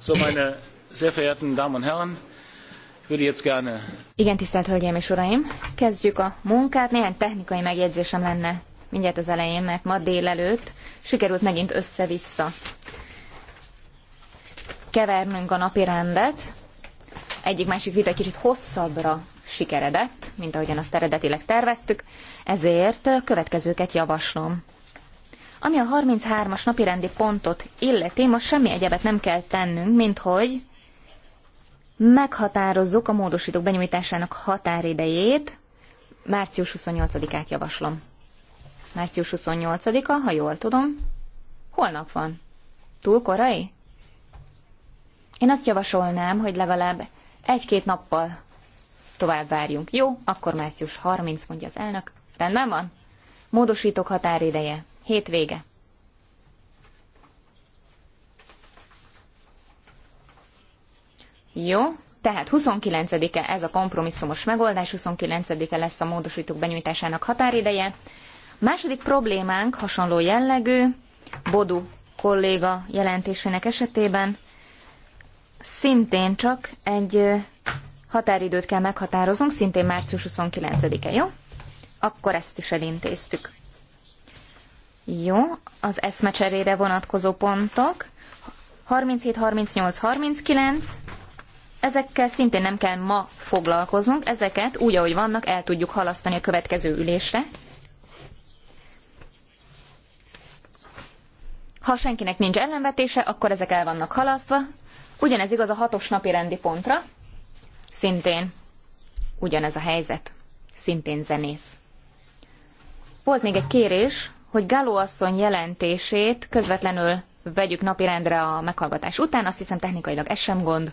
So, meine sehr verehrten Damen und Herren, ich würde jetzt gerne... Igen, tisztelt Hölgyeim és Uraim, kezdjük a munkát. Néhány technikai megjegyzésem lenne mindjárt az elején, mert ma délelőtt sikerült megint össze-vissza kevernünk a napi rendet. Egyik-másik vita kicsit hosszabbra sikeredett, mint ahogyan azt eredetileg terveztük, ezért következőket javaslom. Ami a 33-as napirendi pontot illeti, most semmi egyebet nem kell tennünk, mint hogy meghatározzuk a módosítók benyújtásának határidejét, március 28-át javaslom. Március 28-a, ha jól tudom, holnap van. Túl korai? Én azt javasolnám, hogy legalább egy-két nappal tovább várjunk. Jó, akkor március 30, mondja az elnök. Rendben van? Módosítók határideje. Hétvége. Jó, tehát 29-e ez a kompromisszumos megoldás, 29-e lesz a módosítók benyújtásának határideje. Második problémánk hasonló jellegű, Bodu kolléga jelentésének esetében szintén csak egy határidőt kell meghatározunk, szintén március 29-e, jó? Akkor ezt is elintéztük. Jó, az eszmecserére vonatkozó pontok. 37, 38, 39. Ezekkel szintén nem kell ma foglalkoznunk, ezeket úgy, ahogy vannak, el tudjuk halasztani a következő ülésre. Ha senkinek nincs ellenvetése, akkor ezek el vannak halasztva. Ugyanez igaz a hatos napi rendi pontra. Szintén ugyanez a helyzet. Szintén zenész. Volt még egy kérés, hogy Gáló asszony jelentését közvetlenül vegyük napirendre a meghallgatás után, azt hiszem technikailag ez sem gond.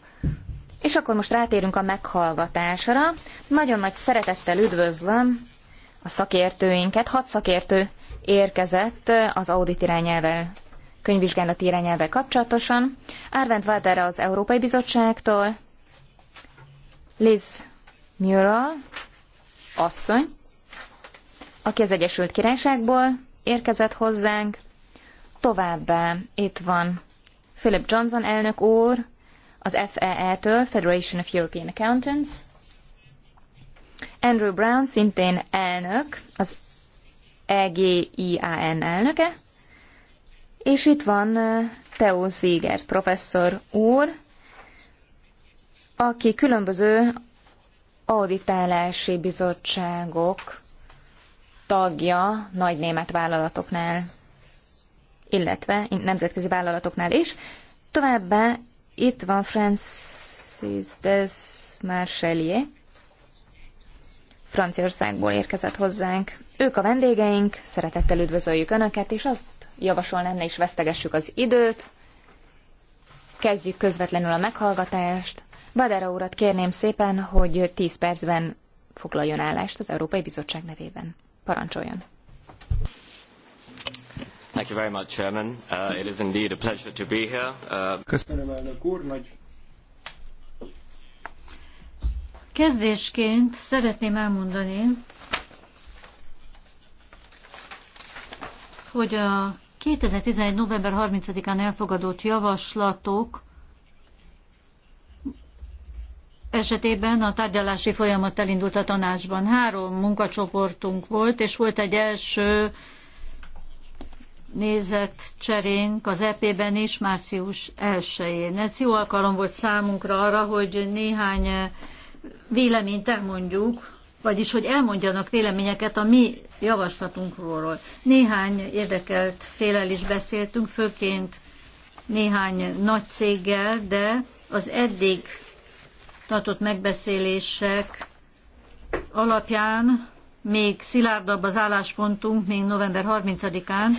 És akkor most rátérünk a meghallgatásra. Nagyon nagy szeretettel üdvözlöm a szakértőinket. Hat szakértő érkezett az audit irányelvel, könyvvizsgálati irányelvel kapcsolatosan. Árvent Vádára az Európai Bizottságtól, Liz Mural asszony, aki az Egyesült Királyságból érkezett hozzánk. Továbbá itt van Philip Johnson elnök úr, az FEE-től, Federation of European Accountants, Andrew Brown, szintén elnök, az EGIAN elnöke, és itt van Theo Ziegert professzor úr, aki különböző auditálási bizottságok tagja nagy német vállalatoknál, illetve nemzetközi vállalatoknál is. Továbbá itt van Francis Des Marchelier, Franciaországból érkezett hozzánk. Ők a vendégeink, szeretettel üdvözöljük Önöket, és azt javasolnám, ne is vesztegessük az időt. Kezdjük közvetlenül a meghallgatást. Badera urat kérném szépen, hogy 10 percben foglaljon állást az Európai Bizottság nevében. Parancsoljon! Thank you very much, Chairman. Uh, it is indeed a pleasure to be here. Uh... Köszönöm, elnök úr, nagy... Kezdésként szeretném elmondani, hogy a 2011. november 30-án elfogadott javaslatok esetében a tárgyalási folyamat elindult a tanácsban. Három munkacsoportunk volt, és volt egy első nézett cserénk az EP-ben is március 1-én. Ez jó alkalom volt számunkra arra, hogy néhány véleményt elmondjuk, vagyis hogy elmondjanak véleményeket a mi javaslatunkról. Néhány érdekelt félel is beszéltünk, főként néhány nagy céggel, de az eddig tartott megbeszélések alapján még szilárdabb az álláspontunk, még november 30-án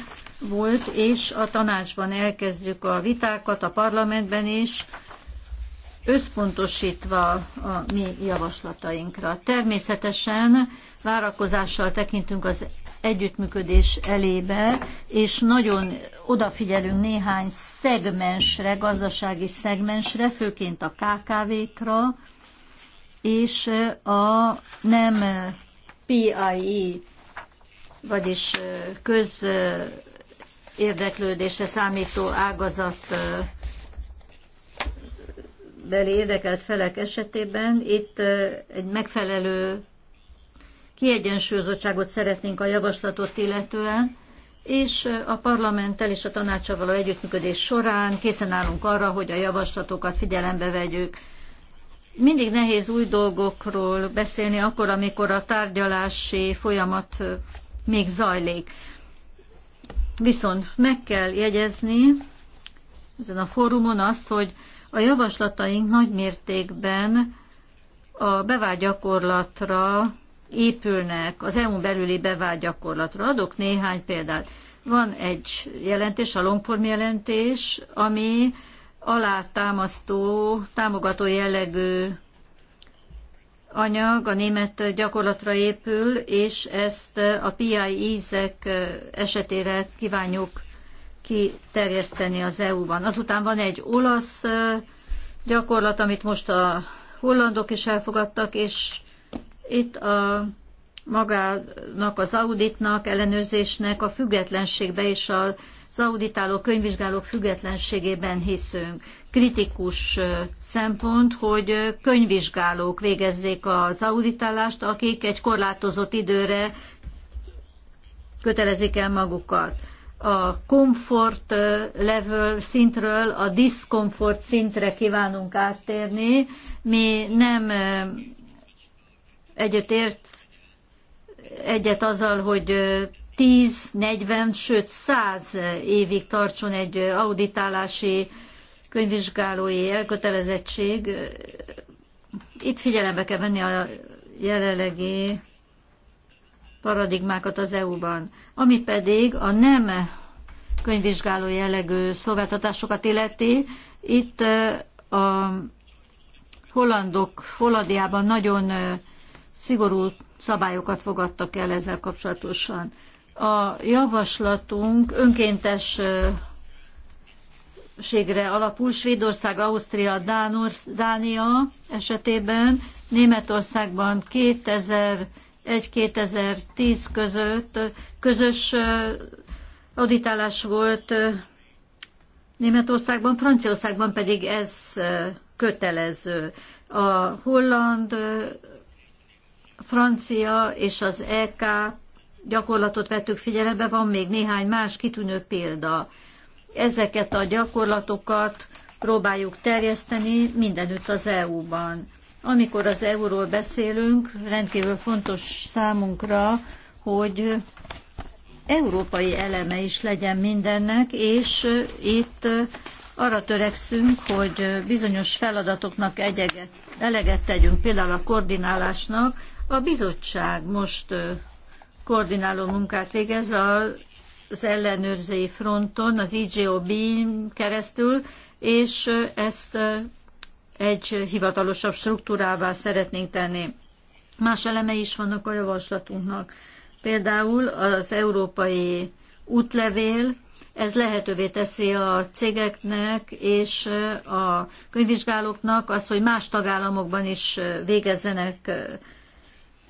volt, és a tanácsban elkezdjük a vitákat, a parlamentben is, összpontosítva a mi javaslatainkra. Természetesen várakozással tekintünk az együttműködés elébe, és nagyon odafigyelünk néhány szegmensre, gazdasági szegmensre, főként a KKV-kra, és a nem PIE, vagyis közérdeklődésre számító ágazat beli érdekelt felek esetében itt egy megfelelő kiegyensúlyozottságot szeretnénk a javaslatot illetően, és a parlamenttel és a tanácsal való együttműködés során készen állunk arra, hogy a javaslatokat figyelembe vegyük. Mindig nehéz új dolgokról beszélni akkor, amikor a tárgyalási folyamat még zajlik. Viszont meg kell jegyezni ezen a fórumon azt, hogy a javaslataink nagy mértékben a bevált gyakorlatra épülnek, az EU-n belüli bevált gyakorlatra. Adok néhány példát. Van egy jelentés, a Longform jelentés, ami alátámasztó, támogató jellegű anyag a német gyakorlatra épül, és ezt a PI ízek esetére kívánjuk kiterjeszteni az EU-ban. Azután van egy olasz gyakorlat, amit most a hollandok is elfogadtak, és itt a magának az auditnak, ellenőrzésnek a függetlenségbe és az auditáló könyvvizsgálók függetlenségében hiszünk. Kritikus szempont, hogy könyvvizsgálók végezzék az auditálást, akik egy korlátozott időre kötelezik el magukat a komfort level szintről a diszkomfort szintre kívánunk áttérni. Mi nem egyet ért egyet azzal, hogy 10, 40, sőt 100 évig tartson egy auditálási könyvvizsgálói elkötelezettség. Itt figyelembe kell venni a jelenlegi paradigmákat az EU-ban. Ami pedig a nem könyvvizsgáló jellegű szolgáltatásokat illeti, itt a hollandok, Hollandiában nagyon szigorú szabályokat fogadtak el ezzel kapcsolatosan. A javaslatunk önkéntes ségre alapul Svédország, Ausztria, Dánor, Dánia esetében, Németországban 2000 2010 között közös auditálás volt Németországban, Franciaországban pedig ez kötelező. A holland, francia és az EK gyakorlatot vettük figyelembe, van még néhány más kitűnő példa. Ezeket a gyakorlatokat próbáljuk terjeszteni mindenütt az EU-ban. Amikor az euróról beszélünk, rendkívül fontos számunkra, hogy európai eleme is legyen mindennek, és itt arra törekszünk, hogy bizonyos feladatoknak egyeget, eleget tegyünk, például a koordinálásnak. A bizottság most koordináló munkát végez az ellenőrzői fronton, az IGOB keresztül, és ezt egy hivatalosabb struktúrává szeretnénk tenni. Más eleme is vannak a javaslatunknak. Például az európai útlevél, ez lehetővé teszi a cégeknek és a könyvvizsgálóknak azt, hogy más tagállamokban is végezzenek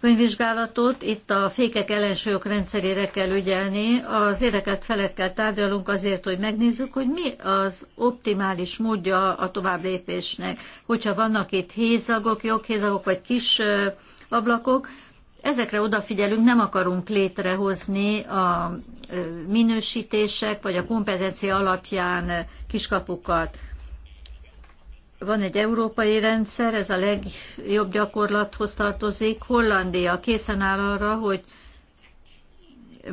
könyvvizsgálatot, itt a fékek ellensúlyok rendszerére kell ügyelni. Az érdekelt felekkel tárgyalunk azért, hogy megnézzük, hogy mi az optimális módja a tovább lépésnek. Hogyha vannak itt hézagok, joghézagok vagy kis ablakok, ezekre odafigyelünk, nem akarunk létrehozni a minősítések vagy a kompetencia alapján kiskapukat. Van egy európai rendszer, ez a legjobb gyakorlathoz tartozik. Hollandia készen áll arra, hogy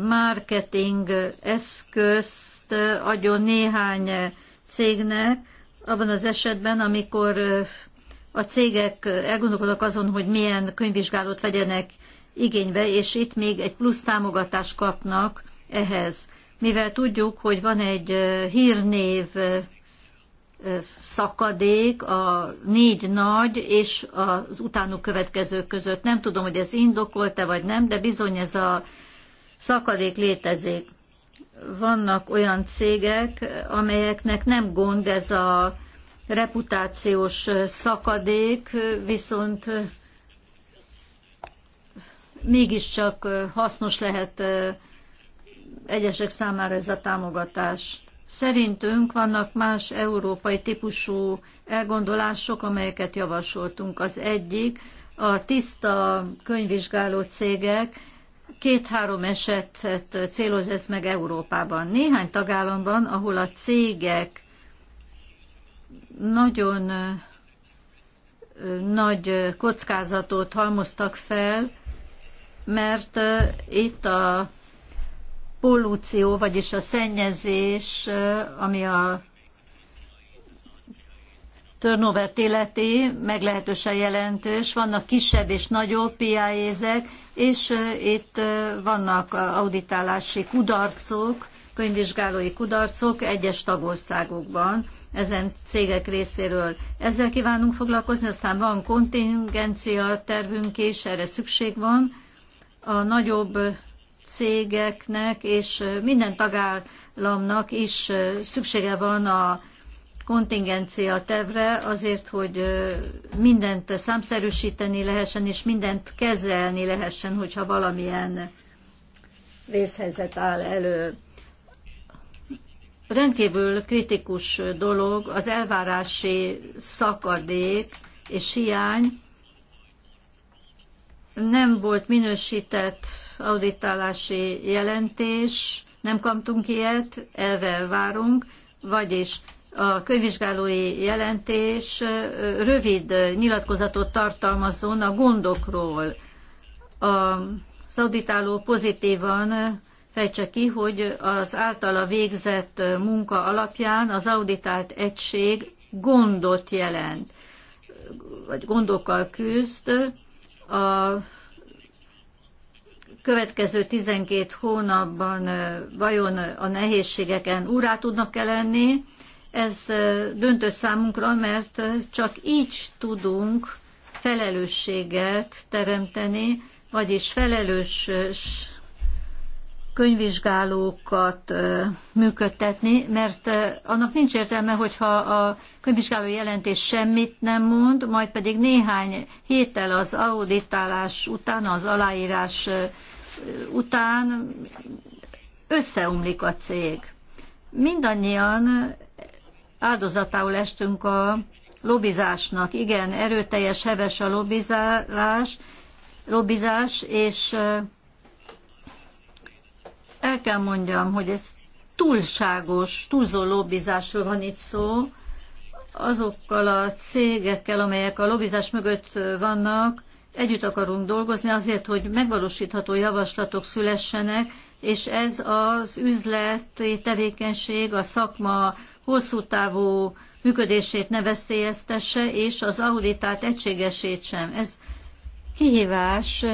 marketing eszközt adjon néhány cégnek, abban az esetben, amikor a cégek elgondolkodnak azon, hogy milyen könyvvizsgálót vegyenek igénybe, és itt még egy plusz támogatást kapnak ehhez. Mivel tudjuk, hogy van egy hírnév szakadék a négy nagy és az utánuk következő között. Nem tudom, hogy ez indokolta vagy nem, de bizony ez a szakadék létezik. Vannak olyan cégek, amelyeknek nem gond ez a reputációs szakadék, viszont mégiscsak hasznos lehet egyesek számára ez a támogatás. Szerintünk vannak más európai típusú elgondolások, amelyeket javasoltunk. Az egyik a tiszta könyvvizsgáló cégek két-három esetet céloz ez meg Európában. Néhány tagállamban, ahol a cégek nagyon nagy kockázatot halmoztak fel, mert itt a pollúció, vagyis a szennyezés, ami a turnovert illeti, meglehetősen jelentős. Vannak kisebb és nagyobb piájézek, és itt vannak auditálási kudarcok, könyvvizsgálói kudarcok egyes tagországokban ezen cégek részéről. Ezzel kívánunk foglalkozni, aztán van kontingencia tervünk is, erre szükség van. A nagyobb cégeknek és minden tagállamnak is szüksége van a kontingencia tevre azért, hogy mindent számszerűsíteni lehessen, és mindent kezelni lehessen, hogyha valamilyen vészhelyzet áll elő. Rendkívül kritikus dolog az elvárási szakadék és hiány. Nem volt minősített auditálási jelentés, nem kaptunk ilyet, erre várunk, vagyis a könyvvizsgálói jelentés rövid nyilatkozatot tartalmazzon a gondokról. A szauditáló pozitívan fejtse ki, hogy az általa végzett munka alapján az auditált egység gondot jelent, vagy gondokkal küzd, a következő 12 hónapban vajon a nehézségeken úrá tudnak -e lenni. Ez döntő számunkra, mert csak így tudunk felelősséget teremteni, vagyis felelős könyvvizsgálókat működtetni, mert annak nincs értelme, hogyha a könyvvizsgáló jelentés semmit nem mond, majd pedig néhány héttel az auditálás után, az aláírás után összeomlik a cég. Mindannyian áldozatául estünk a lobbizásnak. Igen, erőteljes, heves a lobbizálás, lobbizás és el kell mondjam, hogy ez túlságos, túlzó lobbizásról van itt szó, azokkal a cégekkel, amelyek a lobbizás mögött vannak, együtt akarunk dolgozni azért, hogy megvalósítható javaslatok szülessenek, és ez az üzleti tevékenység, a szakma hosszú távú működését ne veszélyeztesse, és az auditált egységesét sem. Ez kihívás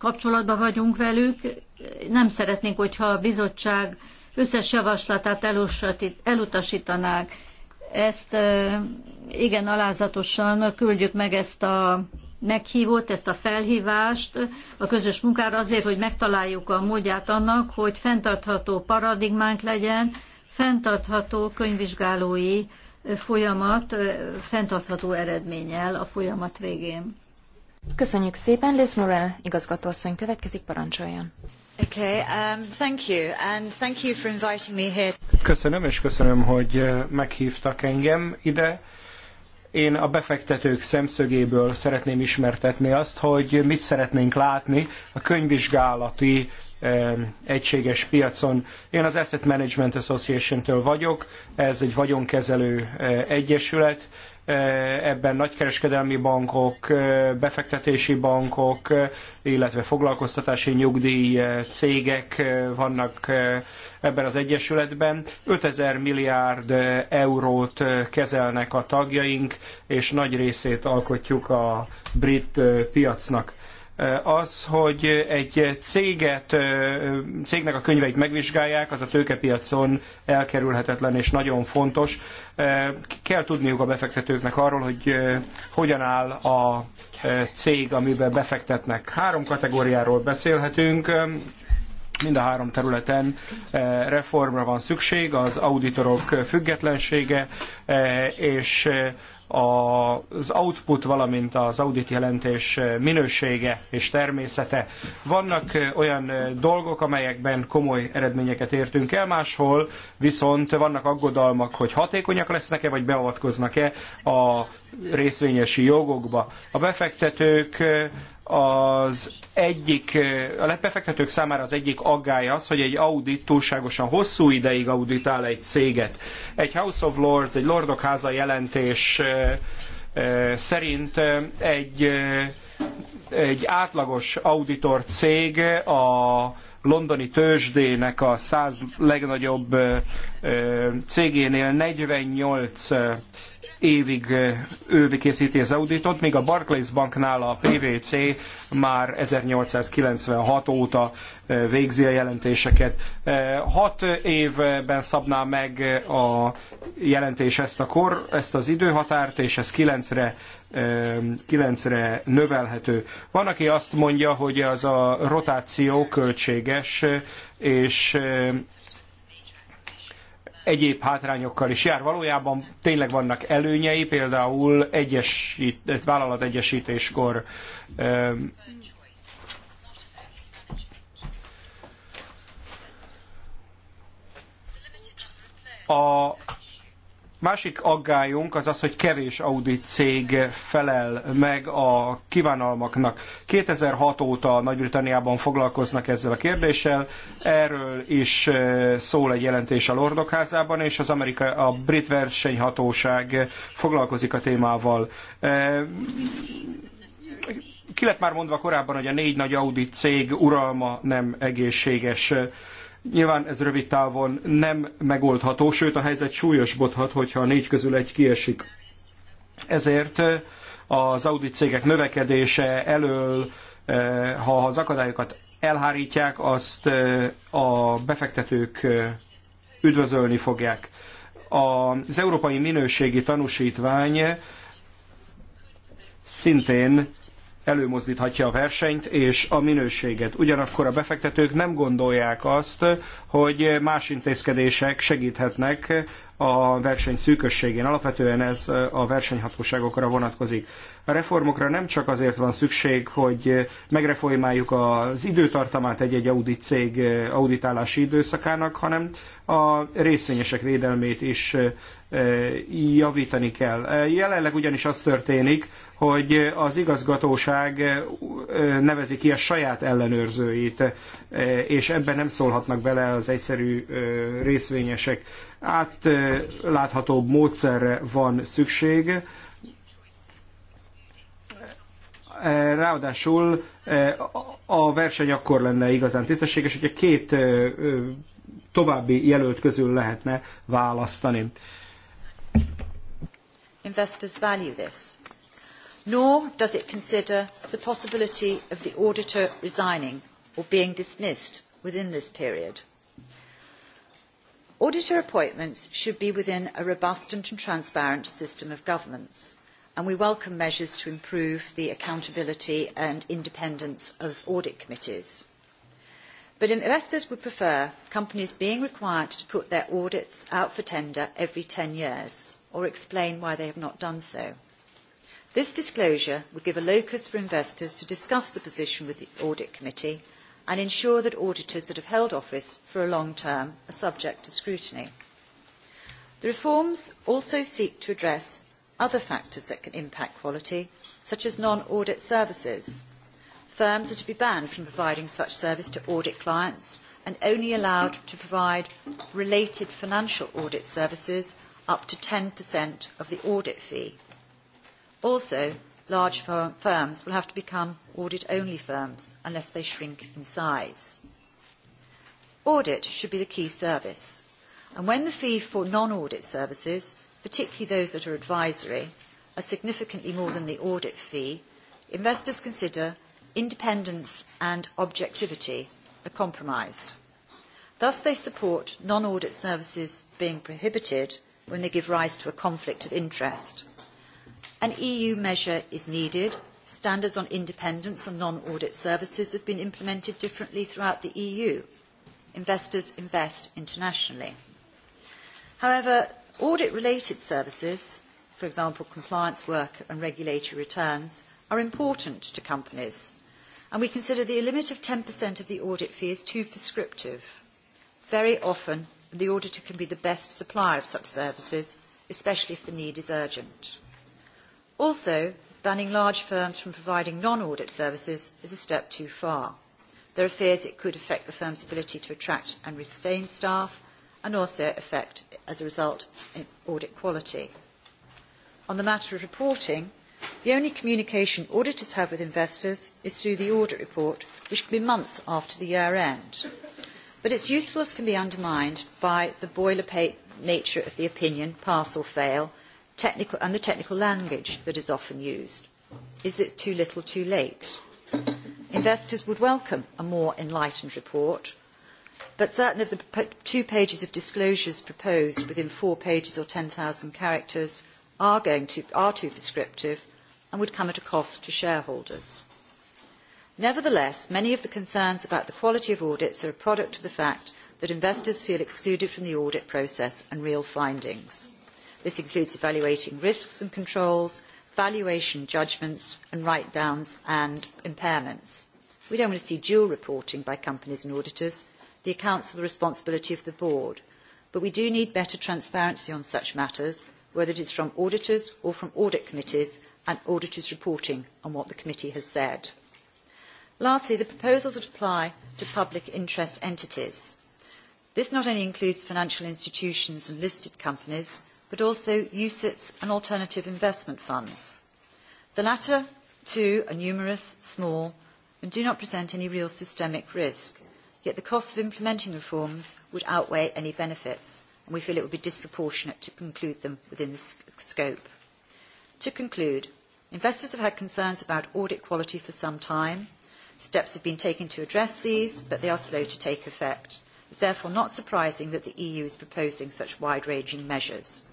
kapcsolatban vagyunk velük. Nem szeretnénk, hogyha a bizottság összes javaslatát elutasítanák. Ezt igen alázatosan küldjük meg ezt a meghívót, ezt a felhívást a közös munkára azért, hogy megtaláljuk a módját annak, hogy fenntartható paradigmánk legyen, fenntartható könyvvizsgálói folyamat fenntartható eredménnyel a folyamat végén. Köszönjük szépen, Liz Morel, igazgatóasszony következik, parancsoljon. Okay, um, thank you, and thank you for inviting me here. Köszönöm, és köszönöm, hogy eh, meghívtak engem ide. Én a befektetők szemszögéből szeretném ismertetni azt, hogy mit szeretnénk látni a könyvvizsgálati eh, egységes piacon. Én az Asset Management Association-től vagyok, ez egy vagyonkezelő eh, egyesület, Eh, ebben nagykereskedelmi bankok, eh, befektetési bankok, eh, illetve foglalkoztatási nyugdíj cégek vannak ebben az egyesületben. 5000 milliárd eurót kezelnek a tagjaink, és nagy részét alkotjuk a brit piacnak. Eh, az, hogy egy céget, eh, cégnek a könyveit megvizsgálják, az a tőkepiacon elkerülhetetlen és nagyon fontos. Eh, kell tudniuk a befektetőknek arról, hogy hogyan áll a cég, amiben befektetnek. Három kategóriáról beszélhetünk mind a három területen reformra van szükség, az auditorok függetlensége és az output, valamint az audit jelentés minősége és természete. Vannak olyan dolgok, amelyekben komoly eredményeket értünk el, máshol viszont vannak aggodalmak, hogy hatékonyak lesznek-e, vagy beavatkoznak-e a részvényesi jogokba. A befektetők az egyik, a befektetők számára az egyik aggály az, hogy egy audit túlságosan hosszú ideig auditál egy céget. Egy House of Lords, egy Lordok háza jelentés szerint egy, egy átlagos auditor cég a londoni tőzsdének a száz legnagyobb cégénél 48 évig ő készíti az auditot, míg a Barclays Banknál a PVC már 1896 óta végzi a jelentéseket. Hat évben szabná meg a jelentés ezt a kor, ezt az időhatárt, és ez kilencre kilencre re növelhető. Van, aki azt mondja, hogy az a rotáció költséges, és egyéb hátrányokkal is jár. Valójában tényleg vannak előnyei, például egyesít, vállalat egyesítéskor a Másik aggályunk az az, hogy kevés audit cég felel meg a kívánalmaknak. 2006 óta Nagy-Britanniában foglalkoznak ezzel a kérdéssel, erről is eh, szól egy jelentés a Lordokházában, és az Amerika, a brit versenyhatóság foglalkozik a témával eh, ki lett már mondva korábban, hogy a négy nagy Audi cég uralma nem egészséges. Nyilván ez rövid távon nem megoldható, sőt a helyzet súlyosbodhat, hogyha a négy közül egy kiesik. Ezért az audit cégek növekedése elől, ha az akadályokat elhárítják, azt a befektetők üdvözölni fogják. Az európai minőségi tanúsítvány szintén előmozdíthatja a versenyt és a minőséget. Ugyanakkor a befektetők nem gondolják azt, hogy más intézkedések segíthetnek a verseny szűkösségén. Alapvetően ez a versenyhatóságokra vonatkozik. A reformokra nem csak azért van szükség, hogy megreformáljuk az időtartamát egy-egy audit cég auditálási időszakának, hanem a részvényesek védelmét is javítani kell. Jelenleg ugyanis az történik, hogy az igazgatóság nevezi ki a saját ellenőrzőit, és ebben nem szólhatnak bele az egyszerű részvényesek. Átláthatóbb módszerre van szükség, ráadásul a verseny akkor lenne igazán tisztességes, hogyha két további jelölt közül lehetne választani. Investors value this. Nor does it consider the possibility of the auditor resigning or being dismissed within this period. Auditor appointments should be within a robust and transparent system of governance, and we welcome measures to improve the accountability and independence of audit committees. But investors would prefer companies being required to put their audits out for tender every 10 years or explain why they have not done so. This disclosure would give a locus for investors to discuss the position with the Audit Committee and ensure that auditors that have held office for a long term are subject to scrutiny. The reforms also seek to address other factors that can impact quality, such as non-audit services firms are to be banned from providing such service to audit clients and only allowed to provide related financial audit services up to 10% of the audit fee. Also, large firms will have to become audit-only firms unless they shrink in size. Audit should be the key service, and when the fee for non-audit services, particularly those that are advisory, are significantly more than the audit fee, investors consider independence and objectivity are compromised. Thus, they support non-audit services being prohibited when they give rise to a conflict of interest. An EU measure is needed. Standards on independence and non-audit services have been implemented differently throughout the EU. Investors invest internationally. However, audit-related services, for example, compliance work and regulatory returns, are important to companies and we consider the limit of 10% of the audit fee is too prescriptive. Very often, the auditor can be the best supplier of such services, especially if the need is urgent. Also, banning large firms from providing non-audit services is a step too far. There are fears it could affect the firm's ability to attract and retain staff and also affect, as a result, audit quality. On the matter of reporting, The only communication auditors have with investors is through the audit report, which can be months after the year end. But its usefulness can be undermined by the boilerplate nature of the opinion, pass or fail, technical, and the technical language that is often used. Is it too little too late? Investors would welcome a more enlightened report, but certain of the two pages of disclosures proposed within four pages or 10,000 characters are, going to, are too prescriptive and would come at a cost to shareholders. Nevertheless, many of the concerns about the quality of audits are a product of the fact that investors feel excluded from the audit process and real findings. This includes evaluating risks and controls, valuation judgments and write-downs and impairments. We don't want to see dual reporting by companies and auditors. The accounts are the responsibility of the board. But we do need better transparency on such matters whether it is from auditors or from audit committees and auditors reporting on what the committee has said. Lastly, the proposals would apply to public interest entities. This not only includes financial institutions and listed companies, but also USITs and alternative investment funds. The latter, too, are numerous, small, and do not present any real systemic risk, yet the cost of implementing reforms would outweigh any benefits and we feel it would be disproportionate to include them within this scope. To conclude, investors have had concerns about audit quality for some time. Steps have been taken to address these, but they are slow to take effect. It is therefore not surprising that the EU is proposing such wide-ranging measures.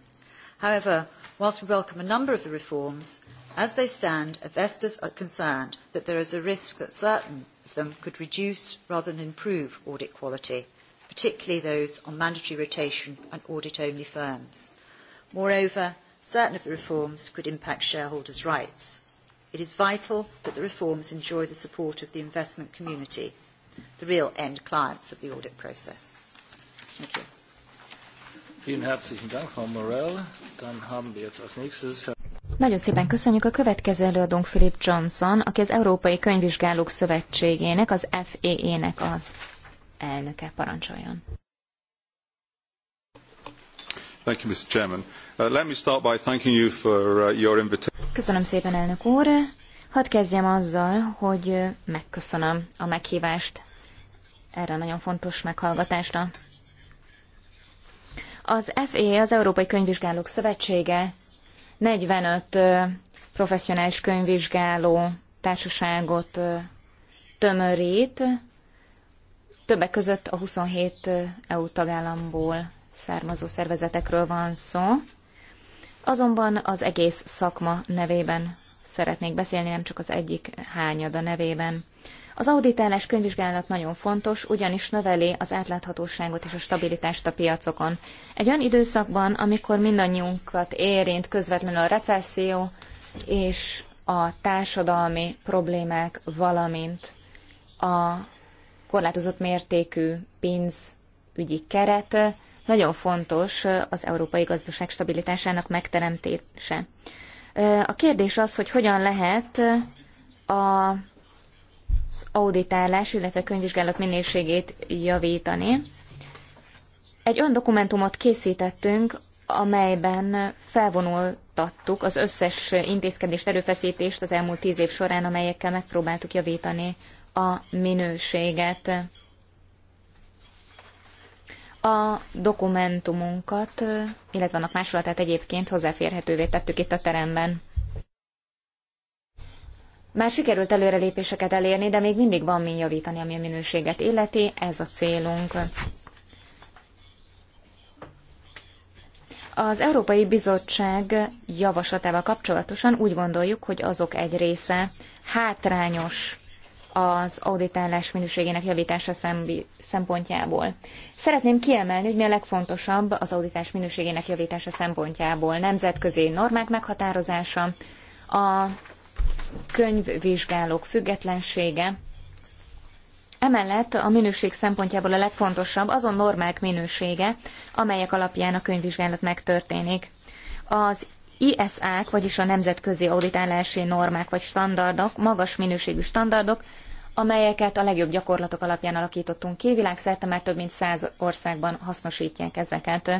However, whilst we welcome a number of the reforms, as they stand, investors are concerned that there is a risk that certain of them could reduce rather than improve audit quality particularly those on mandatory rotation and audit-only firms. Moreover, certain of the reforms could impact shareholders' rights. It is vital that the reforms enjoy the support of the investment community, the real end clients of the audit process. Thank you. Vielen herzlichen Dank, Frau Morell. Dann haben wir jetzt als nächstes nagyon szépen köszönjük a következő előadónk Philip Johnson, aki az Európai Könyvvizsgálók Szövetségének, az FEE-nek az elnöke. Parancsoljon! Thank you, Mr. Chairman. Uh, let me start by thanking you for uh, your invitation. Köszönöm szépen, elnök úr! Hadd kezdjem azzal, hogy uh, megköszönöm a meghívást erre a nagyon fontos meghallgatásra. Az FE, az Európai Könyvvizsgálók Szövetsége 45 uh, professzionális könyvvizsgáló társaságot uh, tömörít, Többek között a 27 EU tagállamból származó szervezetekről van szó. Azonban az egész szakma nevében szeretnék beszélni, nem csak az egyik hányada nevében. Az auditálás könyvvizsgálat nagyon fontos, ugyanis növeli az átláthatóságot és a stabilitást a piacokon. Egy olyan időszakban, amikor mindannyiunkat érint közvetlenül a recesszió és a társadalmi problémák, valamint a korlátozott mértékű pénzügyi keret nagyon fontos az európai gazdaság stabilitásának megteremtése. A kérdés az, hogy hogyan lehet a az auditálás, illetve könyvvizsgálat minőségét javítani. Egy olyan dokumentumot készítettünk, amelyben felvonultattuk az összes intézkedést, erőfeszítést az elmúlt tíz év során, amelyekkel megpróbáltuk javítani a minőséget. A dokumentumunkat, illetve annak másolatát egyébként hozzáférhetővé tettük itt a teremben. Már sikerült előrelépéseket elérni, de még mindig van mi javítani, ami a minőséget illeti, ez a célunk. Az Európai Bizottság javaslatával kapcsolatosan úgy gondoljuk, hogy azok egy része hátrányos az auditálás minőségének javítása szempontjából. Szeretném kiemelni, hogy mi a legfontosabb az auditás minőségének javítása szempontjából. Nemzetközi normák meghatározása, a könyvvizsgálók függetlensége, Emellett a minőség szempontjából a legfontosabb azon normák minősége, amelyek alapján a könyvvizsgálat megtörténik. Az ISA-k, vagyis a nemzetközi auditálási normák vagy standardok, magas minőségű standardok amelyeket a legjobb gyakorlatok alapján alakítottunk ki, világszerte már több mint száz országban hasznosítják ezeket.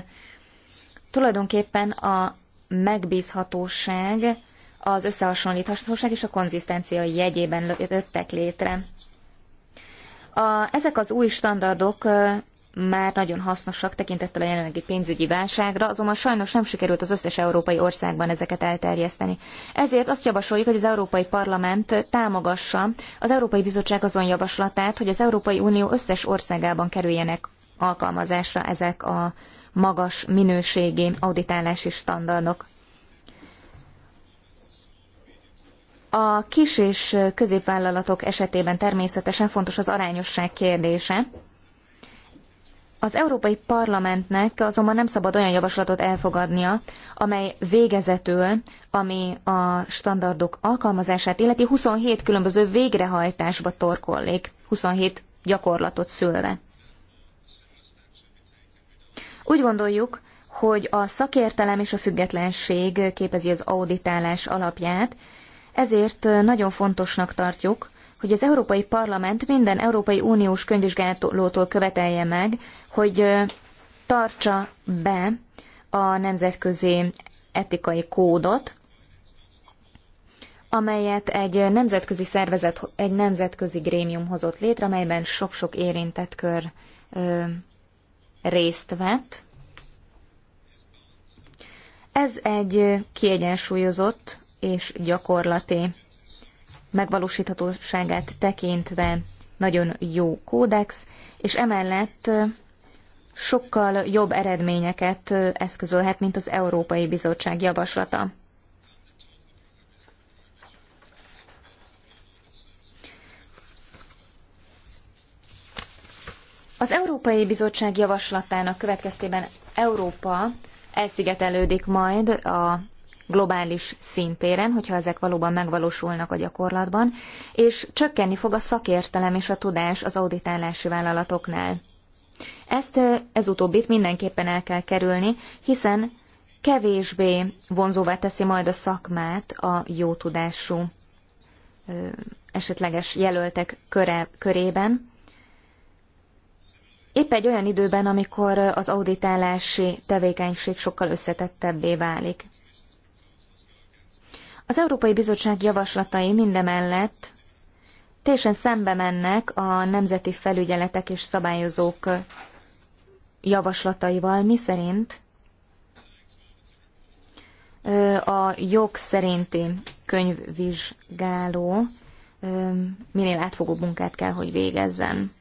Tulajdonképpen a megbízhatóság, az összehasonlíthatóság és a konzisztencia jegyében jöttek létre. A, ezek az új standardok már nagyon hasznosak tekintettel a jelenlegi pénzügyi válságra, azonban sajnos nem sikerült az összes európai országban ezeket elterjeszteni. Ezért azt javasoljuk, hogy az Európai Parlament támogassa az Európai Bizottság azon javaslatát, hogy az Európai Unió összes országában kerüljenek alkalmazásra ezek a magas minőségi auditálási standardok. A kis és középvállalatok esetében természetesen fontos az arányosság kérdése, az Európai Parlamentnek azonban nem szabad olyan javaslatot elfogadnia, amely végezetül, ami a standardok alkalmazását illeti 27 különböző végrehajtásba torkollik, 27 gyakorlatot szülve. Úgy gondoljuk, hogy a szakértelem és a függetlenség képezi az auditálás alapját, ezért nagyon fontosnak tartjuk, hogy az Európai Parlament minden Európai Uniós könyvvizsgálótól követelje meg, hogy tartsa be a nemzetközi etikai kódot, amelyet egy nemzetközi szervezet, egy nemzetközi grémium hozott létre, amelyben sok-sok érintett kör ö, részt vett. Ez egy kiegyensúlyozott és gyakorlati megvalósíthatóságát tekintve nagyon jó kódex, és emellett sokkal jobb eredményeket eszközölhet, mint az Európai Bizottság javaslata. Az Európai Bizottság javaslatának következtében Európa elszigetelődik majd a globális szintéren, hogyha ezek valóban megvalósulnak a gyakorlatban, és csökkenni fog a szakértelem és a tudás az auditálási vállalatoknál. Ezt ez utóbbit mindenképpen el kell kerülni, hiszen kevésbé vonzóvá teszi majd a szakmát a jó tudású esetleges jelöltek köre, körében. Épp egy olyan időben, amikor az auditálási tevékenység sokkal összetettebbé válik. Az Európai Bizottság javaslatai mindemellett teljesen szembe mennek a nemzeti felügyeletek és szabályozók javaslataival, szerint a jog szerinti könyvvizsgáló minél átfogóbb munkát kell, hogy végezzen.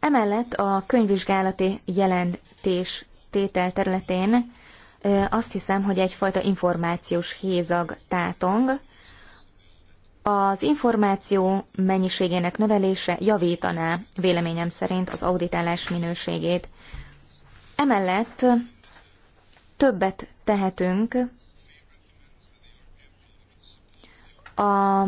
Emellett a könyvvizsgálati jelentés tétel területén azt hiszem, hogy egyfajta információs hézag tátong. Az információ mennyiségének növelése javítaná véleményem szerint az auditálás minőségét. Emellett többet tehetünk a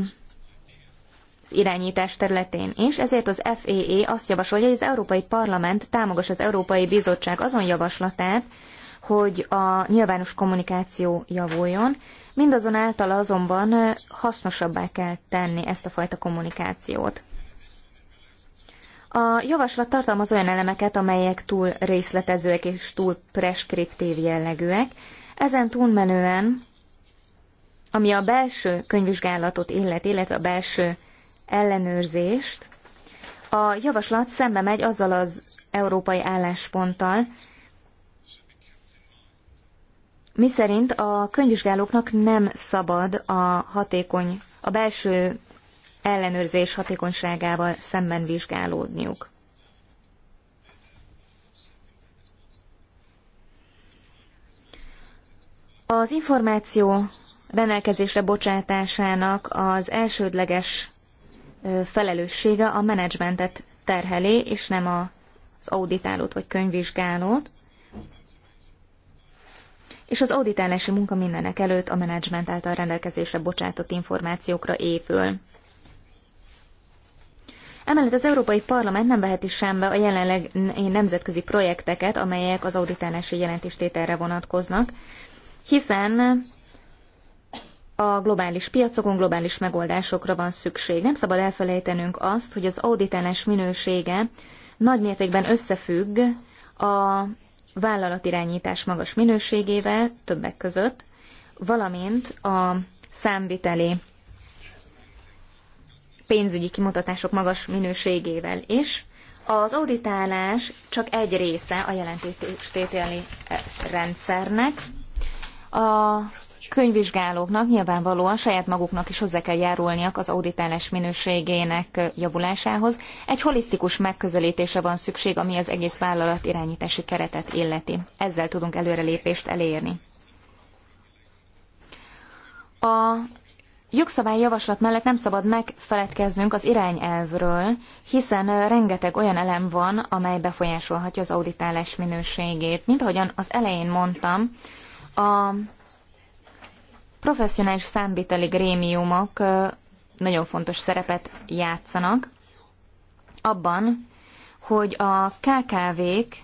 az irányítás területén is, ezért az FEE e azt javasolja, hogy az Európai Parlament támogassa az Európai Bizottság azon javaslatát, hogy a nyilvános kommunikáció javuljon, mindazonáltal azonban hasznosabbá kell tenni ezt a fajta kommunikációt. A javaslat tartalmaz olyan elemeket, amelyek túl részletezőek és túl preskriptív jellegűek. Ezen túlmenően, ami a belső könyvvizsgálatot illeti, illetve a belső ellenőrzést, a javaslat szembe megy azzal az európai állásponttal, mi szerint a könyvvizsgálóknak nem szabad a hatékony, a belső ellenőrzés hatékonyságával szemben vizsgálódniuk. Az információ rendelkezésre bocsátásának az elsődleges felelőssége a menedzsmentet terheli, és nem az auditálót vagy könyvvizsgálót és az auditálási munka mindenek előtt a menedzsment által rendelkezésre bocsátott információkra épül. Emellett az Európai Parlament nem veheti sembe a jelenleg nemzetközi projekteket, amelyek az auditálási jelentéstételre vonatkoznak, hiszen a globális piacokon globális megoldásokra van szükség. Nem szabad elfelejtenünk azt, hogy az auditálás minősége nagy mértékben összefügg a vállalatirányítás magas minőségével, többek között, valamint a számviteli pénzügyi kimutatások magas minőségével is. Az auditálás csak egy része a jelentéstételi eh, rendszernek. A könyvvizsgálóknak nyilvánvalóan saját maguknak is hozzá kell járulniak az auditálás minőségének javulásához. Egy holisztikus megközelítése van szükség, ami az egész vállalat irányítási keretet illeti. Ezzel tudunk előrelépést elérni. A jogszabályjavaslat mellett nem szabad megfeledkeznünk az irányelvről, hiszen rengeteg olyan elem van, amely befolyásolhatja az auditálás minőségét. Mint ahogyan az elején mondtam, a professzionális számviteli grémiumok nagyon fontos szerepet játszanak abban, hogy a KKV-k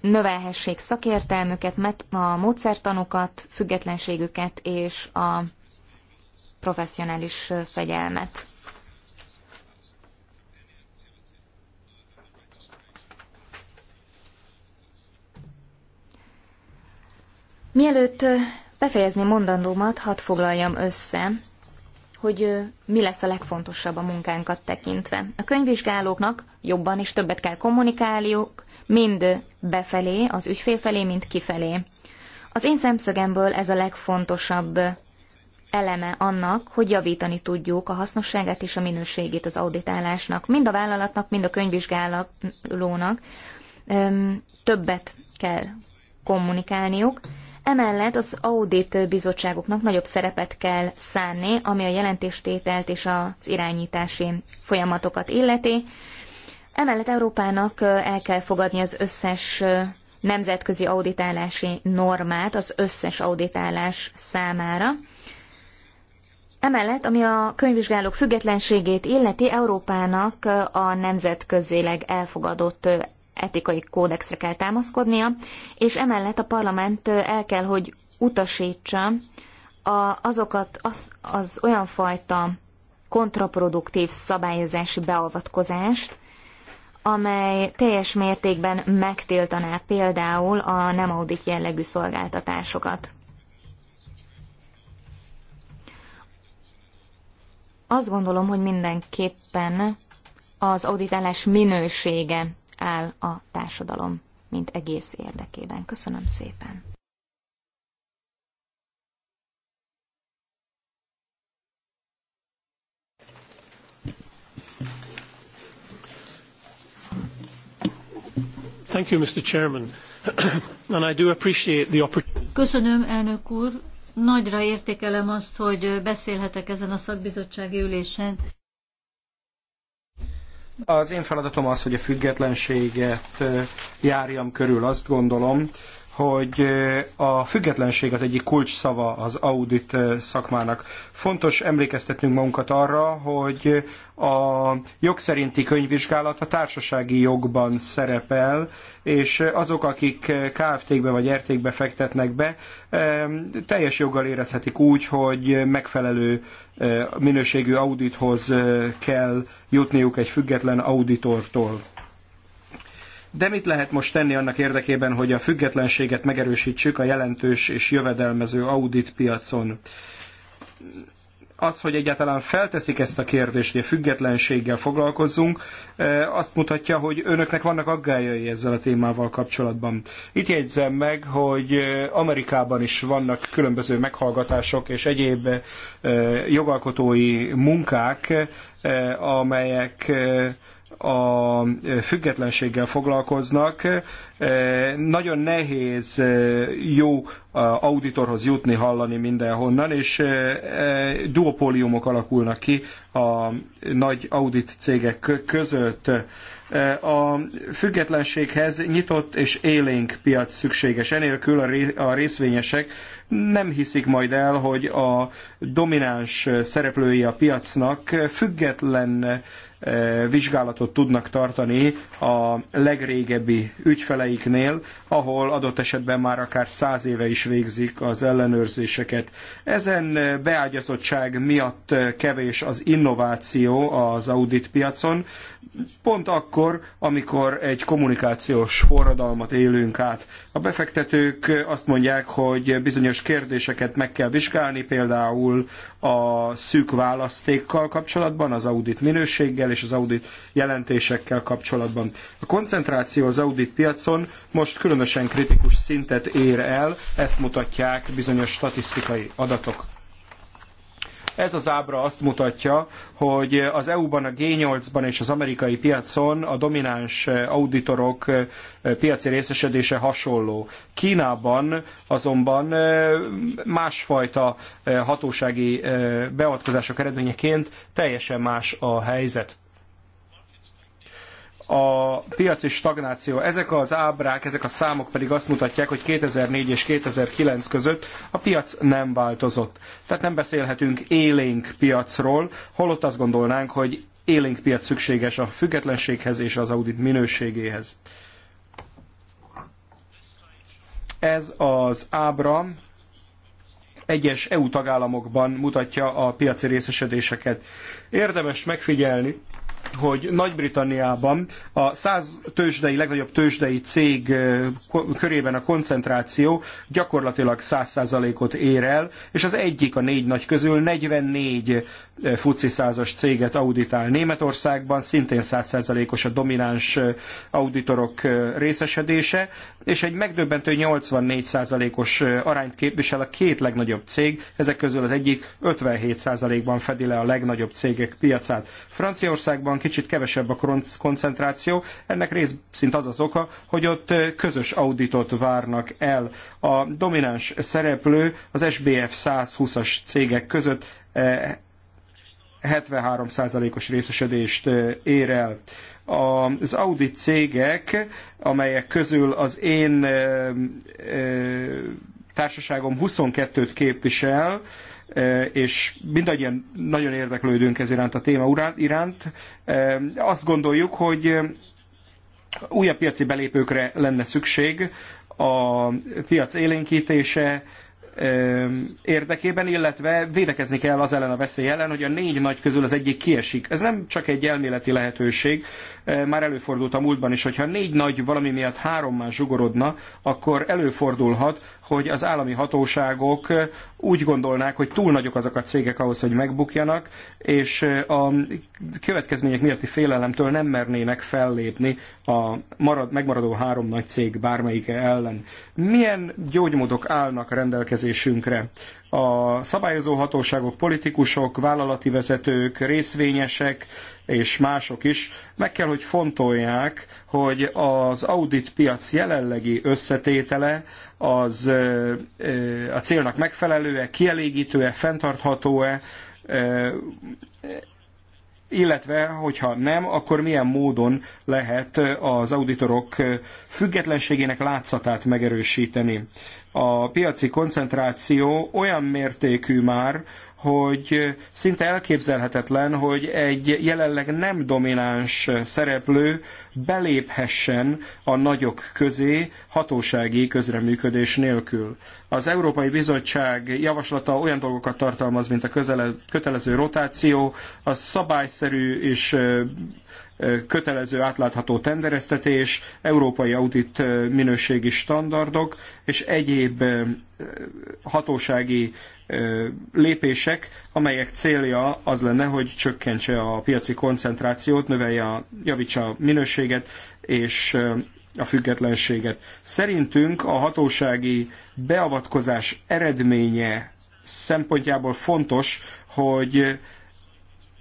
növelhessék szakértelmüket, a módszertanukat, függetlenségüket és a professzionális fegyelmet. Mielőtt befejezni mondandómat, hadd foglaljam össze, hogy mi lesz a legfontosabb a munkánkat tekintve. A könyvvizsgálóknak jobban és többet kell kommunikálniuk, mind befelé, az ügyfél felé, mind kifelé. Az én szemszögemből ez a legfontosabb eleme annak, hogy javítani tudjuk a hasznosságát és a minőségét az auditálásnak, mind a vállalatnak, mind a könyvvizsgálónak többet kell kommunikálniuk, Emellett az audit bizottságoknak nagyobb szerepet kell szánni, ami a jelentéstételt és az irányítási folyamatokat illeti. Emellett Európának el kell fogadni az összes nemzetközi auditálási normát az összes auditálás számára. Emellett, ami a könyvvizsgálók függetlenségét illeti, Európának a nemzetközileg elfogadott etikai kódexre kell támaszkodnia, és emellett a parlament el kell, hogy utasítsa a, azokat az, az olyan fajta kontraproduktív szabályozási beavatkozást, amely teljes mértékben megtiltaná például a nem audit jellegű szolgáltatásokat. Azt gondolom, hogy mindenképpen az auditálás minősége áll a társadalom, mint egész érdekében. Köszönöm szépen! Thank you, Mr. Chairman. And I do appreciate the opportunity. Köszönöm, elnök úr. Nagyra értékelem azt, hogy beszélhetek ezen a szakbizottsági ülésen. Az én feladatom az, hogy a függetlenséget járjam körül, azt gondolom, hogy a függetlenség az egyik kulcs szava az audit szakmának. Fontos emlékeztetnünk magunkat arra, hogy a jogszerinti könyvvizsgálat a társasági jogban szerepel, és azok, akik KFT-kbe vagy RT-kbe fektetnek be, teljes joggal érezhetik úgy, hogy megfelelő minőségű audithoz kell jutniuk egy független auditortól. De mit lehet most tenni annak érdekében, hogy a függetlenséget megerősítsük a jelentős és jövedelmező audit piacon? az, hogy egyáltalán felteszik ezt a kérdést, hogy a függetlenséggel foglalkozzunk, e, azt mutatja, hogy önöknek vannak aggályai ezzel a témával kapcsolatban. Itt jegyzem meg, hogy e, Amerikában is vannak különböző meghallgatások és egyéb e, jogalkotói munkák, amelyek a függetlenséggel foglalkoznak, e, nagyon nehéz e, jó e, auditorhoz jutni, hallani mindenhonnan, és duopóliumok alakulnak ki a nagy audit cégek között. A függetlenséghez nyitott és élénk piac szükséges, enélkül a részvényesek nem hiszik majd el, hogy a domináns szereplői a piacnak független eh, vizsgálatot tudnak tartani a legrégebbi ügyfeleiknél, ahol adott esetben már akár száz éve is végzik az ellenőrzéseket. Ezen eh, beágyazottság miatt eh, kevés az innováció az audit piacon, pont akkor, amikor egy kommunikációs forradalmat élünk át. A befektetők azt mondják, hogy bizonyos bizonyos kérdéseket meg kell vizsgálni, például a szűk választékkal kapcsolatban, az audit minőséggel és az audit jelentésekkel kapcsolatban. A koncentráció az audit piacon most különösen kritikus szintet ér el, ezt mutatják bizonyos statisztikai adatok. Ez az ábra azt mutatja, hogy az EU-ban, a G8-ban és az amerikai piacon a domináns auditorok piaci részesedése hasonló. Kínában azonban másfajta hatósági beavatkozások eredményeként teljesen más a helyzet a piaci stagnáció. Ezek az ábrák, ezek a számok pedig azt mutatják, hogy 2004 és 2009 között a piac nem változott. Tehát nem beszélhetünk élénk piacról, holott azt gondolnánk, hogy élénk piac szükséges a függetlenséghez és az audit minőségéhez. Ez az ábra egyes EU tagállamokban mutatja a piaci részesedéseket. Érdemes megfigyelni, hogy Nagy-Britanniában a 100 tőzsdei, legnagyobb tőzsdei cég körében a koncentráció gyakorlatilag 100%-ot ér el, és az egyik a négy nagy közül 44 FUCI százas céget auditál Németországban, szintén 100%-os a domináns auditorok részesedése, és egy megdöbbentő 84%-os arányt képvisel a két legnagyobb cég, ezek közül az egyik 57%-ban fedi le a legnagyobb cégek piacát. Franciaországban kicsit kevesebb a koncentráció, ennek részint az az oka, hogy ott közös auditot várnak el. A domináns szereplő az SBF 120-as cégek között 73%-os részesedést ér el. Az Audi cégek, amelyek közül az én társaságom 22-t képvisel, és mindannyian nagyon érdeklődünk ez iránt a téma iránt. Azt gondoljuk, hogy újabb piaci belépőkre lenne szükség, a piac élénkítése, érdekében, illetve védekezni kell az ellen a veszély ellen, hogy a négy nagy közül az egyik kiesik. Ez nem csak egy elméleti lehetőség, már előfordult a múltban is, hogyha négy nagy valami miatt hárommá zsugorodna, akkor előfordulhat, hogy az állami hatóságok úgy gondolnák, hogy túl nagyok azok a cégek ahhoz, hogy megbukjanak, és a következmények miatti félelemtől nem mernének fellépni a marad, megmaradó három nagy cég bármelyike ellen. Milyen gyógymódok állnak rendelkezésre? rendelkezésünkre. A szabályozó hatóságok, politikusok, vállalati vezetők, részvényesek és mások is meg kell, hogy fontolják, hogy az audit piac jelenlegi összetétele az a célnak megfelelő-e, kielégítő-e, fenntartható-e, illetve hogyha nem, akkor milyen módon lehet az auditorok függetlenségének látszatát megerősíteni. A piaci koncentráció olyan mértékű már, hogy szinte elképzelhetetlen, hogy egy jelenleg nem domináns szereplő beléphessen a nagyok közé hatósági közreműködés nélkül. Az Európai Bizottság javaslata olyan dolgokat tartalmaz, mint a kötelező rotáció, a szabályszerű és kötelező átlátható tendereztetés, európai audit minőségi standardok és egyéb hatósági lépések, amelyek célja az lenne, hogy csökkentse a piaci koncentrációt, növelje, a, javítsa a minőséget és a függetlenséget. Szerintünk a hatósági beavatkozás eredménye szempontjából fontos, hogy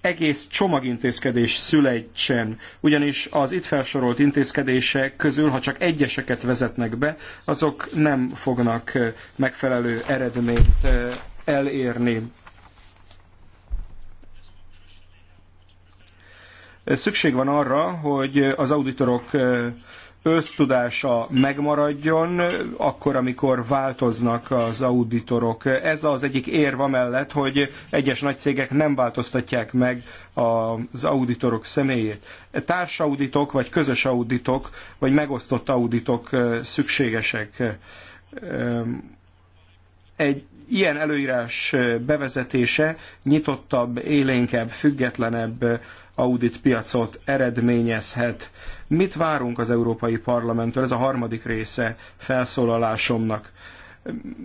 egész csomagintézkedés születsen, ugyanis az itt felsorolt intézkedések közül, ha csak egyeseket vezetnek be, azok nem fognak megfelelő eredményt elérni. Szükség van arra, hogy az auditorok ösztudása megmaradjon, akkor, amikor változnak az auditorok. Ez az egyik érv amellett, hogy egyes nagy cégek nem változtatják meg az auditorok személyét. Társauditok, vagy közös auditok, vagy megosztott auditok szükségesek. Egy ilyen előírás bevezetése nyitottabb, élénkebb, függetlenebb audit piacot eredményezhet. Mit várunk az Európai Parlamenttől? Ez a harmadik része felszólalásomnak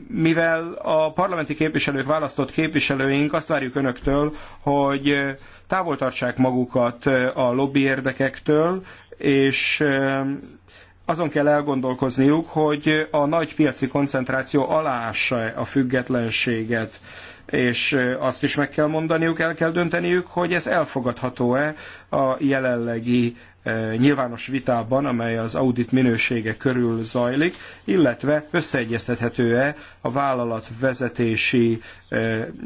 mivel a parlamenti képviselők választott képviselőink, azt várjuk önöktől, hogy távol tartsák magukat a lobby érdekektől, és eh, azon kell elgondolkozniuk, hogy a nagy piaci koncentráció aláássa a függetlenséget és azt is meg kell mondaniuk, el kell dönteniük, hogy ez elfogadható-e a jelenlegi nyilvános vitában, amely az audit minősége körül zajlik, illetve összeegyeztethető-e a vállalat vezetési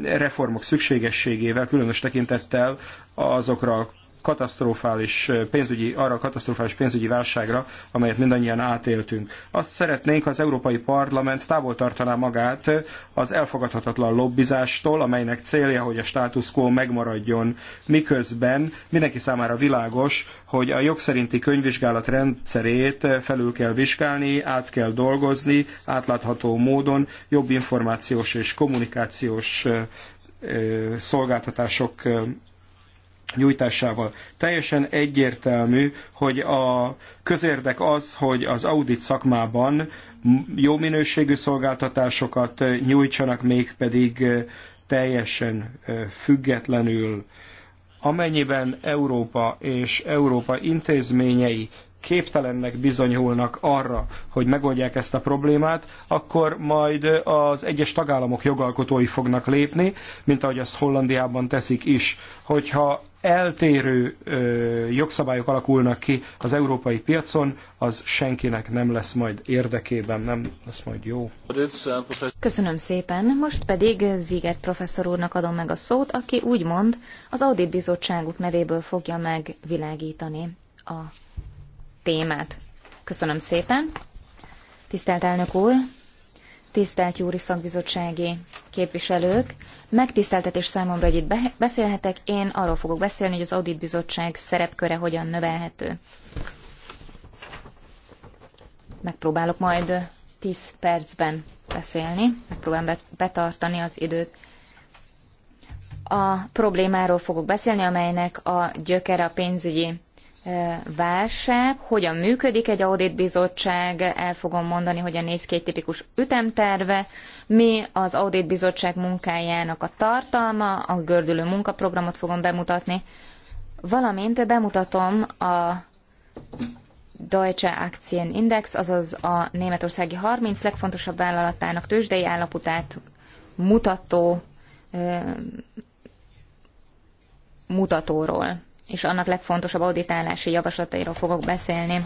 reformok szükségességével, különös tekintettel azokra a katasztrofális pénzügyi, arra a katasztrofális pénzügyi válságra, amelyet mindannyian átéltünk. Azt szeretnénk, ha az Európai Parlament távol tartaná magát az elfogadhatatlan lobbizástól, amelynek célja, hogy a status quo megmaradjon, miközben mindenki számára világos, hogy a jogszerinti könyvvizsgálat rendszerét felül kell vizsgálni, át kell dolgozni, átlátható módon jobb információs és kommunikációs szolgáltatások nyújtásával. Teljesen egyértelmű, hogy a közérdek az, hogy az audit szakmában jó minőségű szolgáltatásokat nyújtsanak, mégpedig teljesen függetlenül. Amennyiben Európa és Európa intézményei képtelennek bizonyulnak arra, hogy megoldják ezt a problémát, akkor majd az egyes tagállamok jogalkotói fognak lépni, mint ahogy azt Hollandiában teszik is. Hogyha eltérő jogszabályok alakulnak ki az európai piacon, az senkinek nem lesz majd érdekében, nem lesz majd jó. Köszönöm szépen, most pedig Ziget professzor úrnak adom meg a szót, aki úgymond az Audit Bizottságuk nevéből fogja megvilágítani a témát. Köszönöm szépen. Tisztelt elnök úr, tisztelt Júri Szakbizottsági képviselők! Megtiszteltetés számomra, hogy itt beszélhetek. Én arról fogok beszélni, hogy az Audit Bizottság szerepköre hogyan növelhető. Megpróbálok majd 10 percben beszélni, megpróbálom betartani az időt. A problémáról fogok beszélni, amelynek a gyökere a pénzügyi válság, hogyan működik egy auditbizottság, el fogom mondani, hogyan néz ki egy tipikus ütemterve, mi az auditbizottság munkájának a tartalma, a gördülő munkaprogramot fogom bemutatni, valamint bemutatom a Deutsche Aktienindex, azaz a németországi 30 legfontosabb vállalatának tőzsdei állapotát mutató mutatóról és annak legfontosabb auditálási javaslatairól fogok beszélni.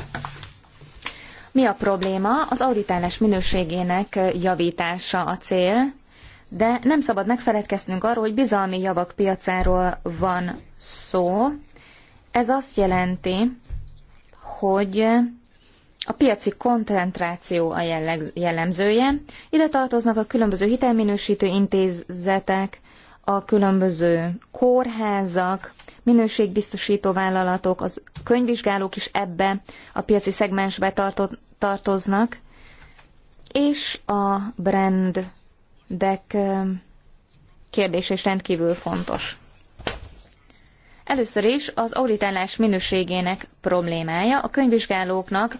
Mi a probléma? Az auditálás minőségének javítása a cél, de nem szabad megfeledkeznünk arról, hogy bizalmi javak piacáról van szó. Ez azt jelenti, hogy a piaci koncentráció a jellemzője. Ide tartoznak a különböző hitelminősítő intézetek, a különböző kórházak, minőségbiztosító vállalatok, az könyvvizsgálók is ebbe a piaci szegmensbe tartoznak, és a brandek kérdése is rendkívül fontos. Először is az auditálás minőségének problémája. A könyvvizsgálóknak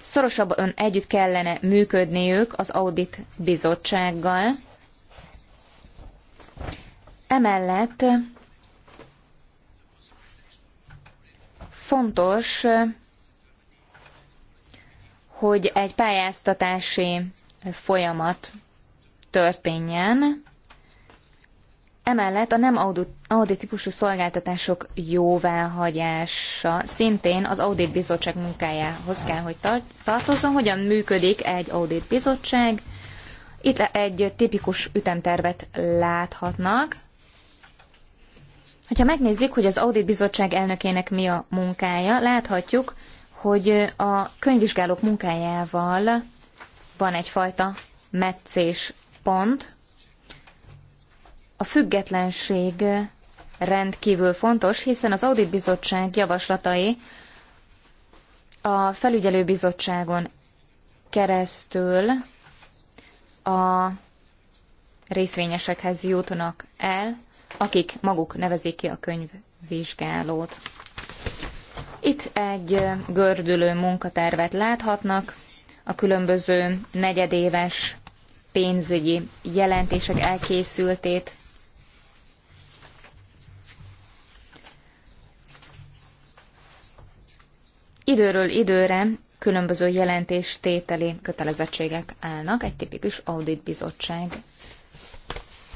szorosabban együtt kellene működniük az audit bizottsággal, Emellett fontos, hogy egy pályáztatási folyamat történjen, Emellett a nem audit, audit típusú szolgáltatások jóváhagyása szintén az Audit Bizottság munkájához kell, hogy tartozzon. Hogyan működik egy Audit Bizottság? Itt egy tipikus ütemtervet láthatnak. Hogyha megnézzük, hogy az Audit Bizottság elnökének mi a munkája, láthatjuk, hogy a könyvvizsgálók munkájával van egyfajta meccés pont. A függetlenség rendkívül fontos, hiszen az Audit Bizottság javaslatai a felügyelőbizottságon keresztül a részvényesekhez jutnak el, akik maguk nevezik ki a könyvvizsgálót. Itt egy gördülő munkatervet láthatnak, a különböző negyedéves pénzügyi jelentések elkészültét. Időről időre különböző jelentéstételi kötelezettségek állnak egy tipikus auditbizottság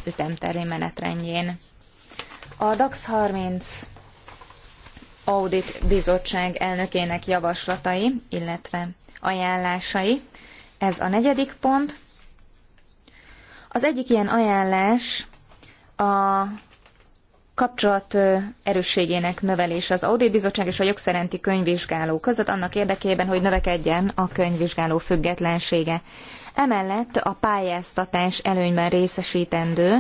ütemtervi menetrendjén. A DAX 30 Audit Bizottság elnökének javaslatai, illetve ajánlásai. Ez a negyedik pont. Az egyik ilyen ajánlás a kapcsolat erősségének növelése az Audit Bizottság és a jogszerenti könyvvizsgáló között annak érdekében, hogy növekedjen a könyvvizsgáló függetlensége. Emellett a pályáztatás előnyben részesítendő,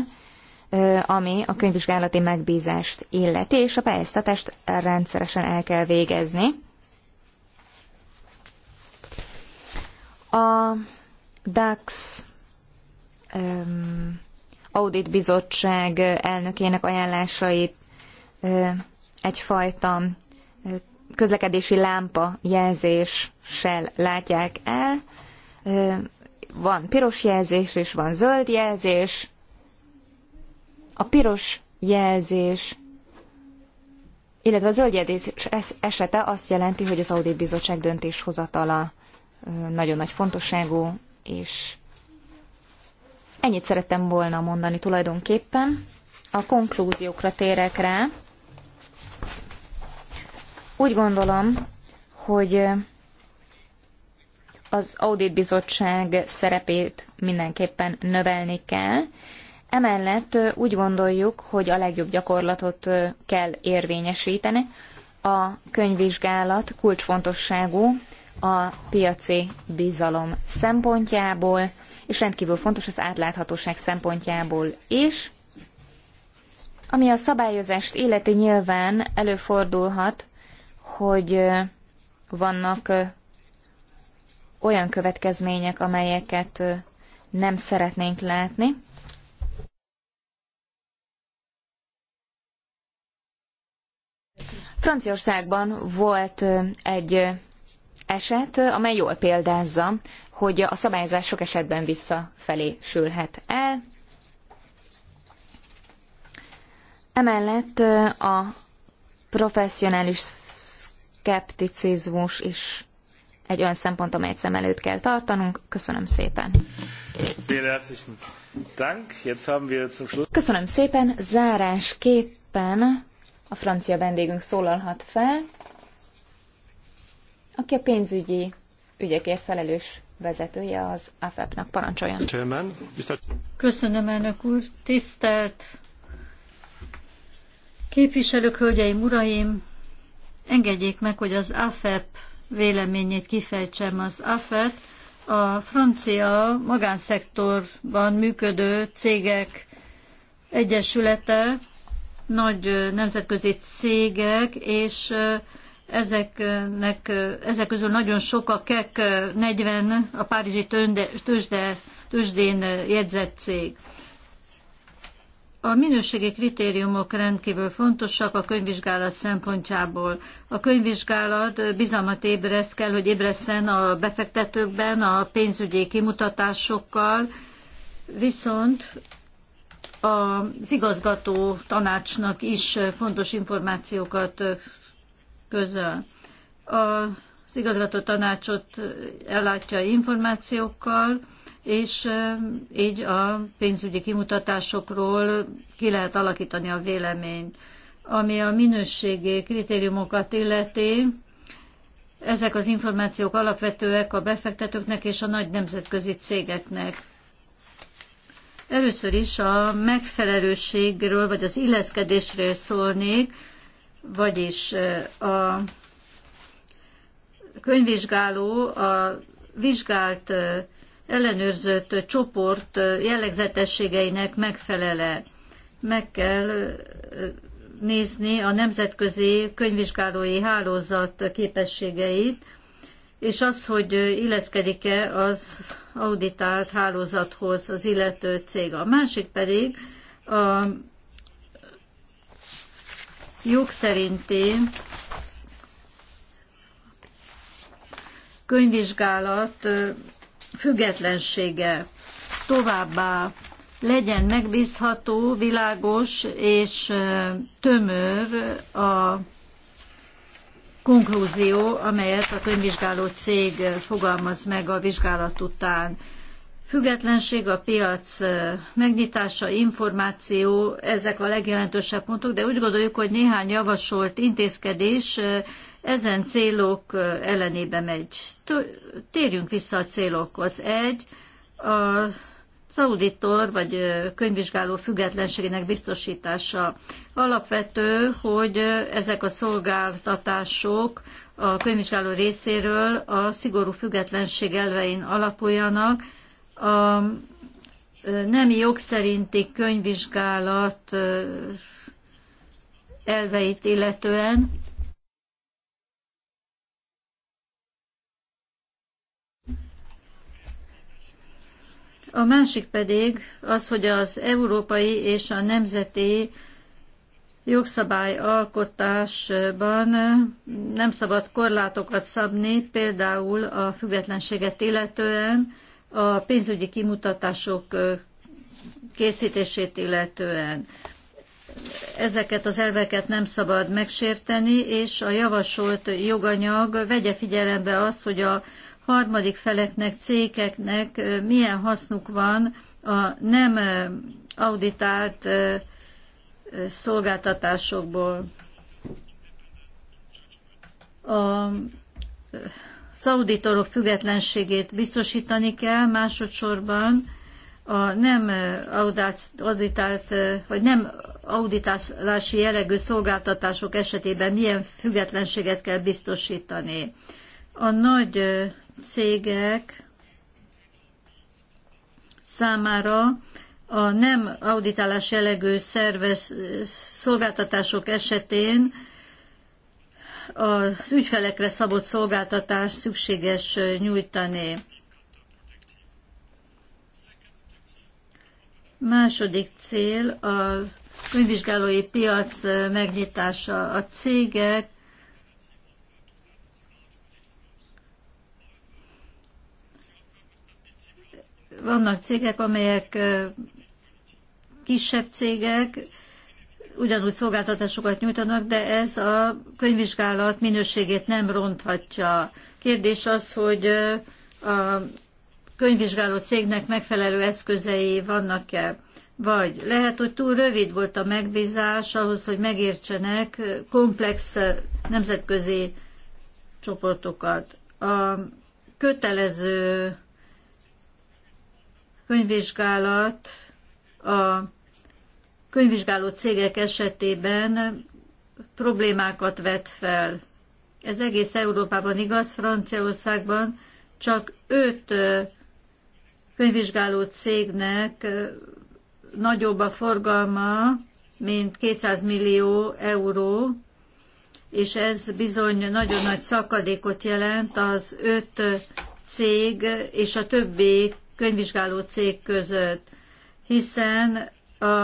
ami a könyvvizsgálati megbízást illeti, és a pályáztatást rendszeresen el kell végezni. A DAX Audit Bizottság elnökének ajánlásait egyfajta közlekedési lámpa jelzéssel látják el van piros jelzés és van zöld jelzés. A piros jelzés, illetve a zöld jelzés esete azt jelenti, hogy az Audi Bizottság döntéshozatala nagyon nagy fontosságú, és ennyit szerettem volna mondani tulajdonképpen. A konklúziókra térek rá. Úgy gondolom, hogy az Audit Bizottság szerepét mindenképpen növelni kell. Emellett úgy gondoljuk, hogy a legjobb gyakorlatot kell érvényesíteni. A könyvvizsgálat kulcsfontosságú a piaci bizalom szempontjából, és rendkívül fontos az átláthatóság szempontjából is. Ami a szabályozást illeti nyilván előfordulhat, hogy vannak olyan következmények, amelyeket nem szeretnénk látni. Franciaországban volt egy eset, amely jól példázza, hogy a szabályozás sok esetben visszafelé sülhet el. Emellett a professzionális szkepticizmus is egy olyan szempont, amelyet szem előtt kell tartanunk. Köszönöm szépen. Köszönöm szépen. Zárásképpen a francia vendégünk szólalhat fel, aki a pénzügyi ügyekért felelős vezetője az AFEP-nak. Parancsoljon! Köszönöm, elnök úr! Tisztelt képviselők, hölgyeim, uraim! Engedjék meg, hogy az AFEP véleményét kifejtsem az AFET. A francia magánszektorban működő cégek egyesülete, nagy nemzetközi cégek, és ezeknek, ezek közül nagyon sok a KEK 40, a Párizsi tőzsde, tőzsdén jegyzett cég. A minőségi kritériumok rendkívül fontosak a könyvvizsgálat szempontjából. A könyvvizsgálat bizalmat ébreszt kell, hogy ébreszen a befektetőkben a pénzügyi kimutatásokkal, viszont az igazgató tanácsnak is fontos információkat közöl. Az igazgató tanácsot ellátja információkkal, és így a pénzügyi kimutatásokról ki lehet alakítani a véleményt. Ami a minőségi kritériumokat illeti, ezek az információk alapvetőek a befektetőknek és a nagy nemzetközi cégeknek. Először is a megfelelőségről, vagy az illeszkedésről szólnék, vagyis a könyvvizsgáló a vizsgált ellenőrzött csoport jellegzetességeinek megfelele. Meg kell nézni a nemzetközi könyvvizsgálói hálózat képességeit, és az, hogy illeszkedik-e az auditált hálózathoz az illető cég. A másik pedig a jog szerinti könyvvizsgálat függetlensége. Továbbá legyen megbízható, világos és tömör a konklúzió, amelyet a könyvvizsgáló cég fogalmaz meg a vizsgálat után. Függetlenség, a piac megnyitása, információ, ezek a legjelentősebb pontok, de úgy gondoljuk, hogy néhány javasolt intézkedés ezen célok ellenébe megy. Térjünk vissza a célokhoz. Egy, a az auditor vagy könyvvizsgáló függetlenségének biztosítása alapvető, hogy ezek a szolgáltatások a könyvvizsgáló részéről a szigorú függetlenség elvein alapuljanak. A nemi jogszerinti könyvvizsgálat elveit illetően A másik pedig az, hogy az európai és a nemzeti jogszabályalkotásban nem szabad korlátokat szabni, például a függetlenséget illetően, a pénzügyi kimutatások készítését illetően. Ezeket az elveket nem szabad megsérteni, és a javasolt joganyag vegye figyelembe azt, hogy a harmadik feleknek, cégeknek milyen hasznuk van a nem auditált szolgáltatásokból. A szauditorok függetlenségét biztosítani kell, másodszorban a nem auditált, vagy nem auditálási jellegű szolgáltatások esetében milyen függetlenséget kell biztosítani. A nagy cégek számára a nem auditálás jellegű szervez, szolgáltatások esetén az ügyfelekre szabott szolgáltatás szükséges nyújtani. Második cél a könyvvizsgálói piac megnyitása. A cégek vannak cégek, amelyek kisebb cégek, ugyanúgy szolgáltatásokat nyújtanak, de ez a könyvvizsgálat minőségét nem ronthatja. Kérdés az, hogy a könyvvizsgáló cégnek megfelelő eszközei vannak-e, vagy lehet, hogy túl rövid volt a megbízás ahhoz, hogy megértsenek komplex nemzetközi csoportokat. A kötelező könyvvizsgálat a könyvvizsgáló cégek esetében problémákat vet fel. Ez egész Európában igaz, Franciaországban csak öt könyvvizsgáló cégnek nagyobb a forgalma, mint 200 millió euró, és ez bizony nagyon nagy szakadékot jelent az öt cég és a többi könyvvizsgáló cég között, hiszen a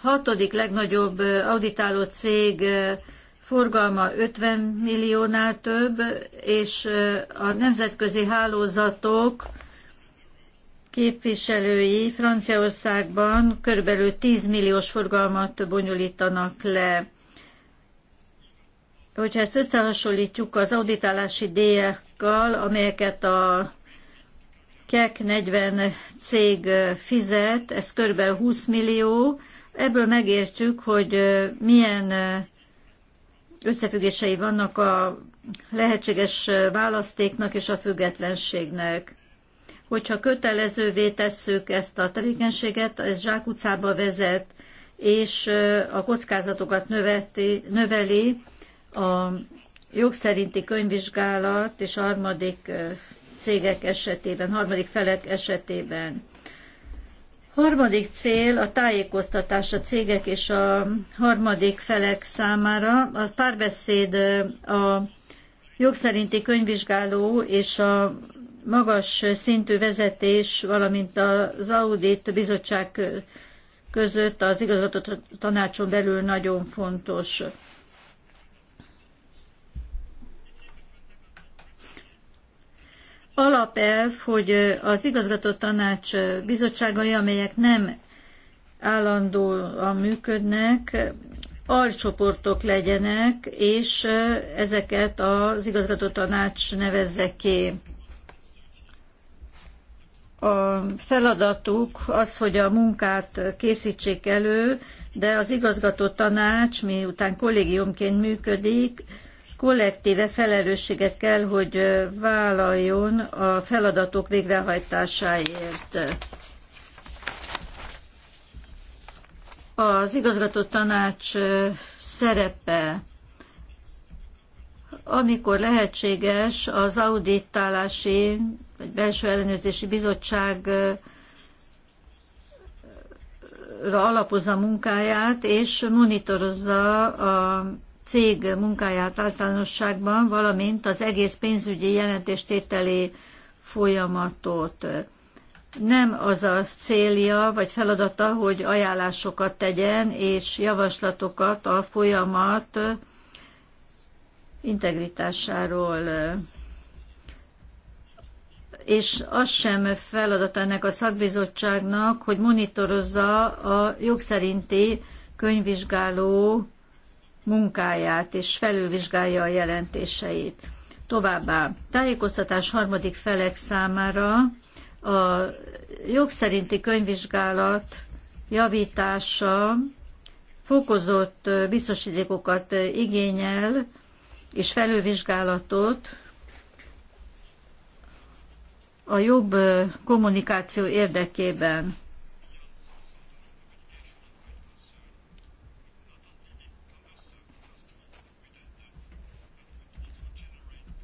hatodik legnagyobb auditáló cég forgalma 50 milliónál több, és a nemzetközi hálózatok képviselői Franciaországban körülbelül 10 milliós forgalmat bonyolítanak le. Hogyha ezt összehasonlítjuk az auditálási díjakkal, amelyeket a KEK 40 cég fizet, ez kb. 20 millió. Ebből megértjük, hogy milyen összefüggései vannak a lehetséges választéknak és a függetlenségnek. Hogyha kötelezővé tesszük ezt a tevékenységet, ez zsákutcába vezet, és a kockázatokat növeti, növeli a jogszerinti könyvvizsgálat és harmadik cégek esetében, harmadik felek esetében. Harmadik cél a tájékoztatás a cégek és a harmadik felek számára. A párbeszéd a jogszerinti könyvvizsgáló és a magas szintű vezetés, valamint az Audit Bizottság között az igazgató tanácson belül nagyon fontos. alapelv, hogy az igazgató tanács bizottságai, amelyek nem állandóan működnek, alcsoportok legyenek, és ezeket az igazgató tanács nevezze ki. A feladatuk az, hogy a munkát készítsék elő, de az igazgató tanács, miután kollégiumként működik, kollektíve felelősséget kell, hogy vállaljon a feladatok végrehajtásáért. Az igazgató tanács szerepe amikor lehetséges, az auditálási vagy belső ellenőrzési bizottság alapozza munkáját, és monitorozza a cég munkáját általánosságban, valamint az egész pénzügyi jelentéstételi folyamatot. Nem az a célja vagy feladata, hogy ajánlásokat tegyen és javaslatokat a folyamat integritásáról és az sem feladat ennek a szakbizottságnak, hogy monitorozza a jogszerinti könyvvizsgáló munkáját, és felülvizsgálja a jelentéseit. Továbbá tájékoztatás harmadik felek számára a jogszerinti könyvvizsgálat javítása fokozott biztosítékokat igényel, és felülvizsgálatot a jobb kommunikáció érdekében.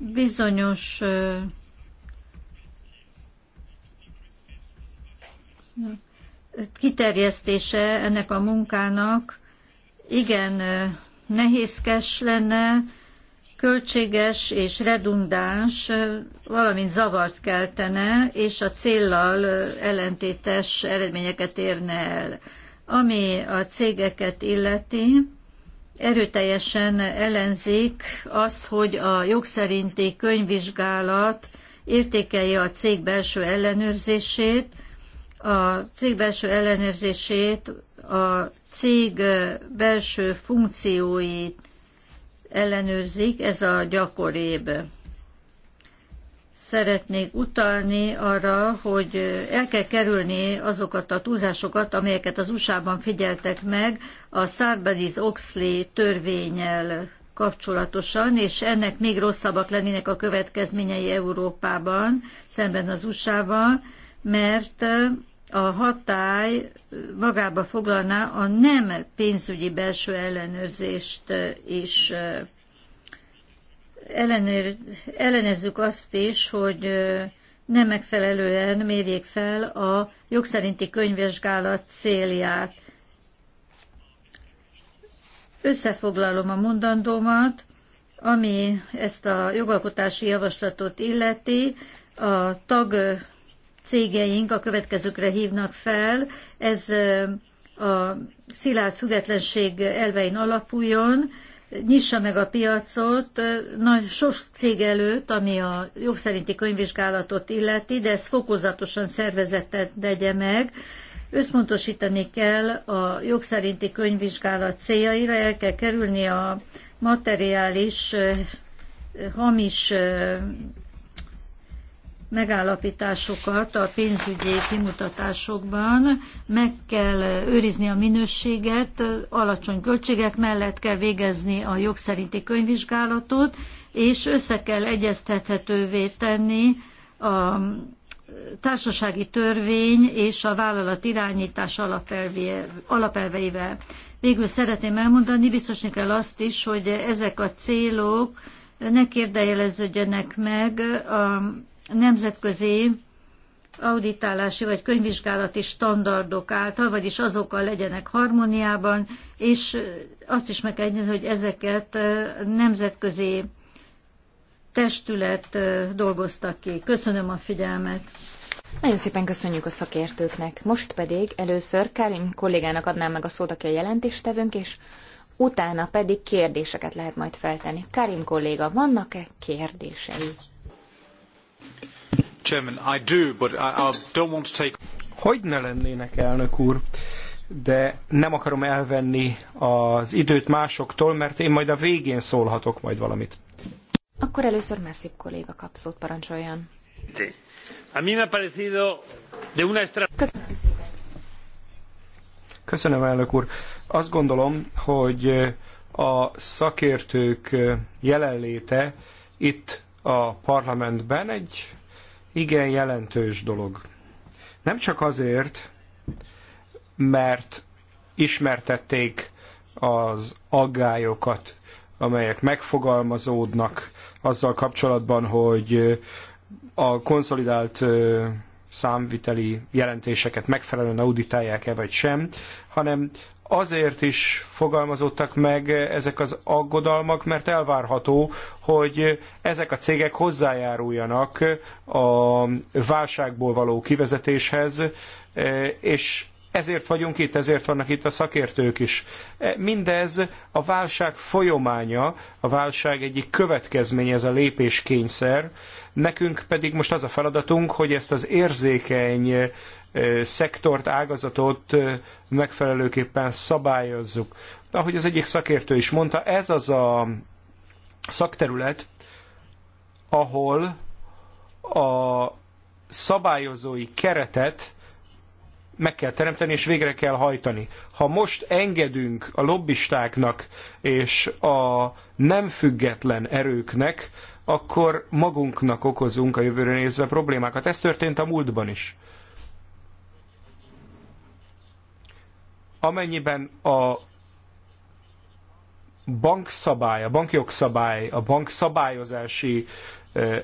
bizonyos kiterjesztése ennek a munkának igen nehézkes lenne, költséges és redundáns, valamint zavart keltene, és a céllal ellentétes eredményeket érne el. Ami a cégeket illeti, erőteljesen ellenzik azt, hogy a jogszerinti könyvvizsgálat értékelje a cég belső ellenőrzését, a cég belső ellenőrzését, a cég belső funkcióit ellenőrzik, ez a gyakoribb szeretnék utalni arra, hogy el kell kerülni azokat a túlzásokat, amelyeket az USA-ban figyeltek meg a Sarbanes-Oxley törvényel kapcsolatosan, és ennek még rosszabbak lennének a következményei Európában szemben az USA-val, mert a hatály magába foglalná a nem pénzügyi belső ellenőrzést is ellenőr, ellenezzük azt is, hogy nem megfelelően mérjék fel a jogszerinti könyvvizsgálat célját. Összefoglalom a mondandómat, ami ezt a jogalkotási javaslatot illeti, a tag cégeink a következőkre hívnak fel, ez a szilárd függetlenség elvein alapuljon, nyissa meg a piacot nagy sok cég előtt, ami a jogszerinti könyvvizsgálatot illeti, de ezt fokozatosan szervezetet tegye meg. Összpontosítani kell a jogszerinti könyvvizsgálat céljaira, el kell kerülni a materiális eh, hamis eh, megállapításokat a pénzügyi kimutatásokban, meg kell őrizni a minőséget, alacsony költségek mellett kell végezni a jogszerinti könyvvizsgálatot, és össze kell egyeztethetővé tenni a társasági törvény és a vállalat irányítás alapelveivel. Végül szeretném elmondani, biztosni kell azt is, hogy ezek a célok ne kérdejeleződjenek meg a nemzetközi auditálási vagy könyvvizsgálati standardok által, vagyis azokkal legyenek harmóniában, és azt is meg kell egyezni, hogy ezeket nemzetközi testület dolgoztak ki. Köszönöm a figyelmet! Nagyon szépen köszönjük a szakértőknek. Most pedig először Karim kollégának adnám meg a szót, aki a jelentéstevőnk, és utána pedig kérdéseket lehet majd feltenni. Karim kolléga, vannak-e kérdései? Chairman, I do, but I, I don't want to take... Hogy ne lennének, elnök úr? de nem akarom elvenni az időt másoktól, mert én majd a végén szólhatok majd valamit. Akkor először Massive kolléga kap szót, parancsoljon. A mi me parecido de una estra... Köszönöm. Köszönöm, elnök úr. Azt gondolom, hogy a szakértők jelenléte itt a parlamentben egy igen jelentős dolog. Nem csak azért, mert ismertették az aggályokat, amelyek megfogalmazódnak azzal kapcsolatban, hogy a konszolidált számviteli jelentéseket megfelelően auditálják-e vagy sem, hanem azért is fogalmazottak meg ezek az aggodalmak, mert elvárható, hogy ezek a cégek hozzájáruljanak a válságból való kivezetéshez, és ezért vagyunk itt, ezért vannak itt a szakértők is. Mindez a válság folyománya, a válság egyik következménye, ez a lépéskényszer, nekünk pedig most az a feladatunk, hogy ezt az érzékeny szektort, ágazatot megfelelőképpen szabályozzuk. Ahogy az egyik szakértő is mondta, ez az a szakterület, ahol a szabályozói keretet meg kell teremteni, és végre kell hajtani. Ha most engedünk a lobbistáknak és a nem független erőknek, akkor magunknak okozunk a jövőre nézve problémákat. Ez történt a múltban is. Amennyiben a bankszabály, a bankjogszabály, a bankszabályozási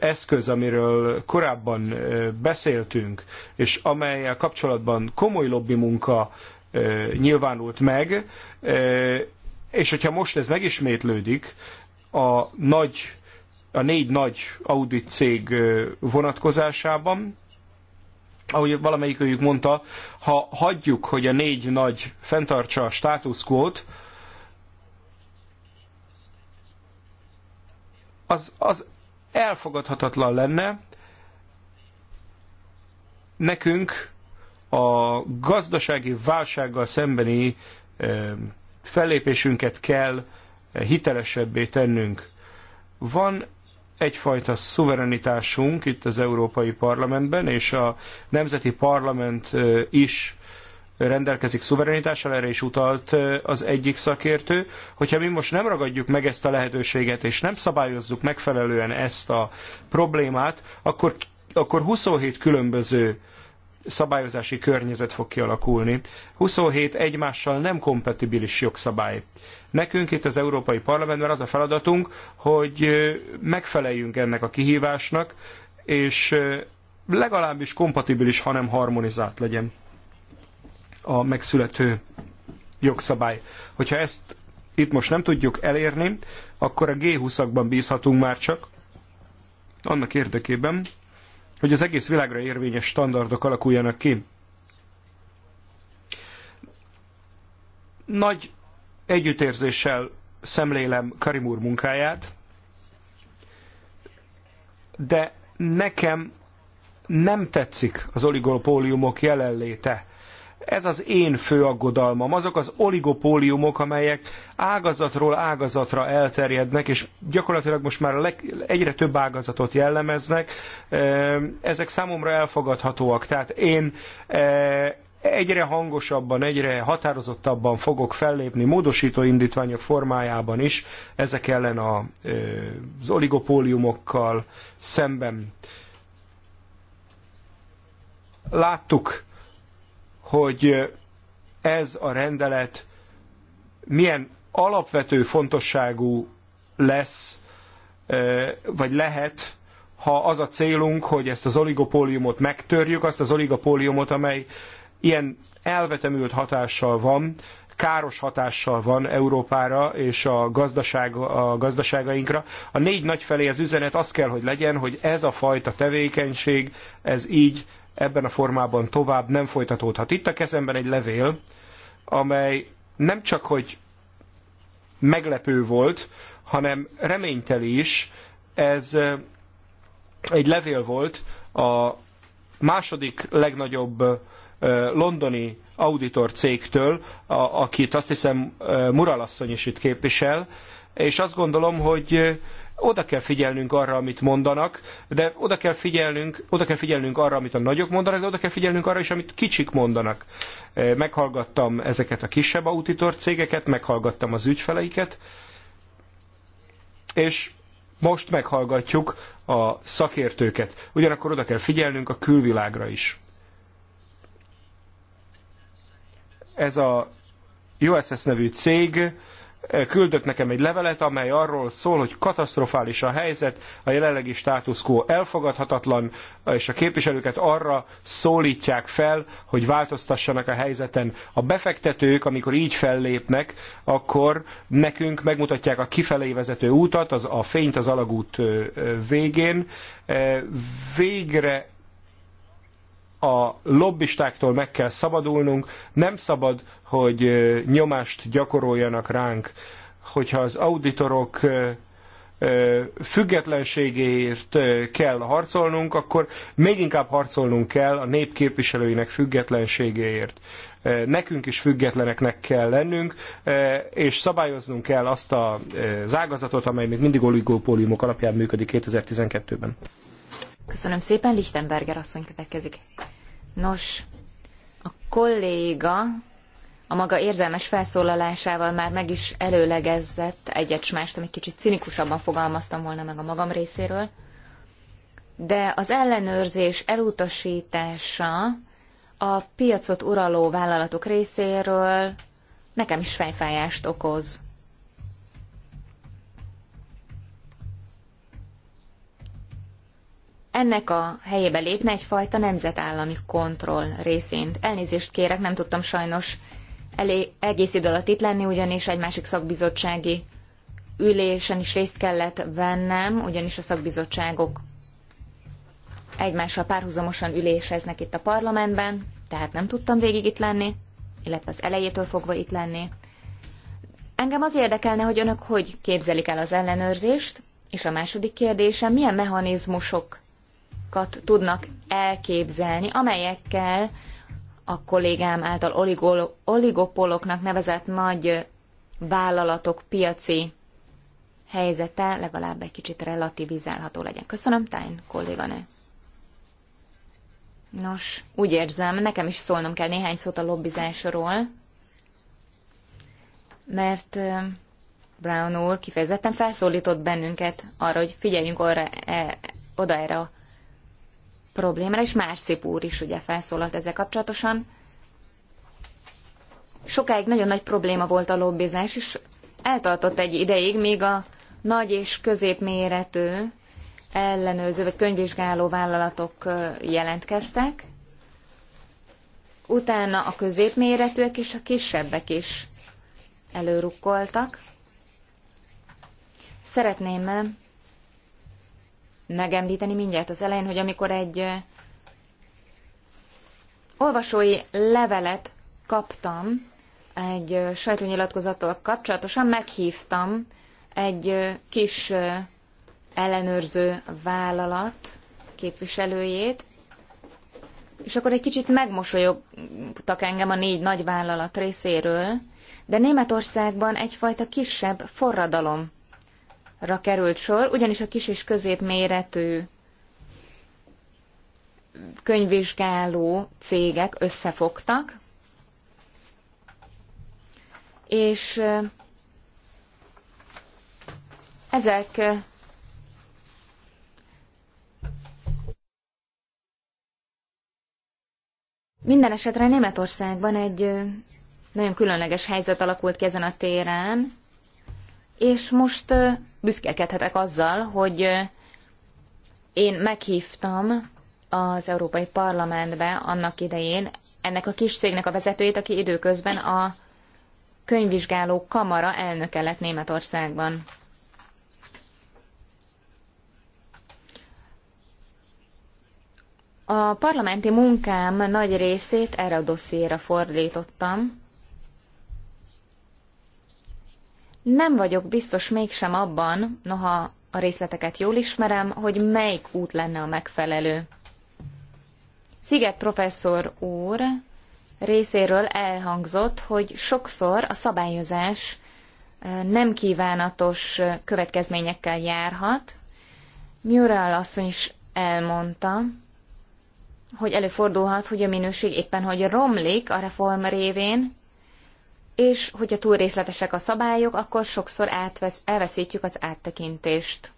eszköz, amiről korábban beszéltünk, és amelyel kapcsolatban komoly lobby munka nyilvánult meg, és hogyha most ez megismétlődik, a nagy a négy nagy audit cég vonatkozásában, ahogy valamelyikőjük mondta, ha hagyjuk, hogy a négy nagy fenntartsa a status quo-t, az, az elfogadhatatlan lenne. Nekünk a gazdasági válsággal szembeni fellépésünket kell hitelesebbé tennünk. Van egyfajta szuverenitásunk itt az Európai Parlamentben, és a Nemzeti Parlament is rendelkezik szuverenitással, erre is utalt az egyik szakértő, hogyha mi most nem ragadjuk meg ezt a lehetőséget, és nem szabályozzuk megfelelően ezt a problémát, akkor, akkor 27 különböző szabályozási környezet fog kialakulni. 27 egymással nem kompatibilis jogszabály. Nekünk itt az Európai Parlamentben az a feladatunk, hogy megfeleljünk ennek a kihívásnak, és legalábbis kompatibilis, hanem harmonizált legyen a megszülető jogszabály. Hogyha ezt itt most nem tudjuk elérni, akkor a G20-akban bízhatunk már csak, annak érdekében, hogy az egész világra érvényes standardok alakuljanak ki. Nagy együttérzéssel szemlélem Karim úr munkáját, de nekem nem tetszik az oligopóliumok jelenléte ez az én fő aggodalmam, azok az oligopóliumok, amelyek ágazatról ágazatra elterjednek, és gyakorlatilag most már egyre több ágazatot jellemeznek, ezek számomra elfogadhatóak. Tehát én egyre hangosabban, egyre határozottabban fogok fellépni módosító indítványok formájában is ezek ellen a, az oligopóliumokkal szemben. Láttuk hogy ez a rendelet milyen alapvető fontosságú lesz, vagy lehet, ha az a célunk, hogy ezt az oligopóliumot megtörjük, azt az oligopóliumot, amely ilyen elvetemült hatással van, káros hatással van Európára és a, gazdaság, a gazdaságainkra. A négy nagy felé az üzenet az kell, hogy legyen, hogy ez a fajta tevékenység, ez így ebben a formában tovább nem folytatódhat. Itt a kezemben egy levél, amely nem csak hogy meglepő volt, hanem reményteli is. Ez egy levél volt a második legnagyobb londoni auditor cégtől, akit azt hiszem Muralasszony is itt képvisel, és azt gondolom, hogy oda kell figyelnünk arra, amit mondanak, de oda kell figyelnünk, oda kell figyelnünk arra, amit a nagyok mondanak, de oda kell figyelnünk arra is, amit kicsik mondanak. E, meghallgattam ezeket a kisebb auditor cégeket, meghallgattam az ügyfeleiket, és most meghallgatjuk a szakértőket. Ugyanakkor oda kell figyelnünk a külvilágra is. Ez a USS nevű cég küldött nekem egy levelet, amely arról szól, hogy katasztrofális a helyzet, a jelenlegi status quo elfogadhatatlan, és a képviselőket arra szólítják fel, hogy változtassanak a helyzeten. A befektetők, amikor így fellépnek, akkor nekünk megmutatják a kifelé vezető útat, az, a fényt az alagút végén. Végre a lobbistáktól meg kell szabadulnunk, nem szabad, hogy nyomást gyakoroljanak ránk, hogyha az auditorok függetlenségéért kell harcolnunk, akkor még inkább harcolnunk kell a népképviselőinek függetlenségéért. Nekünk is függetleneknek kell lennünk, és szabályoznunk kell azt az ágazatot, amely még mindig oligopóliumok alapján működik 2012-ben. Köszönöm szépen, Lichtenberger asszony következik. Nos, a kolléga a maga érzelmes felszólalásával már meg is előlegezett Egyet egyecsmást, amit kicsit cinikusabban fogalmaztam volna meg a magam részéről. De az ellenőrzés elutasítása a piacot uraló vállalatok részéről nekem is fejfájást okoz. ennek a helyébe lépne egyfajta nemzetállami kontroll részén. Elnézést kérek, nem tudtam sajnos elé, egész idő alatt itt lenni, ugyanis egy másik szakbizottsági ülésen is részt kellett vennem, ugyanis a szakbizottságok egymással párhuzamosan üléseznek itt a parlamentben, tehát nem tudtam végig itt lenni, illetve az elejétől fogva itt lenni. Engem az érdekelne, hogy önök hogy képzelik el az ellenőrzést, és a második kérdése, milyen mechanizmusok megoldásokat tudnak elképzelni, amelyekkel a kollégám által oligopoloknak nevezett nagy vállalatok piaci helyzete legalább egy kicsit relativizálható legyen. Köszönöm, Tájn kolléganő. Nos, úgy érzem, nekem is szólnom kell néhány szót a lobbizásról, mert Brown úr kifejezetten felszólított bennünket arra, hogy figyeljünk orra, e, oda erre a problémára, és Márszép úr is ugye felszólalt ezzel kapcsolatosan. Sokáig nagyon nagy probléma volt a lobbizás, és eltartott egy ideig, míg a nagy és középméretű ellenőrző vagy könyvvizsgáló vállalatok jelentkeztek, utána a középméretűek és a kisebbek is előrukkoltak. Szeretném megemlíteni mindjárt az elején, hogy amikor egy olvasói levelet kaptam egy sajtónyilatkozattal kapcsolatosan, meghívtam egy kis ellenőrző vállalat képviselőjét, és akkor egy kicsit megmosolyogtak engem a négy nagy vállalat részéről, de Németországban egyfajta kisebb forradalom ra került sor, ugyanis a kis és középméretű könyvvizsgáló cégek összefogtak, és eh, ezek eh, minden esetre Németországban egy eh, nagyon különleges helyzet alakult ki ezen a téren, és most büszkélkedhetek azzal, hogy én meghívtam az Európai Parlamentbe annak idején ennek a kis cégnek a vezetőjét, aki időközben a könyvvizsgáló kamara elnöke lett Németországban. A parlamenti munkám nagy részét erre a dossziéra fordítottam, Nem vagyok biztos mégsem abban, noha a részleteket jól ismerem, hogy melyik út lenne a megfelelő. Sziget professzor úr részéről elhangzott, hogy sokszor a szabályozás nem kívánatos következményekkel járhat. Murrell asszony is elmondta, hogy előfordulhat, hogy a minőség éppen hogy romlik a reform révén, és hogyha túl részletesek a szabályok, akkor sokszor átvesz, elveszítjük az áttekintést.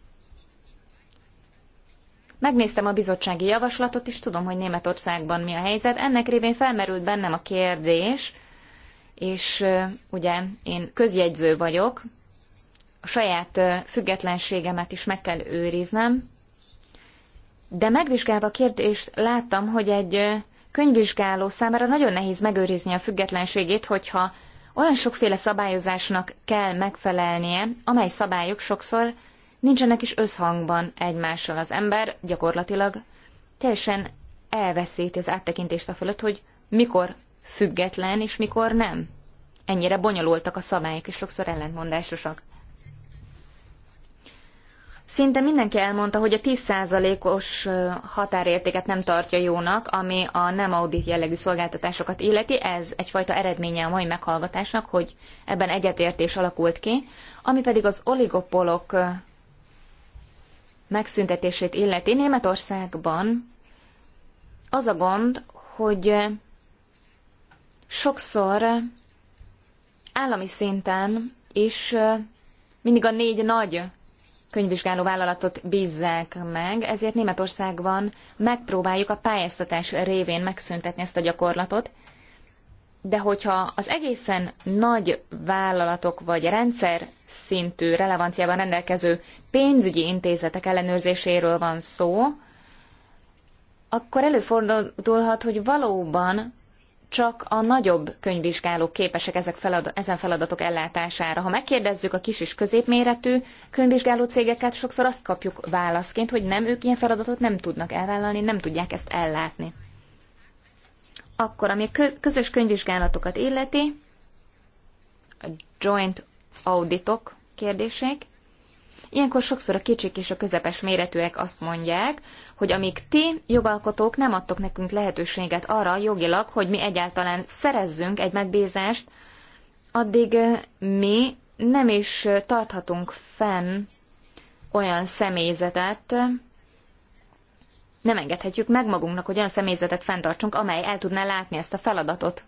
Megnéztem a bizottsági javaslatot, és tudom, hogy Németországban mi a helyzet. Ennek révén felmerült bennem a kérdés, és ugye én közjegyző vagyok, a saját függetlenségemet is meg kell őriznem, de megvizsgálva a kérdést láttam, hogy egy könyvvizsgáló számára nagyon nehéz megőrizni a függetlenségét, hogyha olyan sokféle szabályozásnak kell megfelelnie, amely szabályok sokszor nincsenek is összhangban egymással. Az ember gyakorlatilag teljesen elveszíti az áttekintést a fölött, hogy mikor független és mikor nem. Ennyire bonyolultak a szabályok, és sokszor ellentmondásosak. Szinte mindenki elmondta, hogy a 10%-os határértéket nem tartja jónak, ami a nem audit jellegű szolgáltatásokat illeti. Ez egyfajta eredménye a mai meghallgatásnak, hogy ebben egyetértés alakult ki. Ami pedig az oligopolok megszüntetését illeti, Németországban az a gond, hogy sokszor állami szinten is mindig a négy nagy könyvvizsgáló vállalatot bízzák meg, ezért Németországban megpróbáljuk a pályáztatás révén megszüntetni ezt a gyakorlatot, de hogyha az egészen nagy vállalatok vagy rendszer szintű relevanciában rendelkező pénzügyi intézetek ellenőrzéséről van szó, akkor előfordulhat, hogy valóban csak a nagyobb könyvvizsgálók képesek ezek ezen feladatok ellátására. Ha megkérdezzük a kis és középméretű könyvvizsgáló cégeket, sokszor azt kapjuk válaszként, hogy nem, ők ilyen feladatot nem tudnak elvállalni, nem tudják ezt ellátni. Akkor, ami a közös könyvvizsgálatokat illeti, a joint auditok kérdések, ilyenkor sokszor a kicsik és a közepes méretűek azt mondják, hogy amíg ti, jogalkotók nem adtok nekünk lehetőséget arra jogilag, hogy mi egyáltalán szerezzünk egy megbízást, addig mi nem is tarthatunk fenn olyan személyzetet, nem engedhetjük meg magunknak, hogy olyan személyzetet fenntartsunk, amely el tudná látni ezt a feladatot.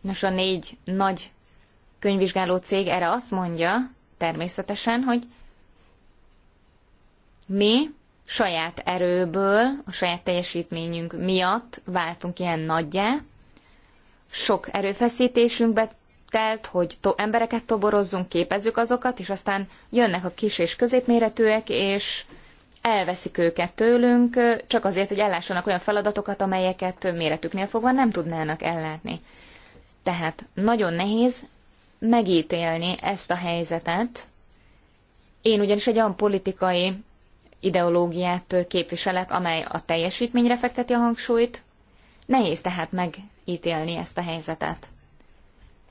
Nos, a négy nagy könyvvizsgáló cég erre azt mondja, természetesen, hogy mi saját erőből, a saját teljesítményünk miatt váltunk ilyen nagyjá. Sok erőfeszítésünkbe telt, hogy to- embereket toborozzunk, képezzük azokat, és aztán jönnek a kis és középméretűek, és elveszik őket tőlünk, csak azért, hogy ellássanak olyan feladatokat, amelyeket méretüknél fogva nem tudnának ellátni. Tehát nagyon nehéz megítélni ezt a helyzetet. Én ugyanis egy olyan politikai ideológiát képviselek, amely a teljesítményre fekteti a hangsúlyt. Nehéz tehát megítélni ezt a helyzetet.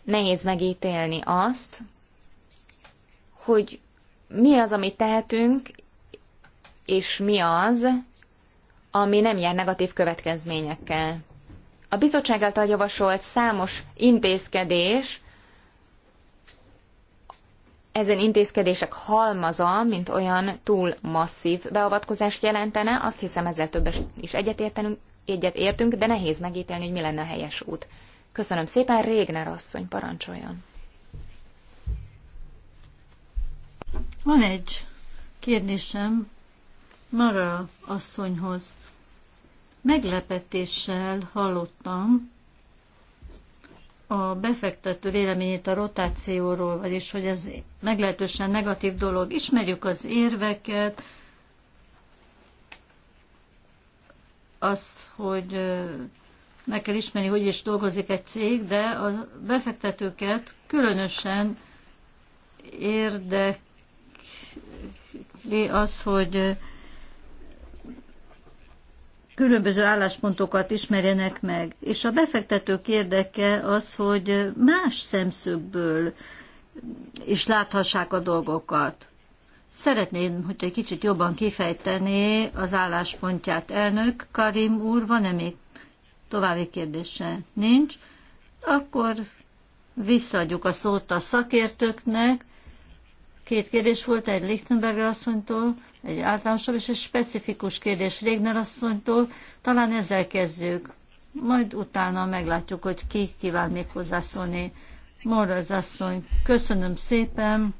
Nehéz megítélni azt, hogy mi az, amit tehetünk, és mi az, ami nem jár negatív következményekkel. A bizottság által javasolt számos intézkedés ezen intézkedések halmaza, mint olyan túl masszív beavatkozást jelentene, azt hiszem ezzel többes is egyetértünk, egyet értünk, de nehéz megítélni, hogy mi lenne a helyes út. Köszönöm szépen, Régner asszony, parancsoljon. Van egy kérdésem Mara asszonyhoz. Meglepetéssel hallottam, a befektető véleményét a rotációról, vagyis hogy ez meglehetősen negatív dolog. Ismerjük az érveket, azt, hogy meg kell ismerni, hogy is dolgozik egy cég, de a befektetőket különösen érdekli az, hogy különböző álláspontokat ismerjenek meg. És a befektetők érdeke az, hogy más szemszögből is láthassák a dolgokat. Szeretném, hogy egy kicsit jobban kifejtené az álláspontját elnök. Karim úr, van-e még további kérdése? Nincs. Akkor visszaadjuk a szót a szakértőknek, Két kérdés volt, egy Lichtenberger asszonytól, egy általánosabb és egy specifikus kérdés Régner asszonytól. Talán ezzel kezdjük. Majd utána meglátjuk, hogy ki kíván még hozzászólni. az asszony, köszönöm szépen.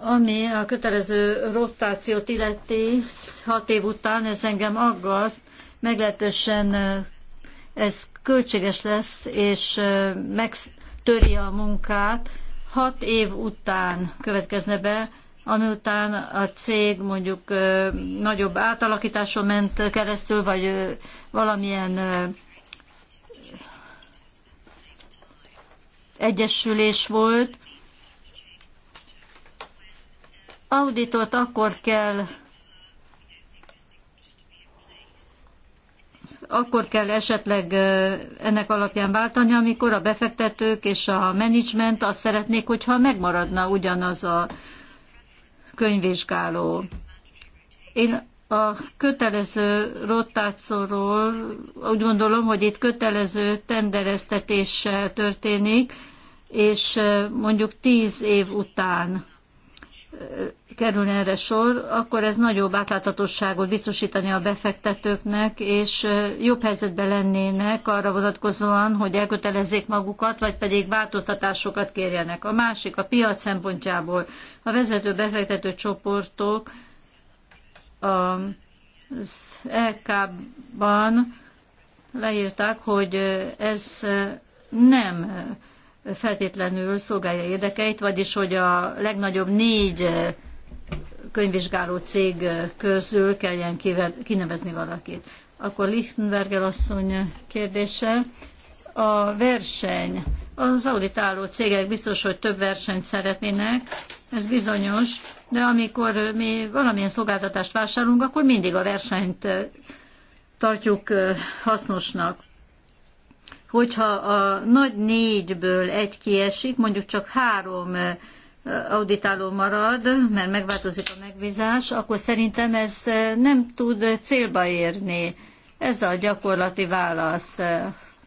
Ami a kötelező rotációt illeti hat év után, ez engem aggaszt, meglehetősen ez költséges lesz, és megtöri a munkát, hat év után következne be, amiután a cég mondjuk nagyobb átalakításon ment keresztül, vagy valamilyen egyesülés volt. Auditort akkor kell akkor kell esetleg ennek alapján váltani, amikor a befektetők és a menedzsment azt szeretnék, hogyha megmaradna ugyanaz a könyvvizsgáló. Én a kötelező rotációról úgy gondolom, hogy itt kötelező tendereztetéssel történik, és mondjuk tíz év után kerülni erre sor, akkor ez nagyobb átláthatóságot biztosítani a befektetőknek, és jobb helyzetben lennének arra vonatkozóan, hogy elkötelezzék magukat, vagy pedig változtatásokat kérjenek. A másik, a piac szempontjából a vezető befektető csoportok az EK-ban leírták, hogy ez nem feltétlenül szolgálja érdekeit, vagyis hogy a legnagyobb négy eh, könyvvizsgáló cég eh, közül kelljen kinevezni valakit. Akkor Lichtenberger asszony kérdése. A verseny. Az auditáló cégek biztos, hogy több versenyt szeretnének, ez bizonyos, de amikor mi valamilyen szolgáltatást vásárolunk, akkor mindig a versenyt eh, tartjuk hasznosnak hogyha a nagy négyből egy kiesik, mondjuk csak három auditáló marad, mert megváltozik a megbízás, akkor szerintem ez nem tud célba érni. Ez a gyakorlati válasz.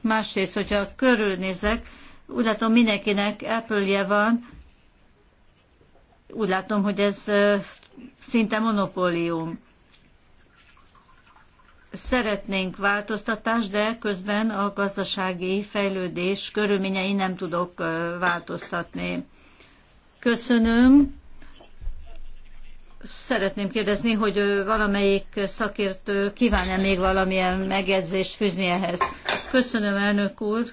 Másrészt, hogyha körülnézek, úgy látom mindenkinek apple van, úgy látom, hogy ez szinte monopólium szeretnénk változtatást, de közben a gazdasági fejlődés körülményei nem tudok változtatni. Köszönöm. Szeretném kérdezni, hogy valamelyik szakértő kíván-e még valamilyen megjegyzést fűzni ehhez. Köszönöm, elnök úr.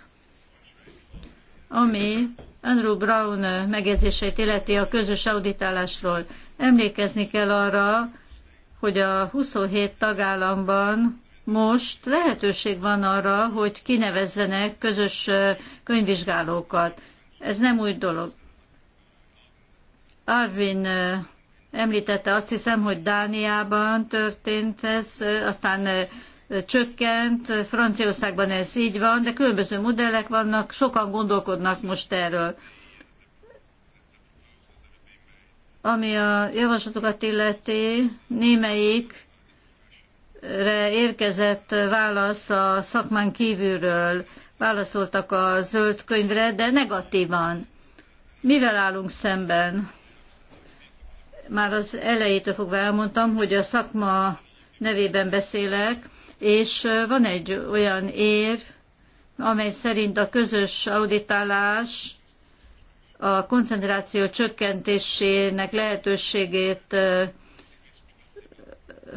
Ami Andrew Brown megjegyzéseit illeti a közös auditálásról. Emlékezni kell arra, hogy a 27 tagállamban most lehetőség van arra, hogy kinevezzenek közös könyvvizsgálókat. Ez nem új dolog. Arvin említette azt hiszem, hogy Dániában történt ez, aztán csökkent, Franciaországban ez így van, de különböző modellek vannak, sokan gondolkodnak most erről. Ami a javaslatokat illeti, némelyikre érkezett válasz a szakmán kívülről, válaszoltak a zöld könyvre, de negatívan. Mivel állunk szemben? Már az elejétől fogva elmondtam, hogy a szakma nevében beszélek, és van egy olyan ér, amely szerint a közös auditálás a koncentráció csökkentésének lehetőségét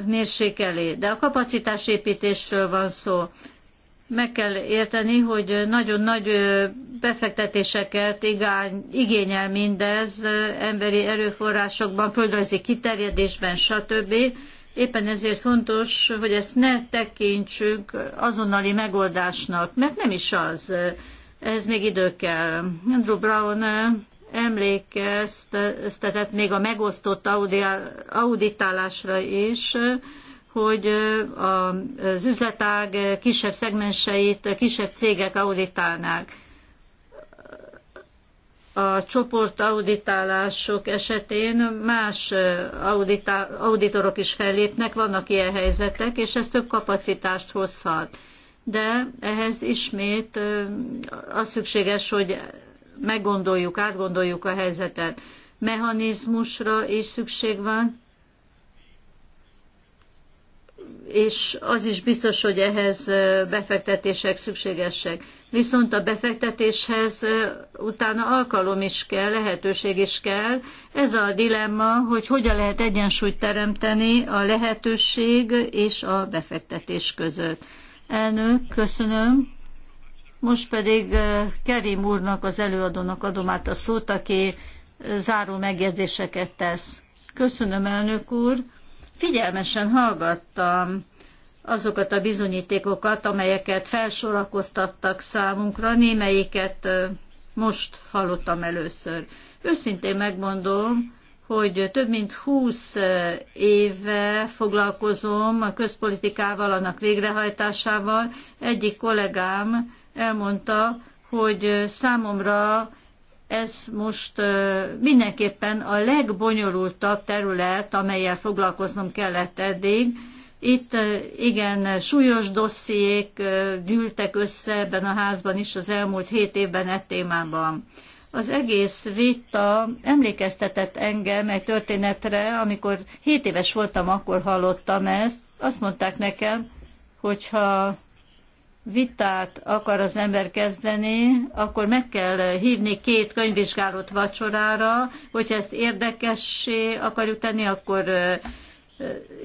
mérsékeli. De a kapacitásépítésről van szó. Meg kell érteni, hogy nagyon nagy befektetéseket igány, igényel mindez emberi erőforrásokban, földrajzi kiterjedésben, stb. Éppen ezért fontos, hogy ezt ne tekintsük azonnali megoldásnak, mert nem is az ez még idő kell. Andrew Brown emlékeztetett még a megosztott auditálásra is, hogy az üzletág kisebb szegmenseit kisebb cégek auditálnák. A csoport auditálások esetén más auditorok is fellépnek, vannak ilyen helyzetek, és ez több kapacitást hozhat de ehhez ismét az szükséges, hogy meggondoljuk, átgondoljuk a helyzetet. Mechanizmusra is szükség van, és az is biztos, hogy ehhez befektetések szükségesek. Viszont a befektetéshez utána alkalom is kell, lehetőség is kell. Ez a dilemma, hogy hogyan lehet egyensúlyt teremteni a lehetőség és a befektetés között. Elnök, köszönöm. Most pedig Kerim úrnak, az előadónak adom át a szót, aki záró megjegyzéseket tesz. Köszönöm, elnök úr. Figyelmesen hallgattam azokat a bizonyítékokat, amelyeket felsorakoztattak számunkra, némelyiket most hallottam először. Őszintén megmondom, hogy több mint 20 éve foglalkozom a közpolitikával, annak végrehajtásával. Egyik kollégám elmondta, hogy számomra ez most mindenképpen a legbonyolultabb terület, amelyel foglalkoznom kellett eddig. Itt igen, súlyos dossziék gyűltek össze ebben a házban is az elmúlt hét évben e témában. Az egész vita emlékeztetett engem egy történetre, amikor 7 éves voltam, akkor hallottam ezt. Azt mondták nekem, hogyha vitát akar az ember kezdeni, akkor meg kell hívni két könyvvizsgálót vacsorára, hogyha ezt érdekessé akarjuk tenni, akkor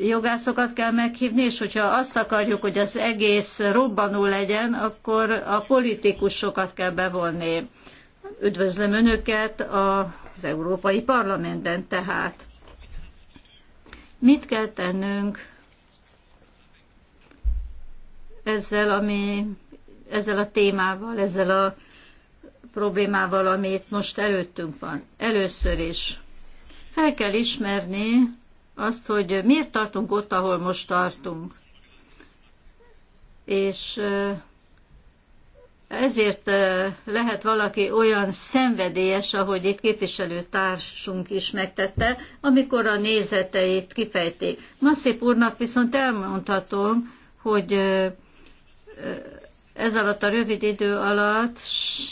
jogászokat kell meghívni, és hogyha azt akarjuk, hogy az egész robbanó legyen, akkor a politikusokat kell bevonni. Üdvözlöm Önöket az Európai parlamentben tehát. Mit kell tennünk ezzel, ami, ezzel a témával, ezzel a problémával, amit most előttünk van? Először is fel kell ismerni azt, hogy miért tartunk ott, ahol most tartunk. És ezért lehet valaki olyan szenvedélyes, ahogy itt képviselőtársunk is megtette, amikor a nézeteit kifejti. Masszép úrnak viszont elmondhatom, hogy ez alatt a rövid idő alatt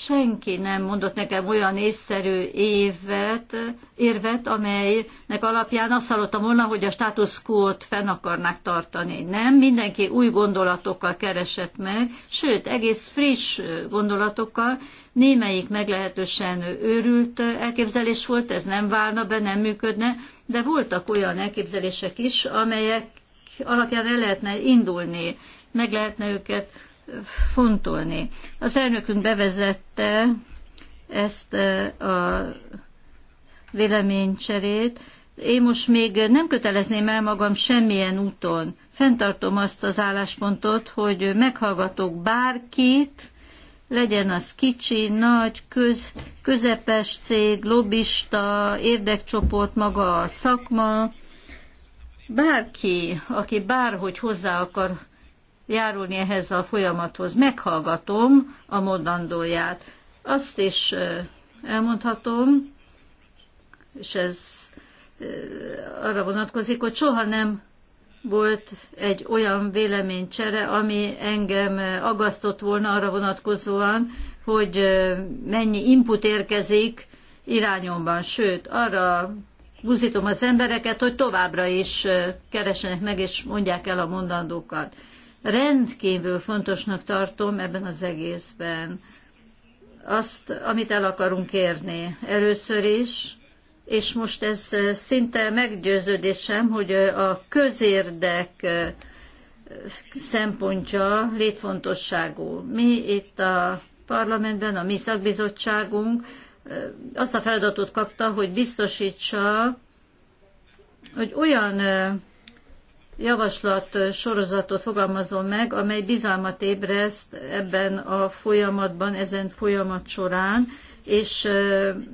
senki nem mondott nekem olyan észszerű évet, érvet, amelynek alapján azt hallottam volna, hogy a status quo-t fenn akarnák tartani. Nem, mindenki új gondolatokkal keresett meg, sőt, egész friss gondolatokkal, némelyik meglehetősen őrült elképzelés volt, ez nem válna be, nem működne, de voltak olyan elképzelések is, amelyek alapján el lehetne indulni, meg lehetne őket fontolni. Az elnökünk bevezette ezt e, a véleménycserét. Én most még nem kötelezném el magam semmilyen úton. Fentartom azt az álláspontot, hogy meghallgatok bárkit, legyen az kicsi, nagy, köz, közepes cég, lobbista, érdekcsoport, maga a szakma, bárki, aki bárhogy hozzá akar járulni ehhez a folyamathoz. Meghallgatom a mondandóját. Azt is elmondhatom, és ez arra vonatkozik, hogy soha nem volt egy olyan véleménycsere, ami engem agasztott volna arra vonatkozóan, hogy mennyi input érkezik irányomban. Sőt, arra buzítom az embereket, hogy továbbra is keresenek meg, és mondják el a mondandókat rendkívül fontosnak tartom ebben az egészben azt, amit el akarunk érni. Először is, és most ez szinte meggyőződésem, hogy a közérdek szempontja létfontosságú. Mi itt a parlamentben, a mi szakbizottságunk azt a feladatot kapta, hogy biztosítsa, hogy olyan javaslat sorozatot fogalmazom meg, amely bizalmat ébreszt ebben a folyamatban, ezen folyamat során, és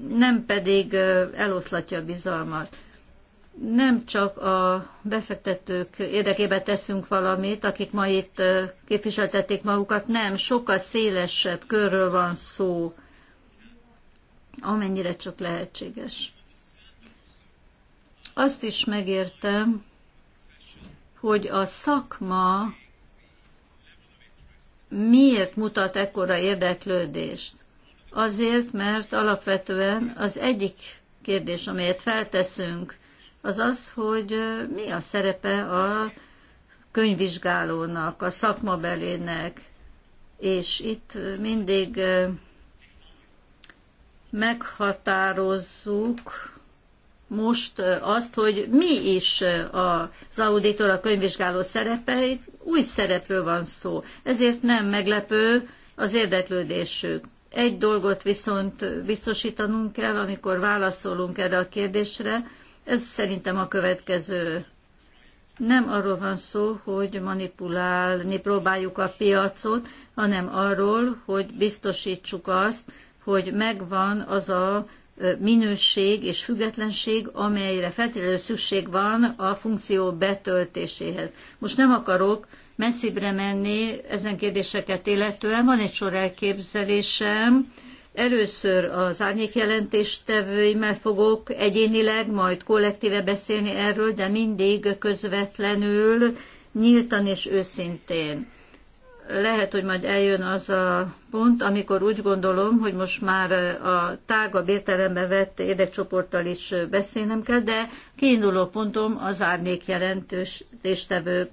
nem pedig eloszlatja a bizalmat. Nem csak a befektetők érdekében teszünk valamit, akik ma itt képviseltették magukat, nem, sokkal szélesebb körről van szó, amennyire csak lehetséges. Azt is megértem, hogy a szakma miért mutat ekkora érdeklődést? Azért, mert alapvetően az egyik kérdés, amelyet felteszünk, az az, hogy mi a szerepe a könyvvizsgálónak, a szakmabelének, és itt mindig meghatározzuk most azt, hogy mi is az auditor, a könyvvizsgáló szerepe, új szerepről van szó. Ezért nem meglepő az érdeklődésük. Egy dolgot viszont biztosítanunk kell, amikor válaszolunk erre a kérdésre, ez szerintem a következő. Nem arról van szó, hogy manipulálni próbáljuk a piacot, hanem arról, hogy biztosítsuk azt, hogy megvan az a minőség és függetlenség, amelyre feltétlenül szükség van a funkció betöltéséhez. Most nem akarok messzibbre menni ezen kérdéseket illetően, van egy sor elképzelésem, Először az árnyékjelentéstevőimmel fogok egyénileg, majd kollektíve beszélni erről, de mindig közvetlenül, nyíltan és őszintén lehet, hogy majd eljön az a pont, amikor úgy gondolom, hogy most már a tágabb értelemben vett érdekcsoporttal is beszélnem kell, de kiinduló pontom az árnék jelentős téstevők.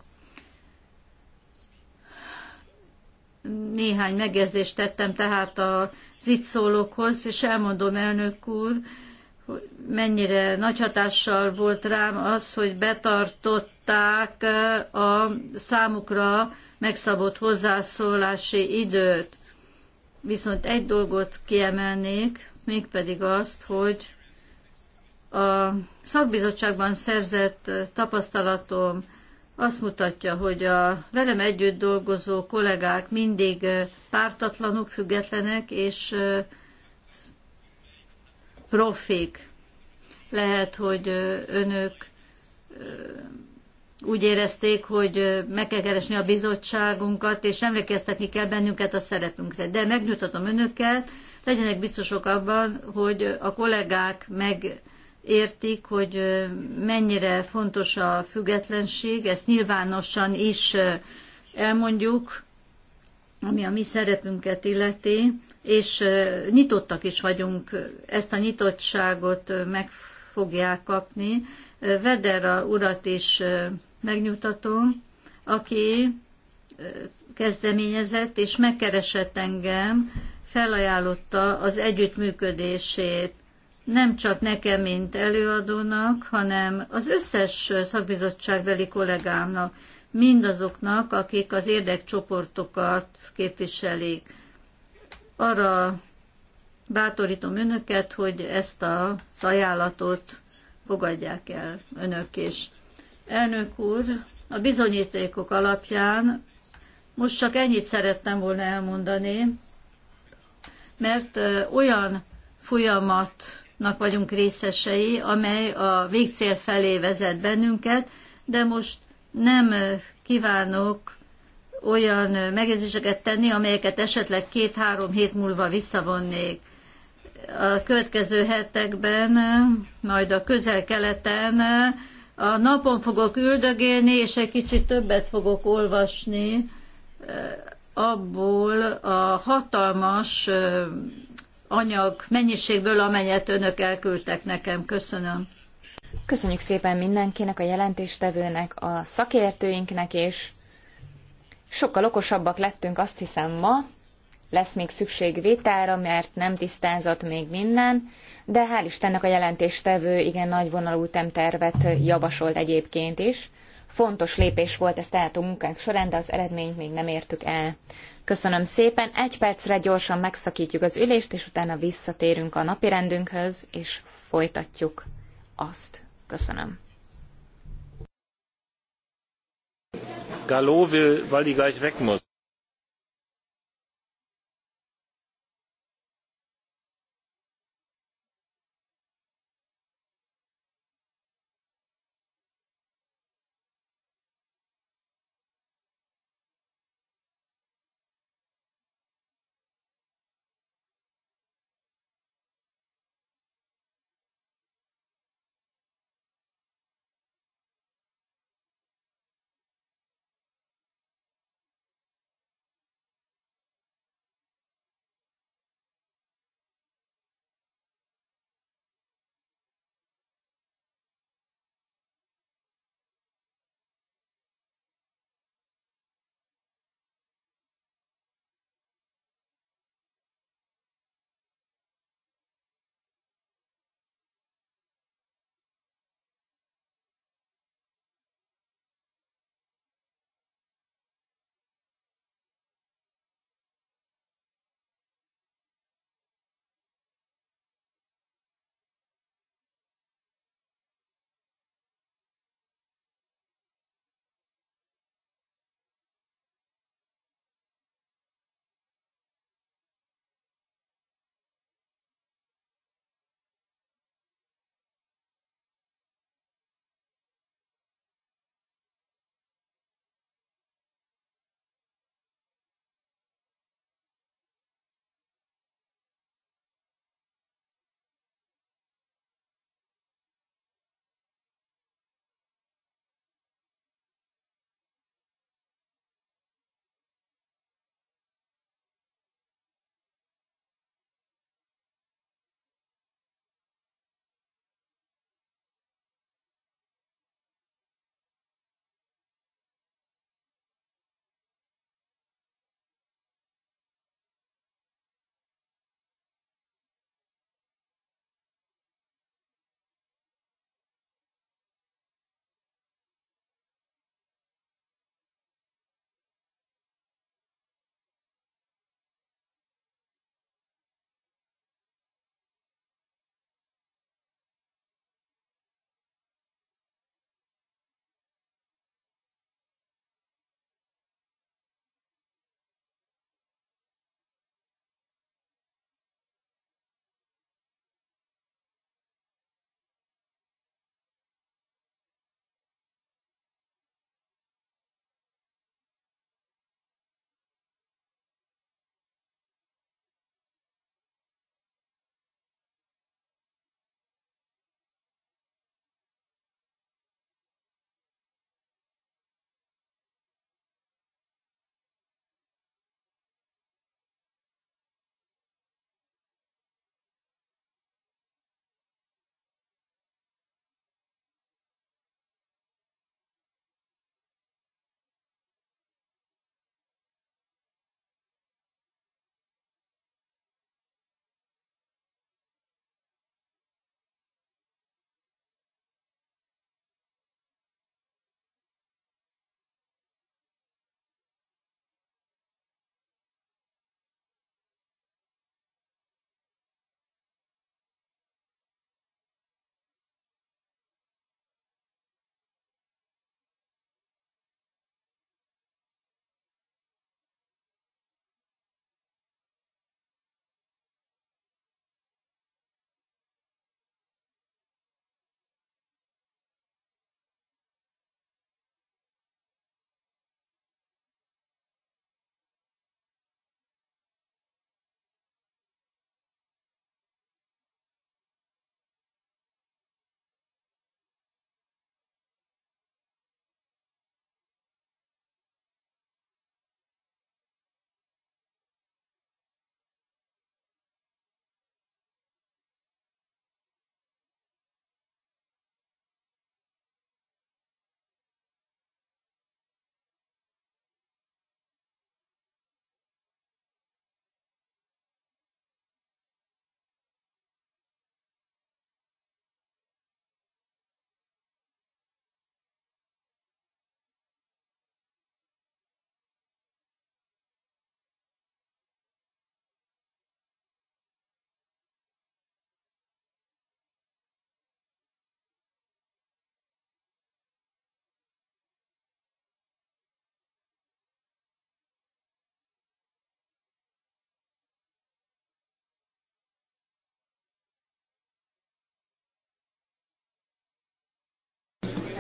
Néhány megjegyzést tettem tehát az itt szólókhoz, és elmondom elnök úr, mennyire nagy hatással volt rám az, hogy betartották a számukra megszabott hozzászólási időt. Viszont egy dolgot kiemelnék, mégpedig azt, hogy a szakbizottságban szerzett tapasztalatom azt mutatja, hogy a velem együtt dolgozó kollégák mindig pártatlanok, függetlenek, és profik. Lehet, hogy önök úgy érezték, hogy meg kell keresni a bizottságunkat, és emlékeztetni kell bennünket a szerepünkre. De megnyugtatom önöket, legyenek biztosok abban, hogy a kollégák megértik, hogy mennyire fontos a függetlenség, ezt nyilvánosan is elmondjuk, ami a mi szerepünket illeti, és nyitottak is vagyunk, ezt a nyitottságot meg fogják kapni. Vedera urat is megnyugtatom, aki kezdeményezett és megkeresett engem, felajánlotta az együttműködését nem csak nekem, mint előadónak, hanem az összes szakbizottságbeli kollégámnak mindazoknak, akik az érdekcsoportokat képviselik. Arra bátorítom önöket, hogy ezt a ajánlatot fogadják el önök is. Elnök úr, a bizonyítékok alapján most csak ennyit szerettem volna elmondani, mert olyan folyamatnak vagyunk részesei, amely a végcél felé vezet bennünket, de most nem kívánok olyan megjegyzéseket tenni, amelyeket esetleg két-három hét múlva visszavonnék. A következő hetekben, majd a közel-keleten a napon fogok üldögélni, és egy kicsit többet fogok olvasni abból a hatalmas anyag mennyiségből, amelyet önök elküldtek nekem. Köszönöm. Köszönjük szépen mindenkinek, a jelentéstevőnek, a szakértőinknek, és sokkal okosabbak lettünk, azt hiszem ma. Lesz még szükség vétára, mert nem tisztázott még minden, de hál' Istennek a jelentéstevő igen nagy vonalú temtervet javasolt egyébként is. Fontos lépés volt ezt tehát a munkánk során, de az eredményt még nem értük el. Köszönöm szépen, egy percre gyorsan megszakítjuk az ülést, és utána visszatérünk a napirendünkhöz, és folytatjuk azt. Köszönöm. Galó will, weil die gleich weg muss.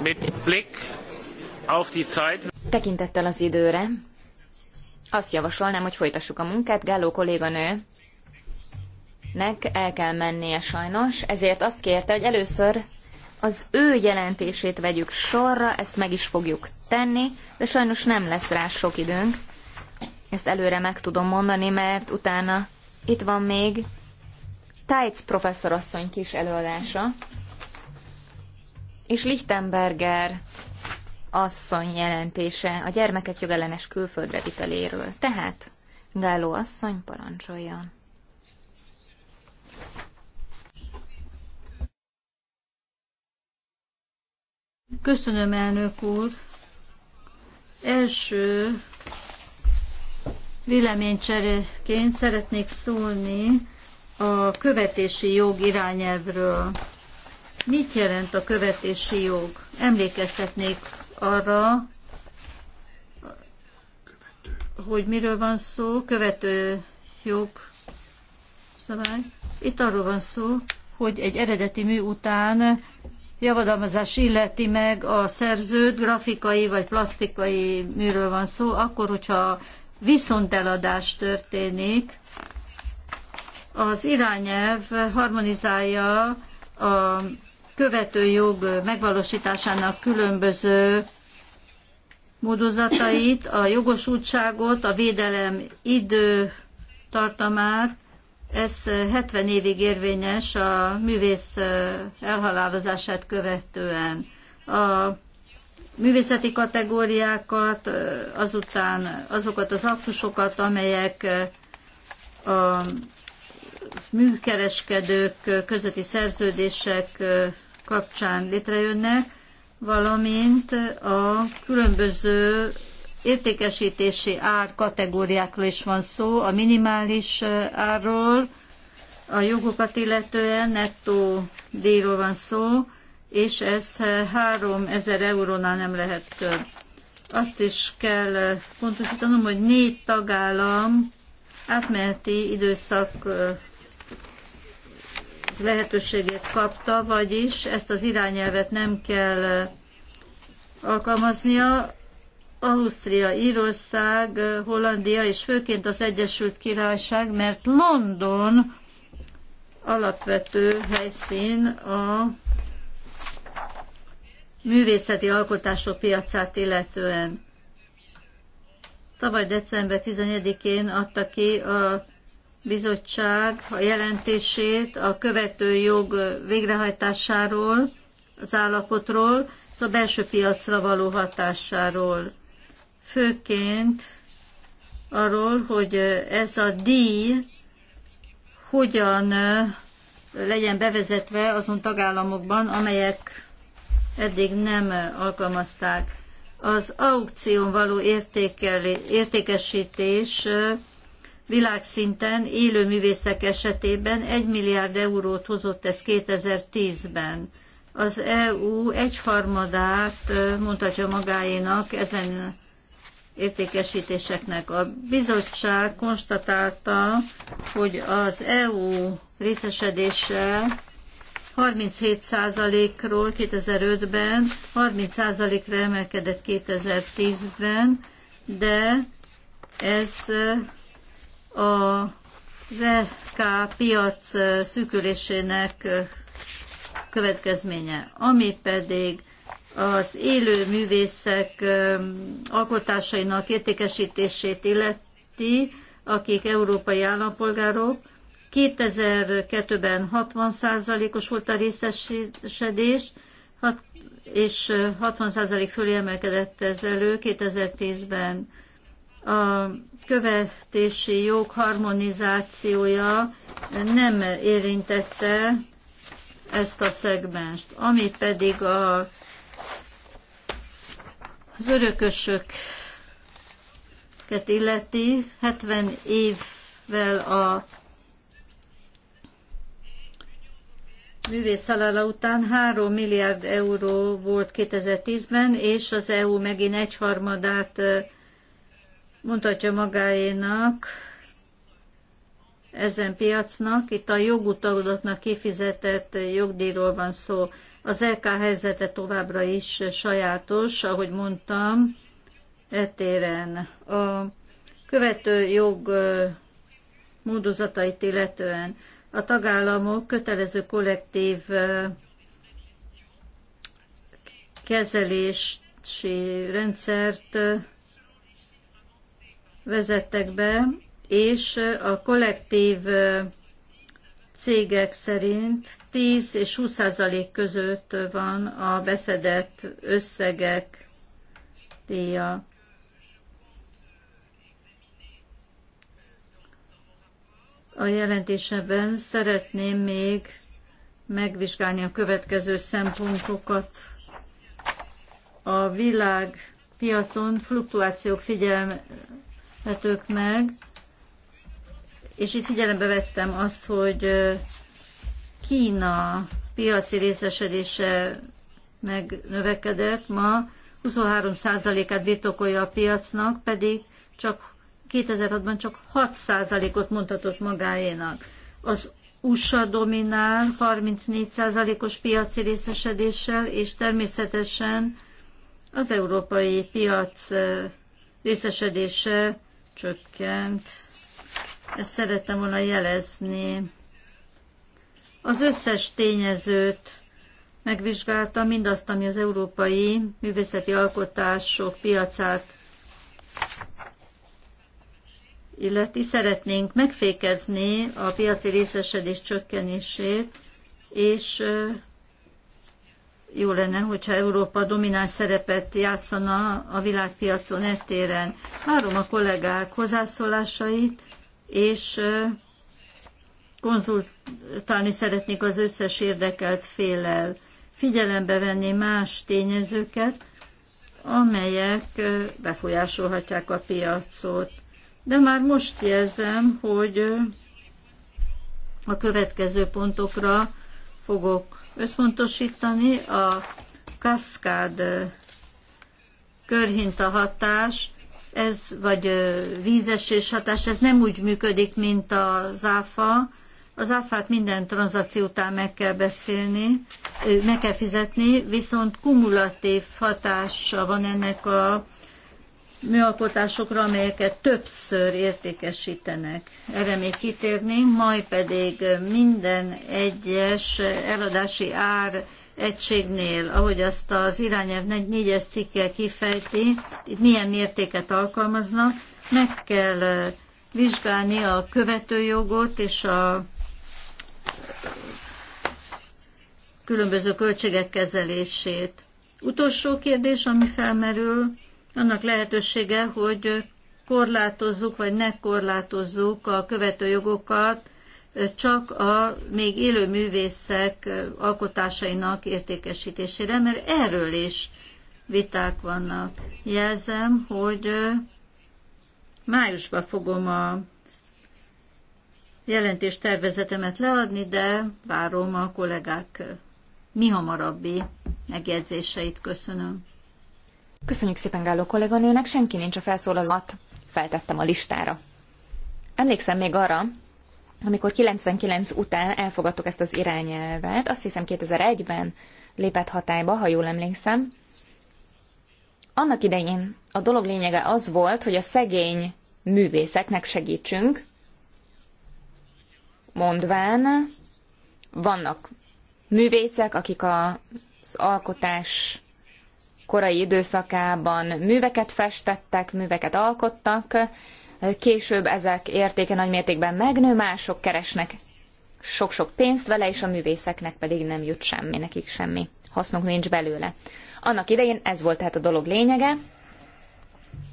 Mit Blick auf die Zeit. Tekintettel az időre. Azt javasolnám, hogy folytassuk a munkát. Gáló kolléganő nek el kell mennie sajnos, ezért azt kérte, hogy először az ő jelentését vegyük sorra, ezt meg is fogjuk tenni, de sajnos nem lesz rá sok időnk. Ezt előre meg tudom mondani, mert utána itt van még Tájc asszony kis előadása és Lichtenberger asszony jelentése a gyermekek jogellenes külföldre viteléről. Tehát Gáló asszony parancsolja. Köszönöm, elnök úr. Első véleménycseréként szeretnék szólni a követési jog irányelvről. Mit jelent a követési jog? Emlékeztetnék arra, hogy miről van szó, követő jog szabály. Itt arról van szó, hogy egy eredeti mű után javadalmazás illeti meg a szerzőt, grafikai vagy plastikai műről van szó, akkor, hogyha viszonteladás történik, az irányelv harmonizálja a követő jog megvalósításának különböző módozatait, a jogosultságot, a védelem időtartamát, ez 70 évig érvényes a művész elhalálozását követően. A művészeti kategóriákat, azután azokat az aktusokat, amelyek a műkereskedők közötti szerződések kapcsán létrejönnek, valamint a különböző értékesítési ár kategóriákról is van szó, a minimális árról, a jogokat illetően nettó díjról van szó, és ez 3000 eurónál nem lehet több. Azt is kell pontosítanom, hogy négy tagállam átmeneti időszak lehetőséget kapta, vagyis ezt az irányelvet nem kell alkalmaznia. Ausztria, Írország, Hollandia és főként az Egyesült Királyság, mert London alapvető helyszín a művészeti alkotások piacát illetően. Tavaly december 11-én adta ki a bizottság a jelentését a követő jog végrehajtásáról, az állapotról, a belső piacra való hatásáról. Főként arról, hogy ez a díj hogyan legyen bevezetve azon tagállamokban, amelyek eddig nem alkalmazták. Az aukción való értékesítés világszinten élő művészek esetében 1 milliárd eurót hozott ez 2010-ben. Az EU egyharmadát mondhatja magáénak ezen értékesítéseknek. A bizottság konstatálta, hogy az EU részesedése 37%-ról 2005-ben 30%-ra emelkedett 2010-ben, de ez az LK e piac szűkülésének következménye, ami pedig az élő művészek alkotásainak értékesítését illeti, akik európai állampolgárok. 2002-ben 60%-os volt a részesedés, és 60% fölé emelkedett ez elő 2010-ben a követési jog harmonizációja nem érintette ezt a szegmest, ami pedig a, az örökösöket illeti 70 évvel a művész halála után 3 milliárd euró volt 2010-ben, és az EU megint egyharmadát harmadát mondhatja magáénak ezen piacnak. Itt a jogutódotnak kifizetett jogdíjról van szó. Az LK helyzete továbbra is sajátos, ahogy mondtam, etéren. A követő jog módozatait illetően a tagállamok kötelező kollektív kezelési rendszert vezettek be, és a kollektív cégek szerint 10 és 20 százalék között van a beszedett összegek díja. A jelentésemben szeretném még megvizsgálni a következő szempontokat. A világ piacon fluktuációk figyelme vetők meg, és itt figyelembe vettem azt, hogy Kína piaci részesedése megnövekedett, ma 23%-át birtokolja a piacnak, pedig csak 2006-ban csak 6%-ot mondhatott magáénak. Az USA dominál 34%-os piaci részesedéssel, és természetesen az európai piac részesedése csökkent. Ezt szerettem volna jelezni. Az összes tényezőt megvizsgálta, mindazt, ami az európai művészeti alkotások piacát illeti. Szeretnénk megfékezni a piaci részesedés csökkenését, és jó lenne, hogyha Európa domináns szerepet játszana a világpiacon ettéren. Várom a kollégák hozzászólásait, és konzultálni szeretnék az összes érdekelt félel. Figyelembe venni más tényezőket, amelyek befolyásolhatják a piacot. De már most jelzem, hogy a következő pontokra fogok összpontosítani a kaszkád körhinta hatás, ez, vagy vízesés hatás, ez nem úgy működik, mint az áfa. Az áfát minden tranzakció után meg kell beszélni, meg kell fizetni, viszont kumulatív hatása van ennek a műalkotásokra, amelyeket többször értékesítenek. Erre még kitérnénk, majd pedig minden egyes eladási ár egységnél, ahogy azt az irányelv 4-es cikke kifejti, itt milyen mértéket alkalmaznak, meg kell vizsgálni a követőjogot és a különböző költségek kezelését. Utolsó kérdés, ami felmerül, annak lehetősége, hogy korlátozzuk vagy ne korlátozzuk a követő jogokat csak a még élő művészek alkotásainak értékesítésére, mert erről is viták vannak. Jelzem, hogy májusban fogom a jelentés tervezetemet leadni, de várom a kollégák mi hamarabbi megjegyzéseit. Köszönöm. Köszönjük szépen Gáló kolléganőnek, senki nincs a felszólalat, feltettem a listára. Emlékszem még arra, amikor 99 után elfogadtuk ezt az irányelvet, azt hiszem 2001-ben lépett hatályba, ha jól emlékszem. Annak idején a dolog lényege az volt, hogy a szegény művészeknek segítsünk, mondván vannak művészek, akik az alkotás korai időszakában műveket festettek, műveket alkottak, később ezek értéke mértékben megnő, mások keresnek sok-sok pénzt vele, és a művészeknek pedig nem jut semmi, nekik semmi hasznuk nincs belőle. Annak idején ez volt tehát a dolog lényege,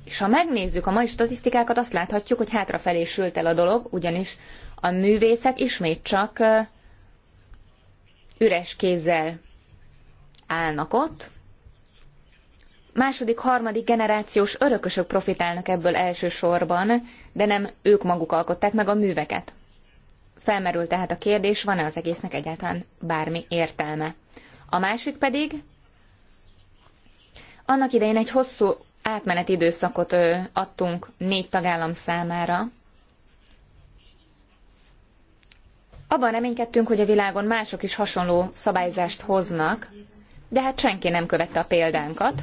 és ha megnézzük a mai statisztikákat, azt láthatjuk, hogy hátrafelé sült el a dolog, ugyanis a művészek ismét csak üres kézzel állnak ott, második, harmadik generációs örökösök profitálnak ebből elsősorban, de nem ők maguk alkották meg a műveket. Felmerül tehát a kérdés, van-e az egésznek egyáltalán bármi értelme. A másik pedig, annak idején egy hosszú átmeneti időszakot adtunk négy tagállam számára. Abban reménykedtünk, hogy a világon mások is hasonló szabályzást hoznak, de hát senki nem követte a példánkat,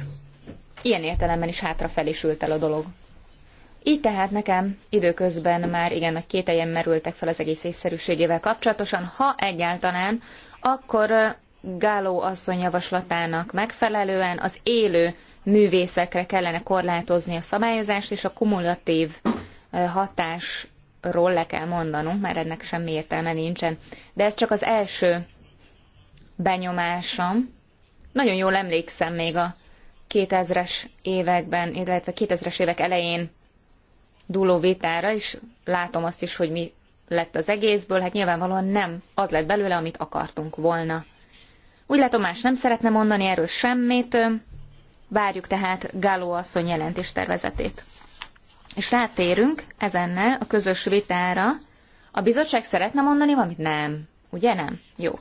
Ilyen értelemben is hátrafelé sült el a dolog. Így tehát nekem időközben már igen nagy kételjen merültek fel az egész észszerűségével kapcsolatosan, ha egyáltalán, akkor Gáló asszony javaslatának megfelelően az élő művészekre kellene korlátozni a szabályozást, és a kumulatív hatásról le kell mondanunk, mert ennek semmi értelme nincsen. De ez csak az első benyomásom. Nagyon jól emlékszem még a 2000-es években, illetve 2000-es évek elején dúló vitára, és látom azt is, hogy mi lett az egészből, hát nyilvánvalóan nem az lett belőle, amit akartunk volna. Úgy látom, más nem szeretne mondani erről semmit, várjuk tehát Gáló asszony tervezetét. És rátérünk ezennel a közös vitára. A bizottság szeretne mondani valamit? Nem. Ugye nem? Jó.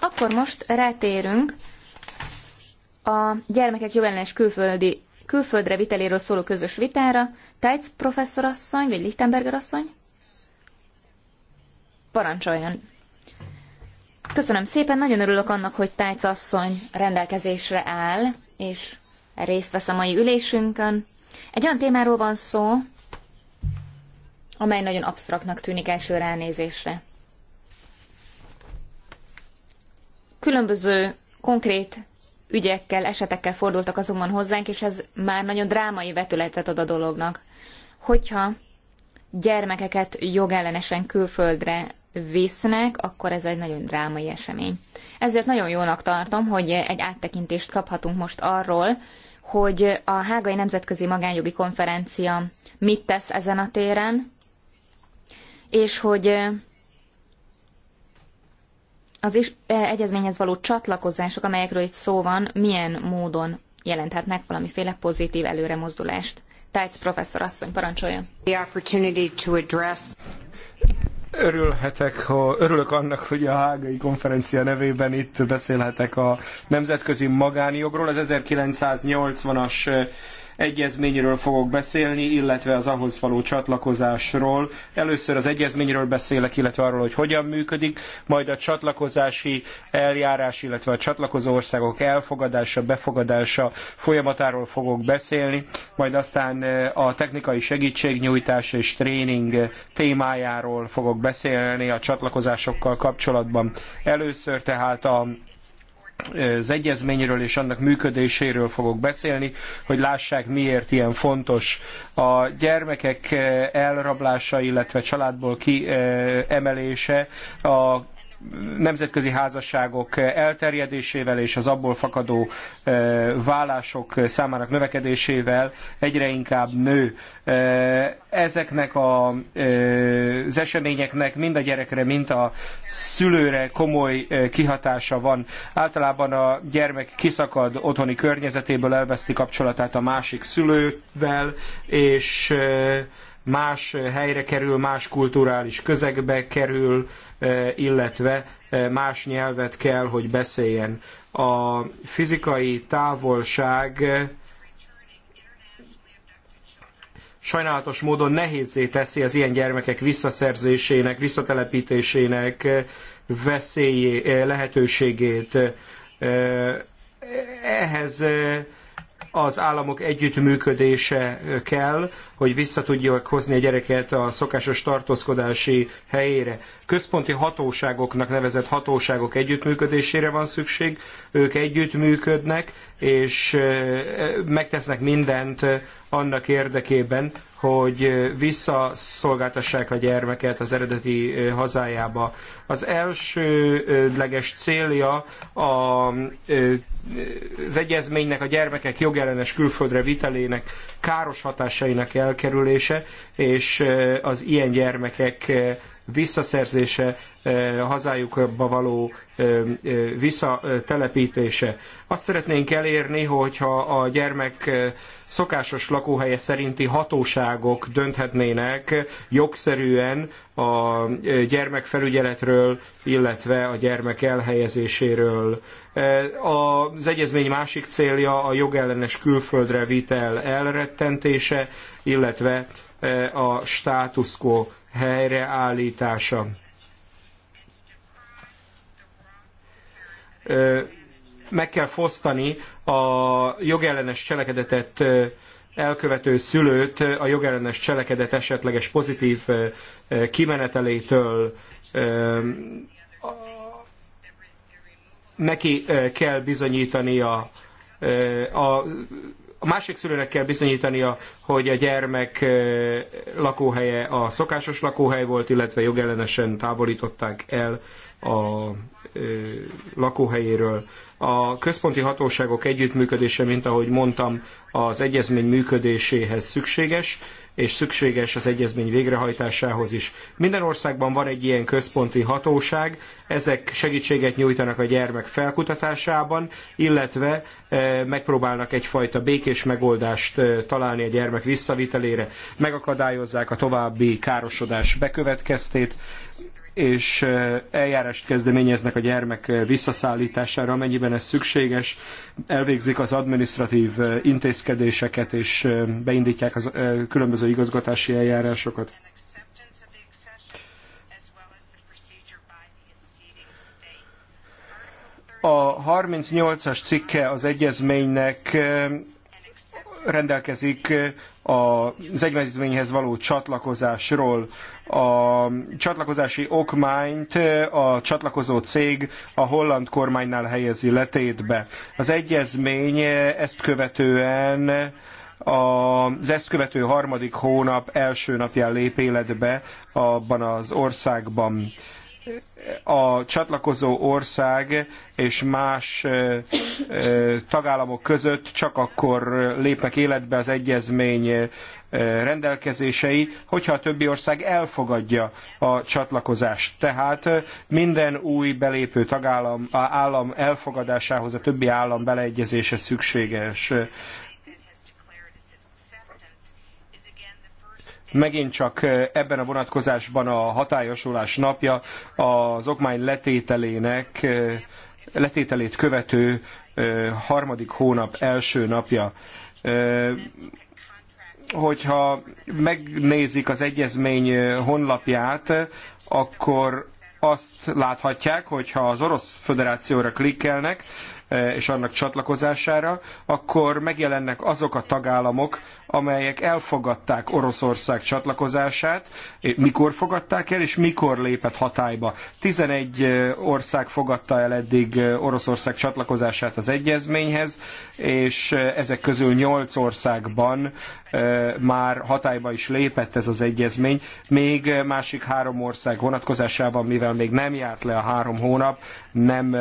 Akkor most rátérünk a gyermekek jogellenes külföldi, külföldre viteléről szóló közös vitára. Tajc professzorasszony, vagy Lichtenberger asszony? Parancsoljon! Köszönöm szépen, nagyon örülök annak, hogy Tájc asszony rendelkezésre áll, és részt vesz a mai ülésünkön. Egy olyan témáról van szó, amely nagyon absztraktnak tűnik első ránézésre. Különböző konkrét ügyekkel, esetekkel fordultak azonban hozzánk, és ez már nagyon drámai vetületet ad a dolognak. Hogyha gyermekeket jogellenesen külföldre visznek, akkor ez egy nagyon drámai esemény. Ezért nagyon jónak tartom, hogy egy áttekintést kaphatunk most arról, hogy a Hágai Nemzetközi Magánjogi Konferencia mit tesz ezen a téren, és hogy az is, e, egyezményhez való csatlakozások, amelyekről itt szó van, milyen módon jelenthetnek valamiféle pozitív előremozdulást. Tájc professzor asszony, parancsoljon! Örülhetek, ha, örülök annak, hogy a Hágai konferencia nevében itt beszélhetek a nemzetközi magánjogról. Az 1980-as egyezményről fogok beszélni, illetve az ahhoz való csatlakozásról. Először az egyezményről beszélek, illetve arról, hogy hogyan működik, majd a csatlakozási eljárás, illetve a csatlakozó országok elfogadása, befogadása folyamatáról fogok beszélni, majd aztán e, a technikai segítségnyújtás és tréning témájáról fogok beszélni a csatlakozásokkal kapcsolatban. Először tehát a az egyezményről és annak működéséről fogok beszélni, hogy lássák miért ilyen fontos a gyermekek eh, elrablása, illetve családból kiemelése eh, a nemzetközi házasságok elterjedésével és az abból fakadó vállások számának növekedésével egyre inkább nő. Ezeknek a, az eseményeknek mind a gyerekre, mind a szülőre komoly kihatása van. Általában a gyermek kiszakad otthoni környezetéből, elveszti kapcsolatát a másik szülővel, és más helyre kerül, más kulturális közegbe kerül, e, illetve e, más nyelvet kell, hogy beszéljen. A fizikai távolság e, sajnálatos módon nehézé teszi az ilyen gyermekek visszaszerzésének, visszatelepítésének veszélyé, lehetőségét. Ehhez az államok együttműködése kell, hogy vissza tudják hozni a gyereket a szokásos tartózkodási helyére. Központi hatóságoknak nevezett hatóságok együttműködésére van szükség, ők együttműködnek, és eh, megtesznek mindent eh, annak érdekében, hogy visszaszolgáltassák a gyermeket az eredeti hazájába. Az elsőleges célja a, az egyezménynek a gyermekek jogellenes külföldre vitelének káros hatásainak elkerülése, és az ilyen gyermekek visszaszerzése, eh, hazájukba való eh, eh, visszatelepítése. Azt szeretnénk elérni, hogyha a gyermek szokásos lakóhelye szerinti hatóságok dönthetnének jogszerűen a gyermekfelügyeletről, illetve a gyermek elhelyezéséről. Az egyezmény másik célja a jogellenes külföldre vitel elrettentése, illetve a status quo helyreállítása. Meg kell fosztani a jogellenes cselekedetet elkövető szülőt a jogellenes cselekedet esetleges pozitív kimenetelétől neki kell bizonyítani a a a másik szülőnek kell bizonyítania, hogy a gyermek lakóhelye a szokásos lakóhely volt, illetve jogellenesen távolították el a lakóhelyéről. A központi hatóságok együttműködése, mint ahogy mondtam, az egyezmény működéséhez szükséges, és szükséges az egyezmény végrehajtásához is. Minden országban van egy ilyen központi hatóság, ezek segítséget nyújtanak a gyermek felkutatásában, illetve e, megpróbálnak egyfajta békés megoldást e, találni a gyermek visszavitelére, megakadályozzák a további károsodás bekövetkeztét, és eljárást kezdeményeznek a gyermek visszaszállítására, amennyiben ez szükséges, elvégzik az administratív intézkedéseket, és beindítják az különböző igazgatási eljárásokat. A 38-as cikke az egyezménynek rendelkezik az egyezményhez való csatlakozásról a csatlakozási okmányt a csatlakozó cég a holland kormánynál helyezi letétbe. Az egyezmény ezt követően az ezt követő harmadik hónap első napján lép életbe abban az országban a csatlakozó ország és más tagállamok között csak akkor lépnek életbe az egyezmény rendelkezései, hogyha a többi ország elfogadja a csatlakozást. Tehát minden új belépő tagállam a állam elfogadásához a többi állam beleegyezése szükséges. megint csak ebben a vonatkozásban a hatályosulás napja az okmány letételének letételét követő harmadik hónap első napja. Hogyha megnézik az egyezmény honlapját, akkor azt láthatják, hogy ha az Orosz Föderációra klikkelnek, E, és annak csatlakozására, akkor megjelennek azok a tagállamok, amelyek elfogadták Oroszország csatlakozását, mikor fogadták el, és mikor lépett hatályba. 11 e, ország fogadta el eddig e, Oroszország csatlakozását az egyezményhez, és ezek közül 8 országban már hatályba is lépett ez az egyezmény, még másik három ország vonatkozásában, mivel még nem járt le a három hónap, nem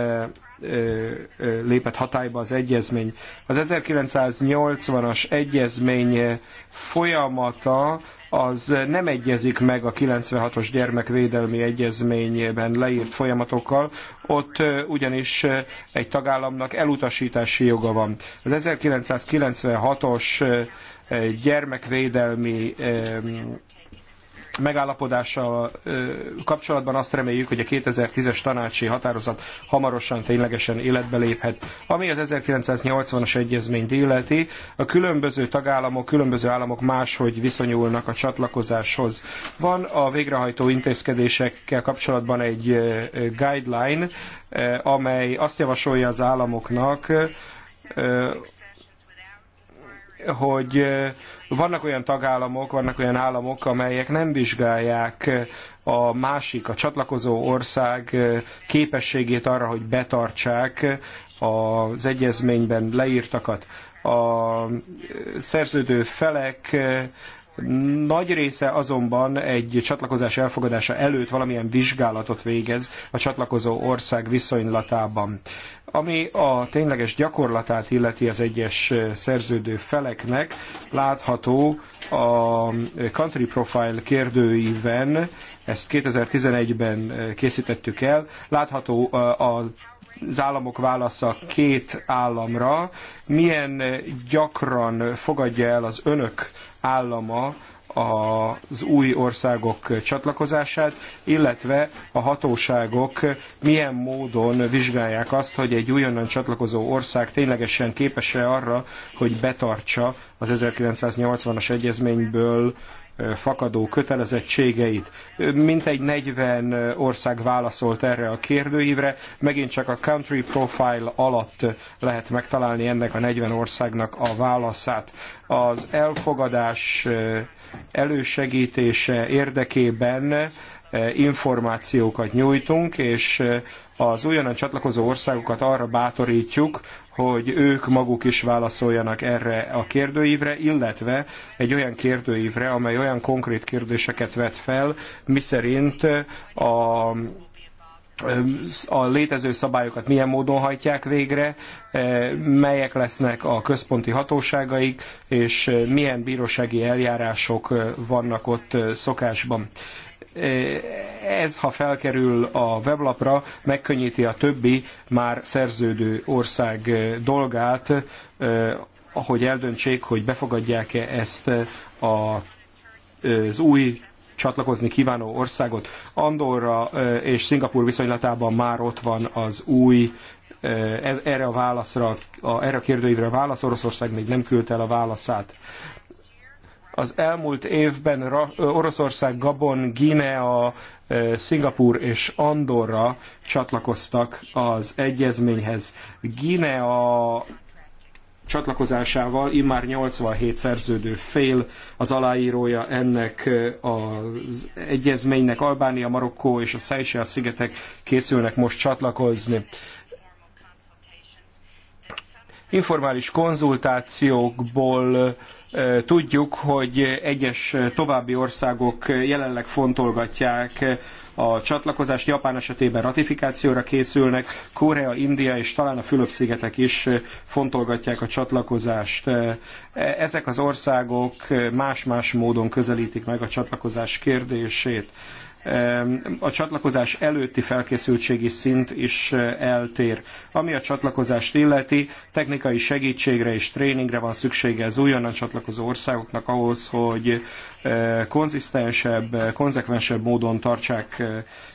lépett hatályba az egyezmény. Az 1980-as egyezmény folyamata az nem egyezik meg a 96-os gyermekvédelmi egyezményben leírt folyamatokkal, ott ugyanis egy tagállamnak elutasítási joga van. Az 1996-os gyermekvédelmi megállapodással kapcsolatban azt reméljük, hogy a 2010-es tanácsi határozat hamarosan ténylegesen életbe léphet. Ami az 1980-as egyezményt illeti, a különböző tagállamok, különböző államok máshogy viszonyulnak a csatlakozáshoz. Van a végrehajtó intézkedésekkel kapcsolatban egy guideline, amely azt javasolja az államoknak, hogy vannak olyan tagállamok, vannak olyan államok, amelyek nem vizsgálják a másik, a csatlakozó ország képességét arra, hogy betartsák az egyezményben leírtakat. A szerződő felek nagy része azonban egy csatlakozás elfogadása előtt valamilyen vizsgálatot végez a csatlakozó ország viszonylatában. Ami a tényleges gyakorlatát illeti az egyes szerződő feleknek, látható a Country Profile kérdőiben, ezt 2011-ben készítettük el, látható a az államok válasza két államra, milyen gyakran fogadja el az önök állama az új országok csatlakozását, illetve a hatóságok milyen módon vizsgálják azt, hogy egy újonnan csatlakozó ország ténylegesen képes-e arra, hogy betartsa az 1980-as egyezményből fakadó kötelezettségeit. Mintegy 40 ország válaszolt erre a kérdőívre, megint csak a country profile alatt lehet megtalálni ennek a 40 országnak a válaszát. Az elfogadás eh, elősegítése érdekében eh, információkat nyújtunk, és eh, az újonnan csatlakozó országokat arra bátorítjuk, hogy ők maguk is válaszoljanak erre a kérdőívre, illetve egy olyan kérdőívre, amely olyan konkrét kérdéseket vet fel, miszerint a a létező szabályokat milyen módon hajtják végre, melyek lesznek a központi hatóságaik, és milyen bírósági eljárások vannak ott szokásban. Eh, ez, ha felkerül a weblapra, megkönnyíti a többi már szerződő ország eh, dolgát, eh, ahogy eldöntsék, hogy befogadják-e ezt a, az új csatlakozni kívánó országot. Andorra és Szingapur viszonylatában már ott van az új erre a válaszra, erre a kérdőívre a válasz, Oroszország még nem küldte el a válaszát az elmúlt évben Oroszország, Gabon, Guinea, Szingapur és Andorra csatlakoztak az egyezményhez. Guinea csatlakozásával immár 87 szerződő fél az aláírója ennek az egyezménynek. Albánia, Marokkó és a Seychelles szigetek készülnek most csatlakozni. Informális konzultációkból Tudjuk, hogy egyes további országok jelenleg fontolgatják a csatlakozást, Japán esetében ratifikációra készülnek, Korea, India és talán a Fülöp-szigetek is fontolgatják a csatlakozást. Ezek az országok más-más módon közelítik meg a csatlakozás kérdését a csatlakozás előtti felkészültségi szint is e, eltér. Ami a csatlakozást illeti, technikai segítségre és tréningre van szüksége az újonnan csatlakozó országoknak ahhoz, hogy e, konzisztensebb, e, konzekvensebb módon tartsák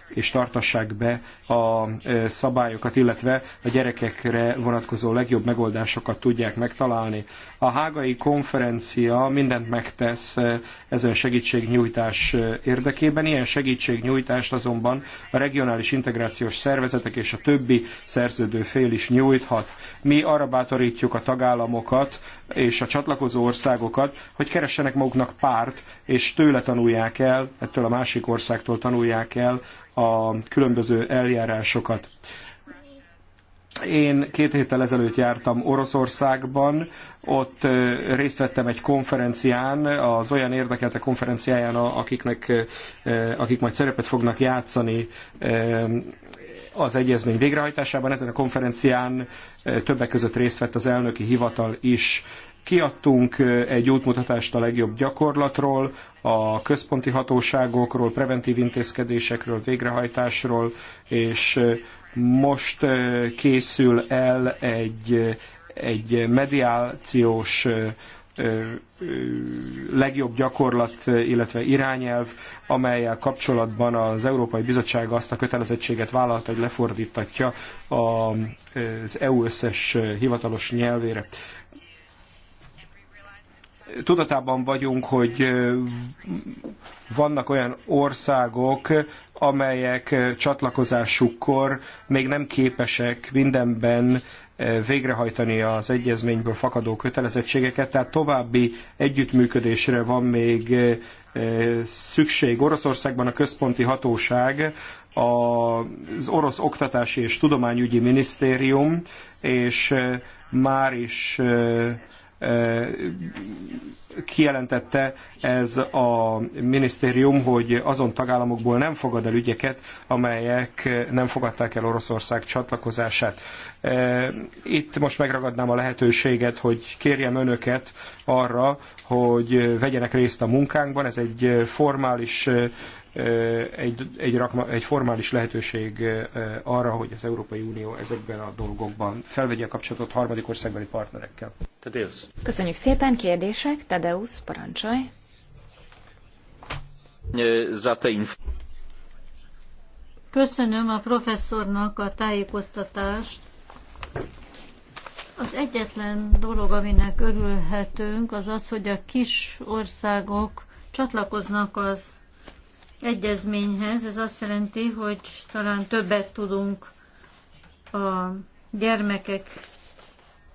és tartassák be a szabályokat, illetve a gyerekekre vonatkozó legjobb megoldásokat tudják megtalálni. A hágai konferencia mindent megtesz ezen segítségnyújtás érdekében. Ilyen segítségnyújtást azonban a regionális integrációs szervezetek és a többi szerződő fél is nyújthat. Mi arra bátorítjuk a tagállamokat és a csatlakozó országokat, hogy keressenek maguknak párt, és tőle tanulják el, ettől a másik országtól tanulják el a különböző eljárásokat. Én két héttel ezelőtt jártam Oroszországban, ott részt vettem egy konferencián, az olyan érdekelte konferenciáján, akiknek, akik majd szerepet fognak játszani az egyezmény végrehajtásában. Ezen a konferencián többek között részt vett az elnöki hivatal is. Kiadtunk egy útmutatást a legjobb gyakorlatról, a központi hatóságokról, preventív intézkedésekről, végrehajtásról, és most készül el egy, egy mediációs legjobb gyakorlat, illetve irányelv, amelyel kapcsolatban az Európai Bizottság azt a kötelezettséget vállalta, hogy lefordítatja az EU összes hivatalos nyelvére tudatában vagyunk, hogy vannak olyan országok, amelyek csatlakozásukkor még nem képesek mindenben végrehajtani az egyezményből fakadó kötelezettségeket, tehát további együttműködésre van még szükség. Oroszországban a központi hatóság az Orosz Oktatási és Tudományügyi Minisztérium, és már is kijelentette ez a minisztérium, hogy azon tagállamokból nem fogad el ügyeket, amelyek nem fogadták el Oroszország csatlakozását. Itt most megragadnám a lehetőséget, hogy kérjem önöket arra, hogy vegyenek részt a munkánkban. Ez egy formális egy, egy, rakma, egy formális lehetőség arra, hogy az Európai Unió ezekben a dolgokban felvegye a kapcsolatot harmadik országbeli partnerekkel. Tadeusz. Köszönjük szépen, kérdések. Tadeusz, parancsolj. Köszönöm a professzornak a tájékoztatást. Az egyetlen dolog, aminek örülhetünk, az az, hogy a kis országok csatlakoznak az egyezményhez. Ez azt jelenti, hogy talán többet tudunk a gyermekek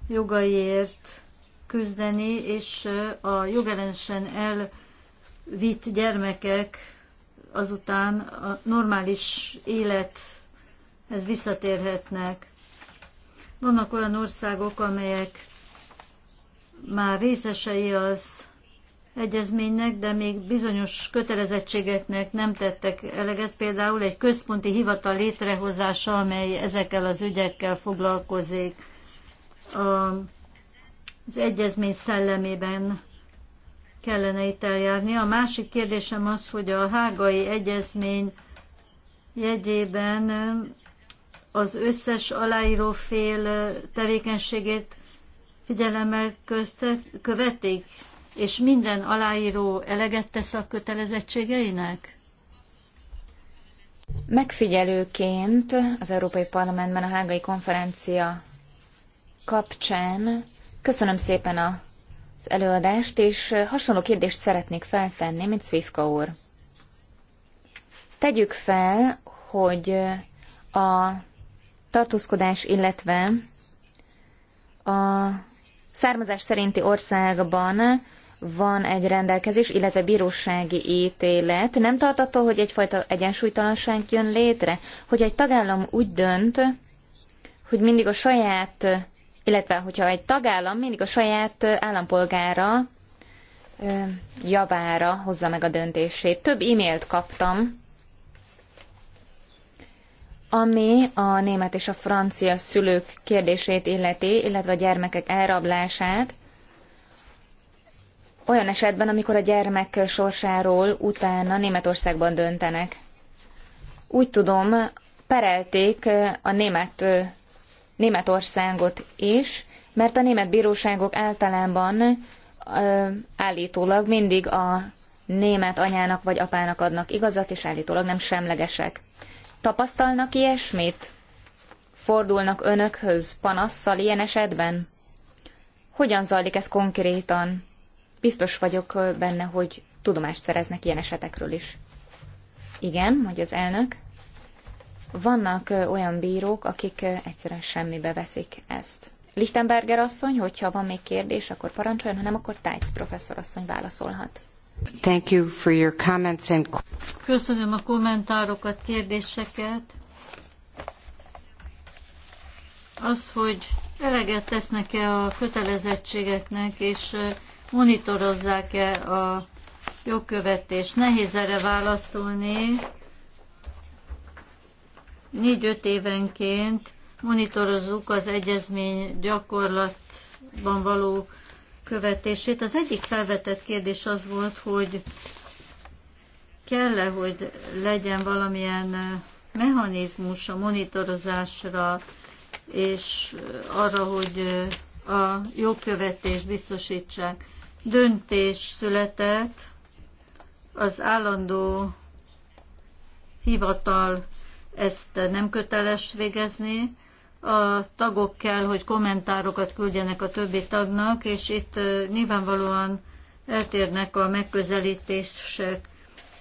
jogaiért küzdeni, és a jogelensen elvitt gyermekek azután a normális élethez visszatérhetnek. Vannak olyan országok, amelyek már részesei az egyezménynek, de még bizonyos kötelezettségeknek nem tettek eleget, például egy központi hivatal létrehozása, amely ezekkel az ügyekkel foglalkozik. Az egyezmény szellemében kellene itt eljárni. A másik kérdésem az, hogy a hágai egyezmény jegyében az összes aláíró fél tevékenységét figyelemmel követik, és minden aláíró eleget tesz a kötelezettségeinek? Megfigyelőként az Európai Parlamentben a hágai konferencia kapcsán köszönöm szépen az előadást, és hasonló kérdést szeretnék feltenni, mint Szvifka úr. Tegyük fel, hogy a tartózkodás, illetve a származás szerinti országban van egy rendelkezés, illetve bírósági ítélet. Nem tart attól, hogy egyfajta egyensúlytalanság jön létre? Hogy egy tagállam úgy dönt, hogy mindig a saját, illetve hogyha egy tagállam mindig a saját állampolgára javára hozza meg a döntését. Több e-mailt kaptam, ami a német és a francia szülők kérdését illeti, illetve a gyermekek elrablását olyan esetben, amikor a gyermek sorsáról utána Németországban döntenek. Úgy tudom, perelték a német, Németországot is, mert a német bíróságok általában állítólag mindig a német anyának vagy apának adnak igazat, és állítólag nem semlegesek. Tapasztalnak ilyesmit? Fordulnak önökhöz panasszal ilyen esetben? Hogyan zajlik ez konkrétan? Biztos vagyok benne, hogy tudomást szereznek ilyen esetekről is. Igen, mondja az elnök. Vannak olyan bírók, akik egyszerűen semmibe veszik ezt. Lichtenberger asszony, hogyha van még kérdés, akkor parancsoljon, ha nem, akkor Tájc professzor asszony válaszolhat. Thank you for your comments and... Köszönöm a kommentárokat, kérdéseket. Az, hogy eleget tesznek-e a kötelezettségeknek, és monitorozzák-e a jogkövetést. Nehéz erre válaszolni. 4-5 évenként monitorozzuk az egyezmény gyakorlatban való követését. Az egyik felvetett kérdés az volt, hogy kell-e, hogy legyen valamilyen mechanizmus a monitorozásra, és arra, hogy a jogkövetést biztosítsák döntés született az állandó hivatal ezt nem köteles végezni. A tagok kell, hogy kommentárokat küldjenek a többi tagnak, és itt nyilvánvalóan eltérnek a megközelítések.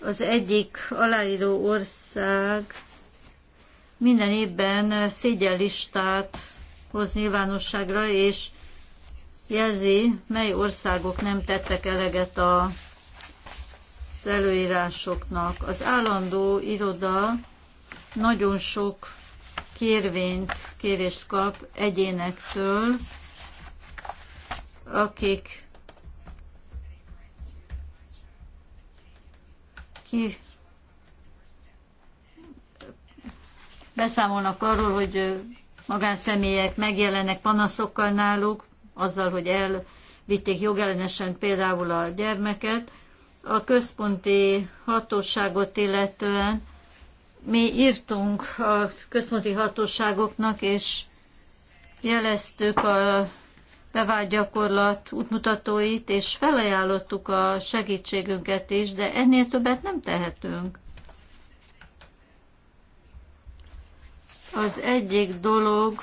Az egyik aláíró ország minden évben szégyellistát hoz nyilvánosságra, és jelzi, mely országok nem tettek eleget a előírásoknak. Az állandó iroda nagyon sok kérvényt, kérést kap egyénektől, akik ki beszámolnak arról, hogy magánszemélyek megjelennek panaszokkal náluk, azzal, hogy elvitték jogellenesen például a gyermeket, a központi hatóságot illetően mi írtunk a központi hatóságoknak, és jeleztük a bevált gyakorlat útmutatóit, és felajánlottuk a segítségünket is, de ennél többet nem tehetünk. Az egyik dolog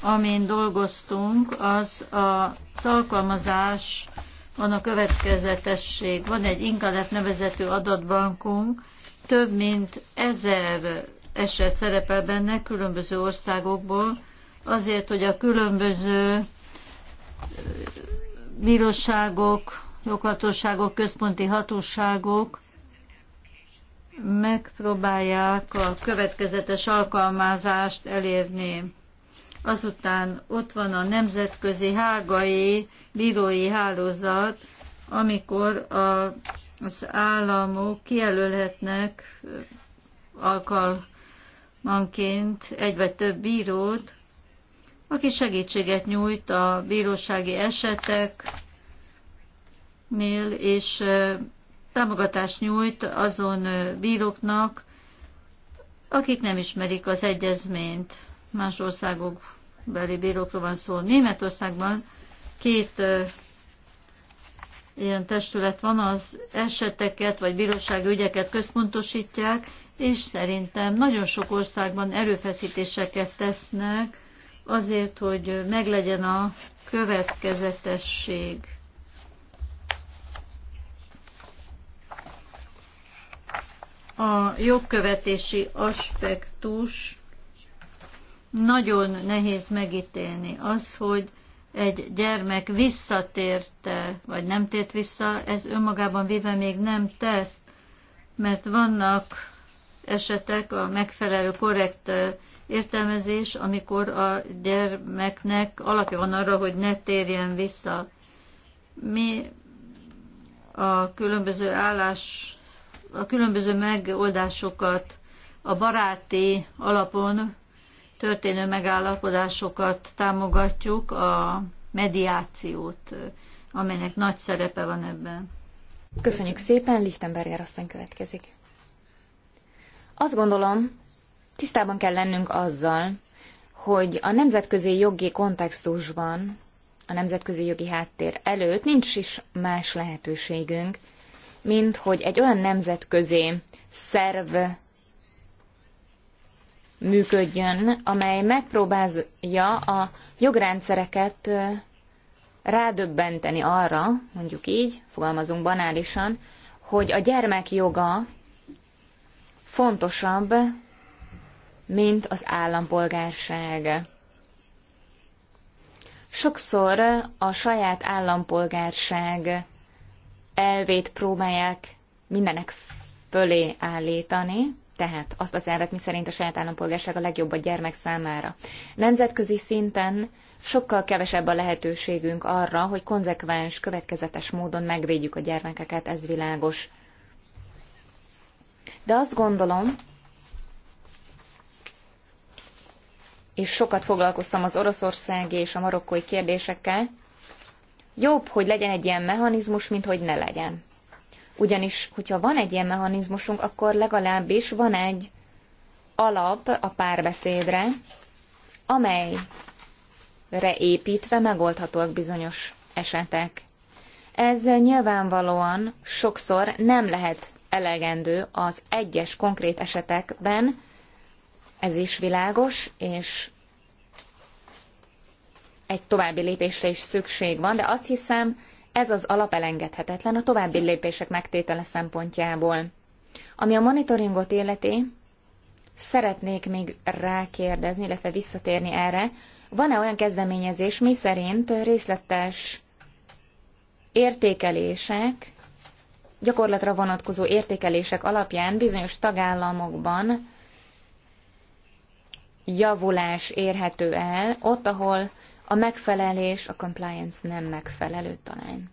amin dolgoztunk, az a szalkalmazás van a következetesség. Van egy Inkalet nevezetű adatbankunk, több mint ezer eset szerepel benne különböző országokból, azért, hogy a különböző bíróságok, joghatóságok, központi hatóságok megpróbálják a következetes alkalmazást elérni. Azután ott van a nemzetközi hágai bírói hálózat, amikor a, az államok kijelölhetnek alkalmanként egy vagy több bírót, aki segítséget nyújt a bírósági eseteknél, és támogatást nyújt azon bíróknak, akik nem ismerik az egyezményt más országok beli bírókról van szó. Németországban két ilyen testület van, az eseteket vagy bírósági ügyeket központosítják, és szerintem nagyon sok országban erőfeszítéseket tesznek azért, hogy meglegyen a következetesség. A jogkövetési aspektus nagyon nehéz megítélni. Az, hogy egy gyermek visszatért vagy nem tért vissza, ez önmagában véve még nem tesz, mert vannak esetek a megfelelő korrekt értelmezés, amikor a gyermeknek alapja van arra, hogy ne térjen vissza. Mi a különböző állás, a különböző megoldásokat a baráti alapon történő megállapodásokat támogatjuk, a mediációt, amelynek nagy szerepe van ebben. Köszönjük szépen, Lichtenberger asszony következik. Azt gondolom, tisztában kell lennünk azzal, hogy a nemzetközi jogi kontextusban, a nemzetközi jogi háttér előtt nincs is más lehetőségünk, mint hogy egy olyan nemzetközi szerv működjön, amely megpróbálja a jogrendszereket rádöbbenteni arra, mondjuk így, fogalmazunk banálisan, hogy a gyermek joga fontosabb, mint az állampolgárság. Sokszor a saját állampolgárság elvét próbálják mindenek fölé állítani, tehát azt az elvet, mi szerint a saját állampolgárság a legjobb a gyermek számára. Nemzetközi szinten sokkal kevesebb a lehetőségünk arra, hogy konzekvens, következetes módon megvédjük a gyermekeket, ez világos. De azt gondolom, és sokat foglalkoztam az oroszországi és a marokkói kérdésekkel, jobb, hogy legyen egy ilyen mechanizmus, mint hogy ne legyen. Ugyanis, hogyha van egy ilyen mechanizmusunk, akkor legalábbis van egy alap a párbeszédre, amelyre építve megoldhatóak bizonyos esetek. Ez nyilvánvalóan sokszor nem lehet elegendő az egyes konkrét esetekben, ez is világos, és egy további lépésre is szükség van, de azt hiszem, ez az alap elengedhetetlen a további lépések megtétele szempontjából. Ami a monitoringot életé, szeretnék még rákérdezni, illetve visszatérni erre, van-e olyan kezdeményezés, mi szerint részletes értékelések, gyakorlatra vonatkozó értékelések alapján bizonyos tagállamokban javulás érhető el, ott, ahol a megfelelés, a compliance nem megfelelő talán.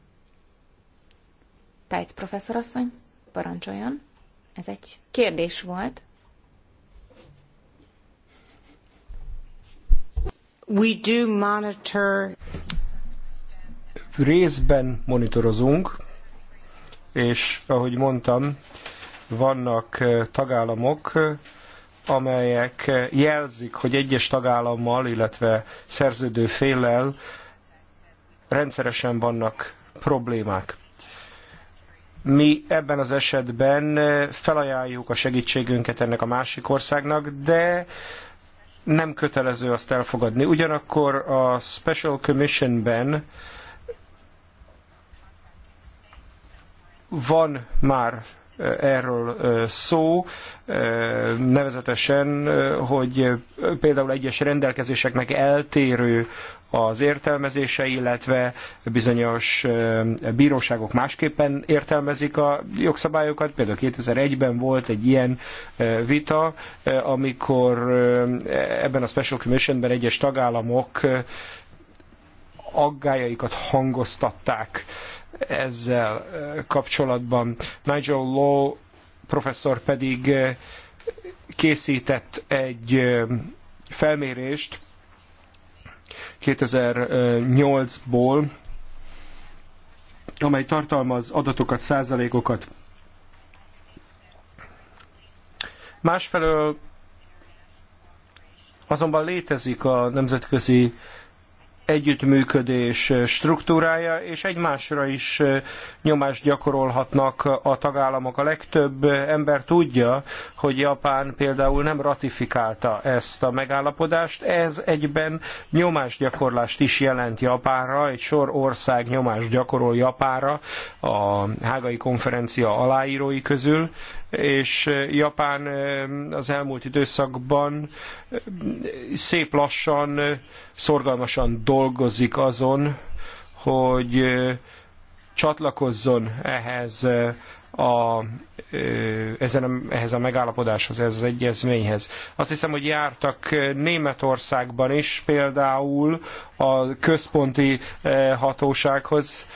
Tájc professzorasszony, parancsoljon. Ez egy kérdés volt. We do monitor... Részben monitorozunk, és ahogy mondtam, vannak eh, tagállamok, amelyek jelzik, hogy egyes tagállammal, illetve szerződő féllel rendszeresen vannak problémák. Mi ebben az esetben felajánljuk a segítségünket ennek a másik országnak, de nem kötelező azt elfogadni. Ugyanakkor a Special Commissionben van már erről szó, nevezetesen, hogy például egyes rendelkezéseknek eltérő az értelmezése, illetve bizonyos bíróságok másképpen értelmezik a jogszabályokat. Például 2001-ben volt egy ilyen vita, amikor ebben a Special Commissionben egyes tagállamok aggájaikat hangoztatták ezzel kapcsolatban. Nigel Law professzor pedig készített egy felmérést 2008-ból, amely tartalmaz adatokat, százalékokat. Másfelől azonban létezik a nemzetközi együttműködés struktúrája, és egymásra is nyomást gyakorolhatnak a tagállamok. A legtöbb ember tudja, hogy Japán például nem ratifikálta ezt a megállapodást. Ez egyben nyomásgyakorlást is jelent Japánra, egy sor ország nyomást gyakorol Japánra a hágai konferencia aláírói közül, és eh, Japán eh, az elmúlt időszakban eh, szép lassan, szorgalmasan dolgozik azon, hogy csatlakozzon ehhez a, ezen a, ehhez a megállapodáshoz, ehhez az egyezményhez. Azt hiszem, hogy jártak Németországban is, például a központi hatósághoz,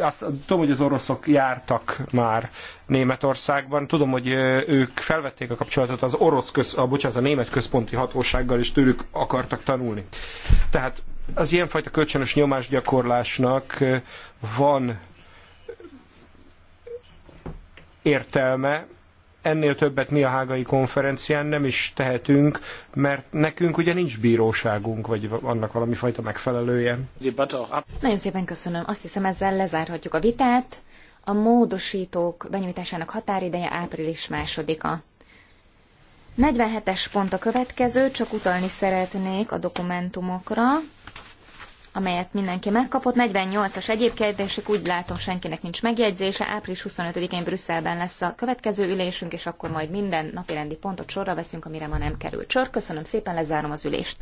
azt, tudom, hogy az oroszok jártak már Németországban. Tudom, hogy ők felvették a kapcsolatot az orosz köz, a, bocsánat, a német központi hatósággal, és tőlük akartak tanulni. Tehát az ilyenfajta kölcsönös nyomásgyakorlásnak van értelme, ennél többet mi a hágai konferencián nem is tehetünk, mert nekünk ugye nincs bíróságunk, vagy annak valami fajta megfelelője. Nagyon szépen köszönöm. Azt hiszem ezzel lezárhatjuk a vitát. A módosítók benyújtásának határideje április másodika. 47-es pont a következő, csak utalni szeretnék a dokumentumokra amelyet mindenki megkapott. 48-as egyéb kérdések, úgy látom, senkinek nincs megjegyzése. Április 25-én Brüsszelben lesz a következő ülésünk, és akkor majd minden napi rendi pontot sorra veszünk, amire ma nem került sor. Köszönöm szépen, lezárom az ülést.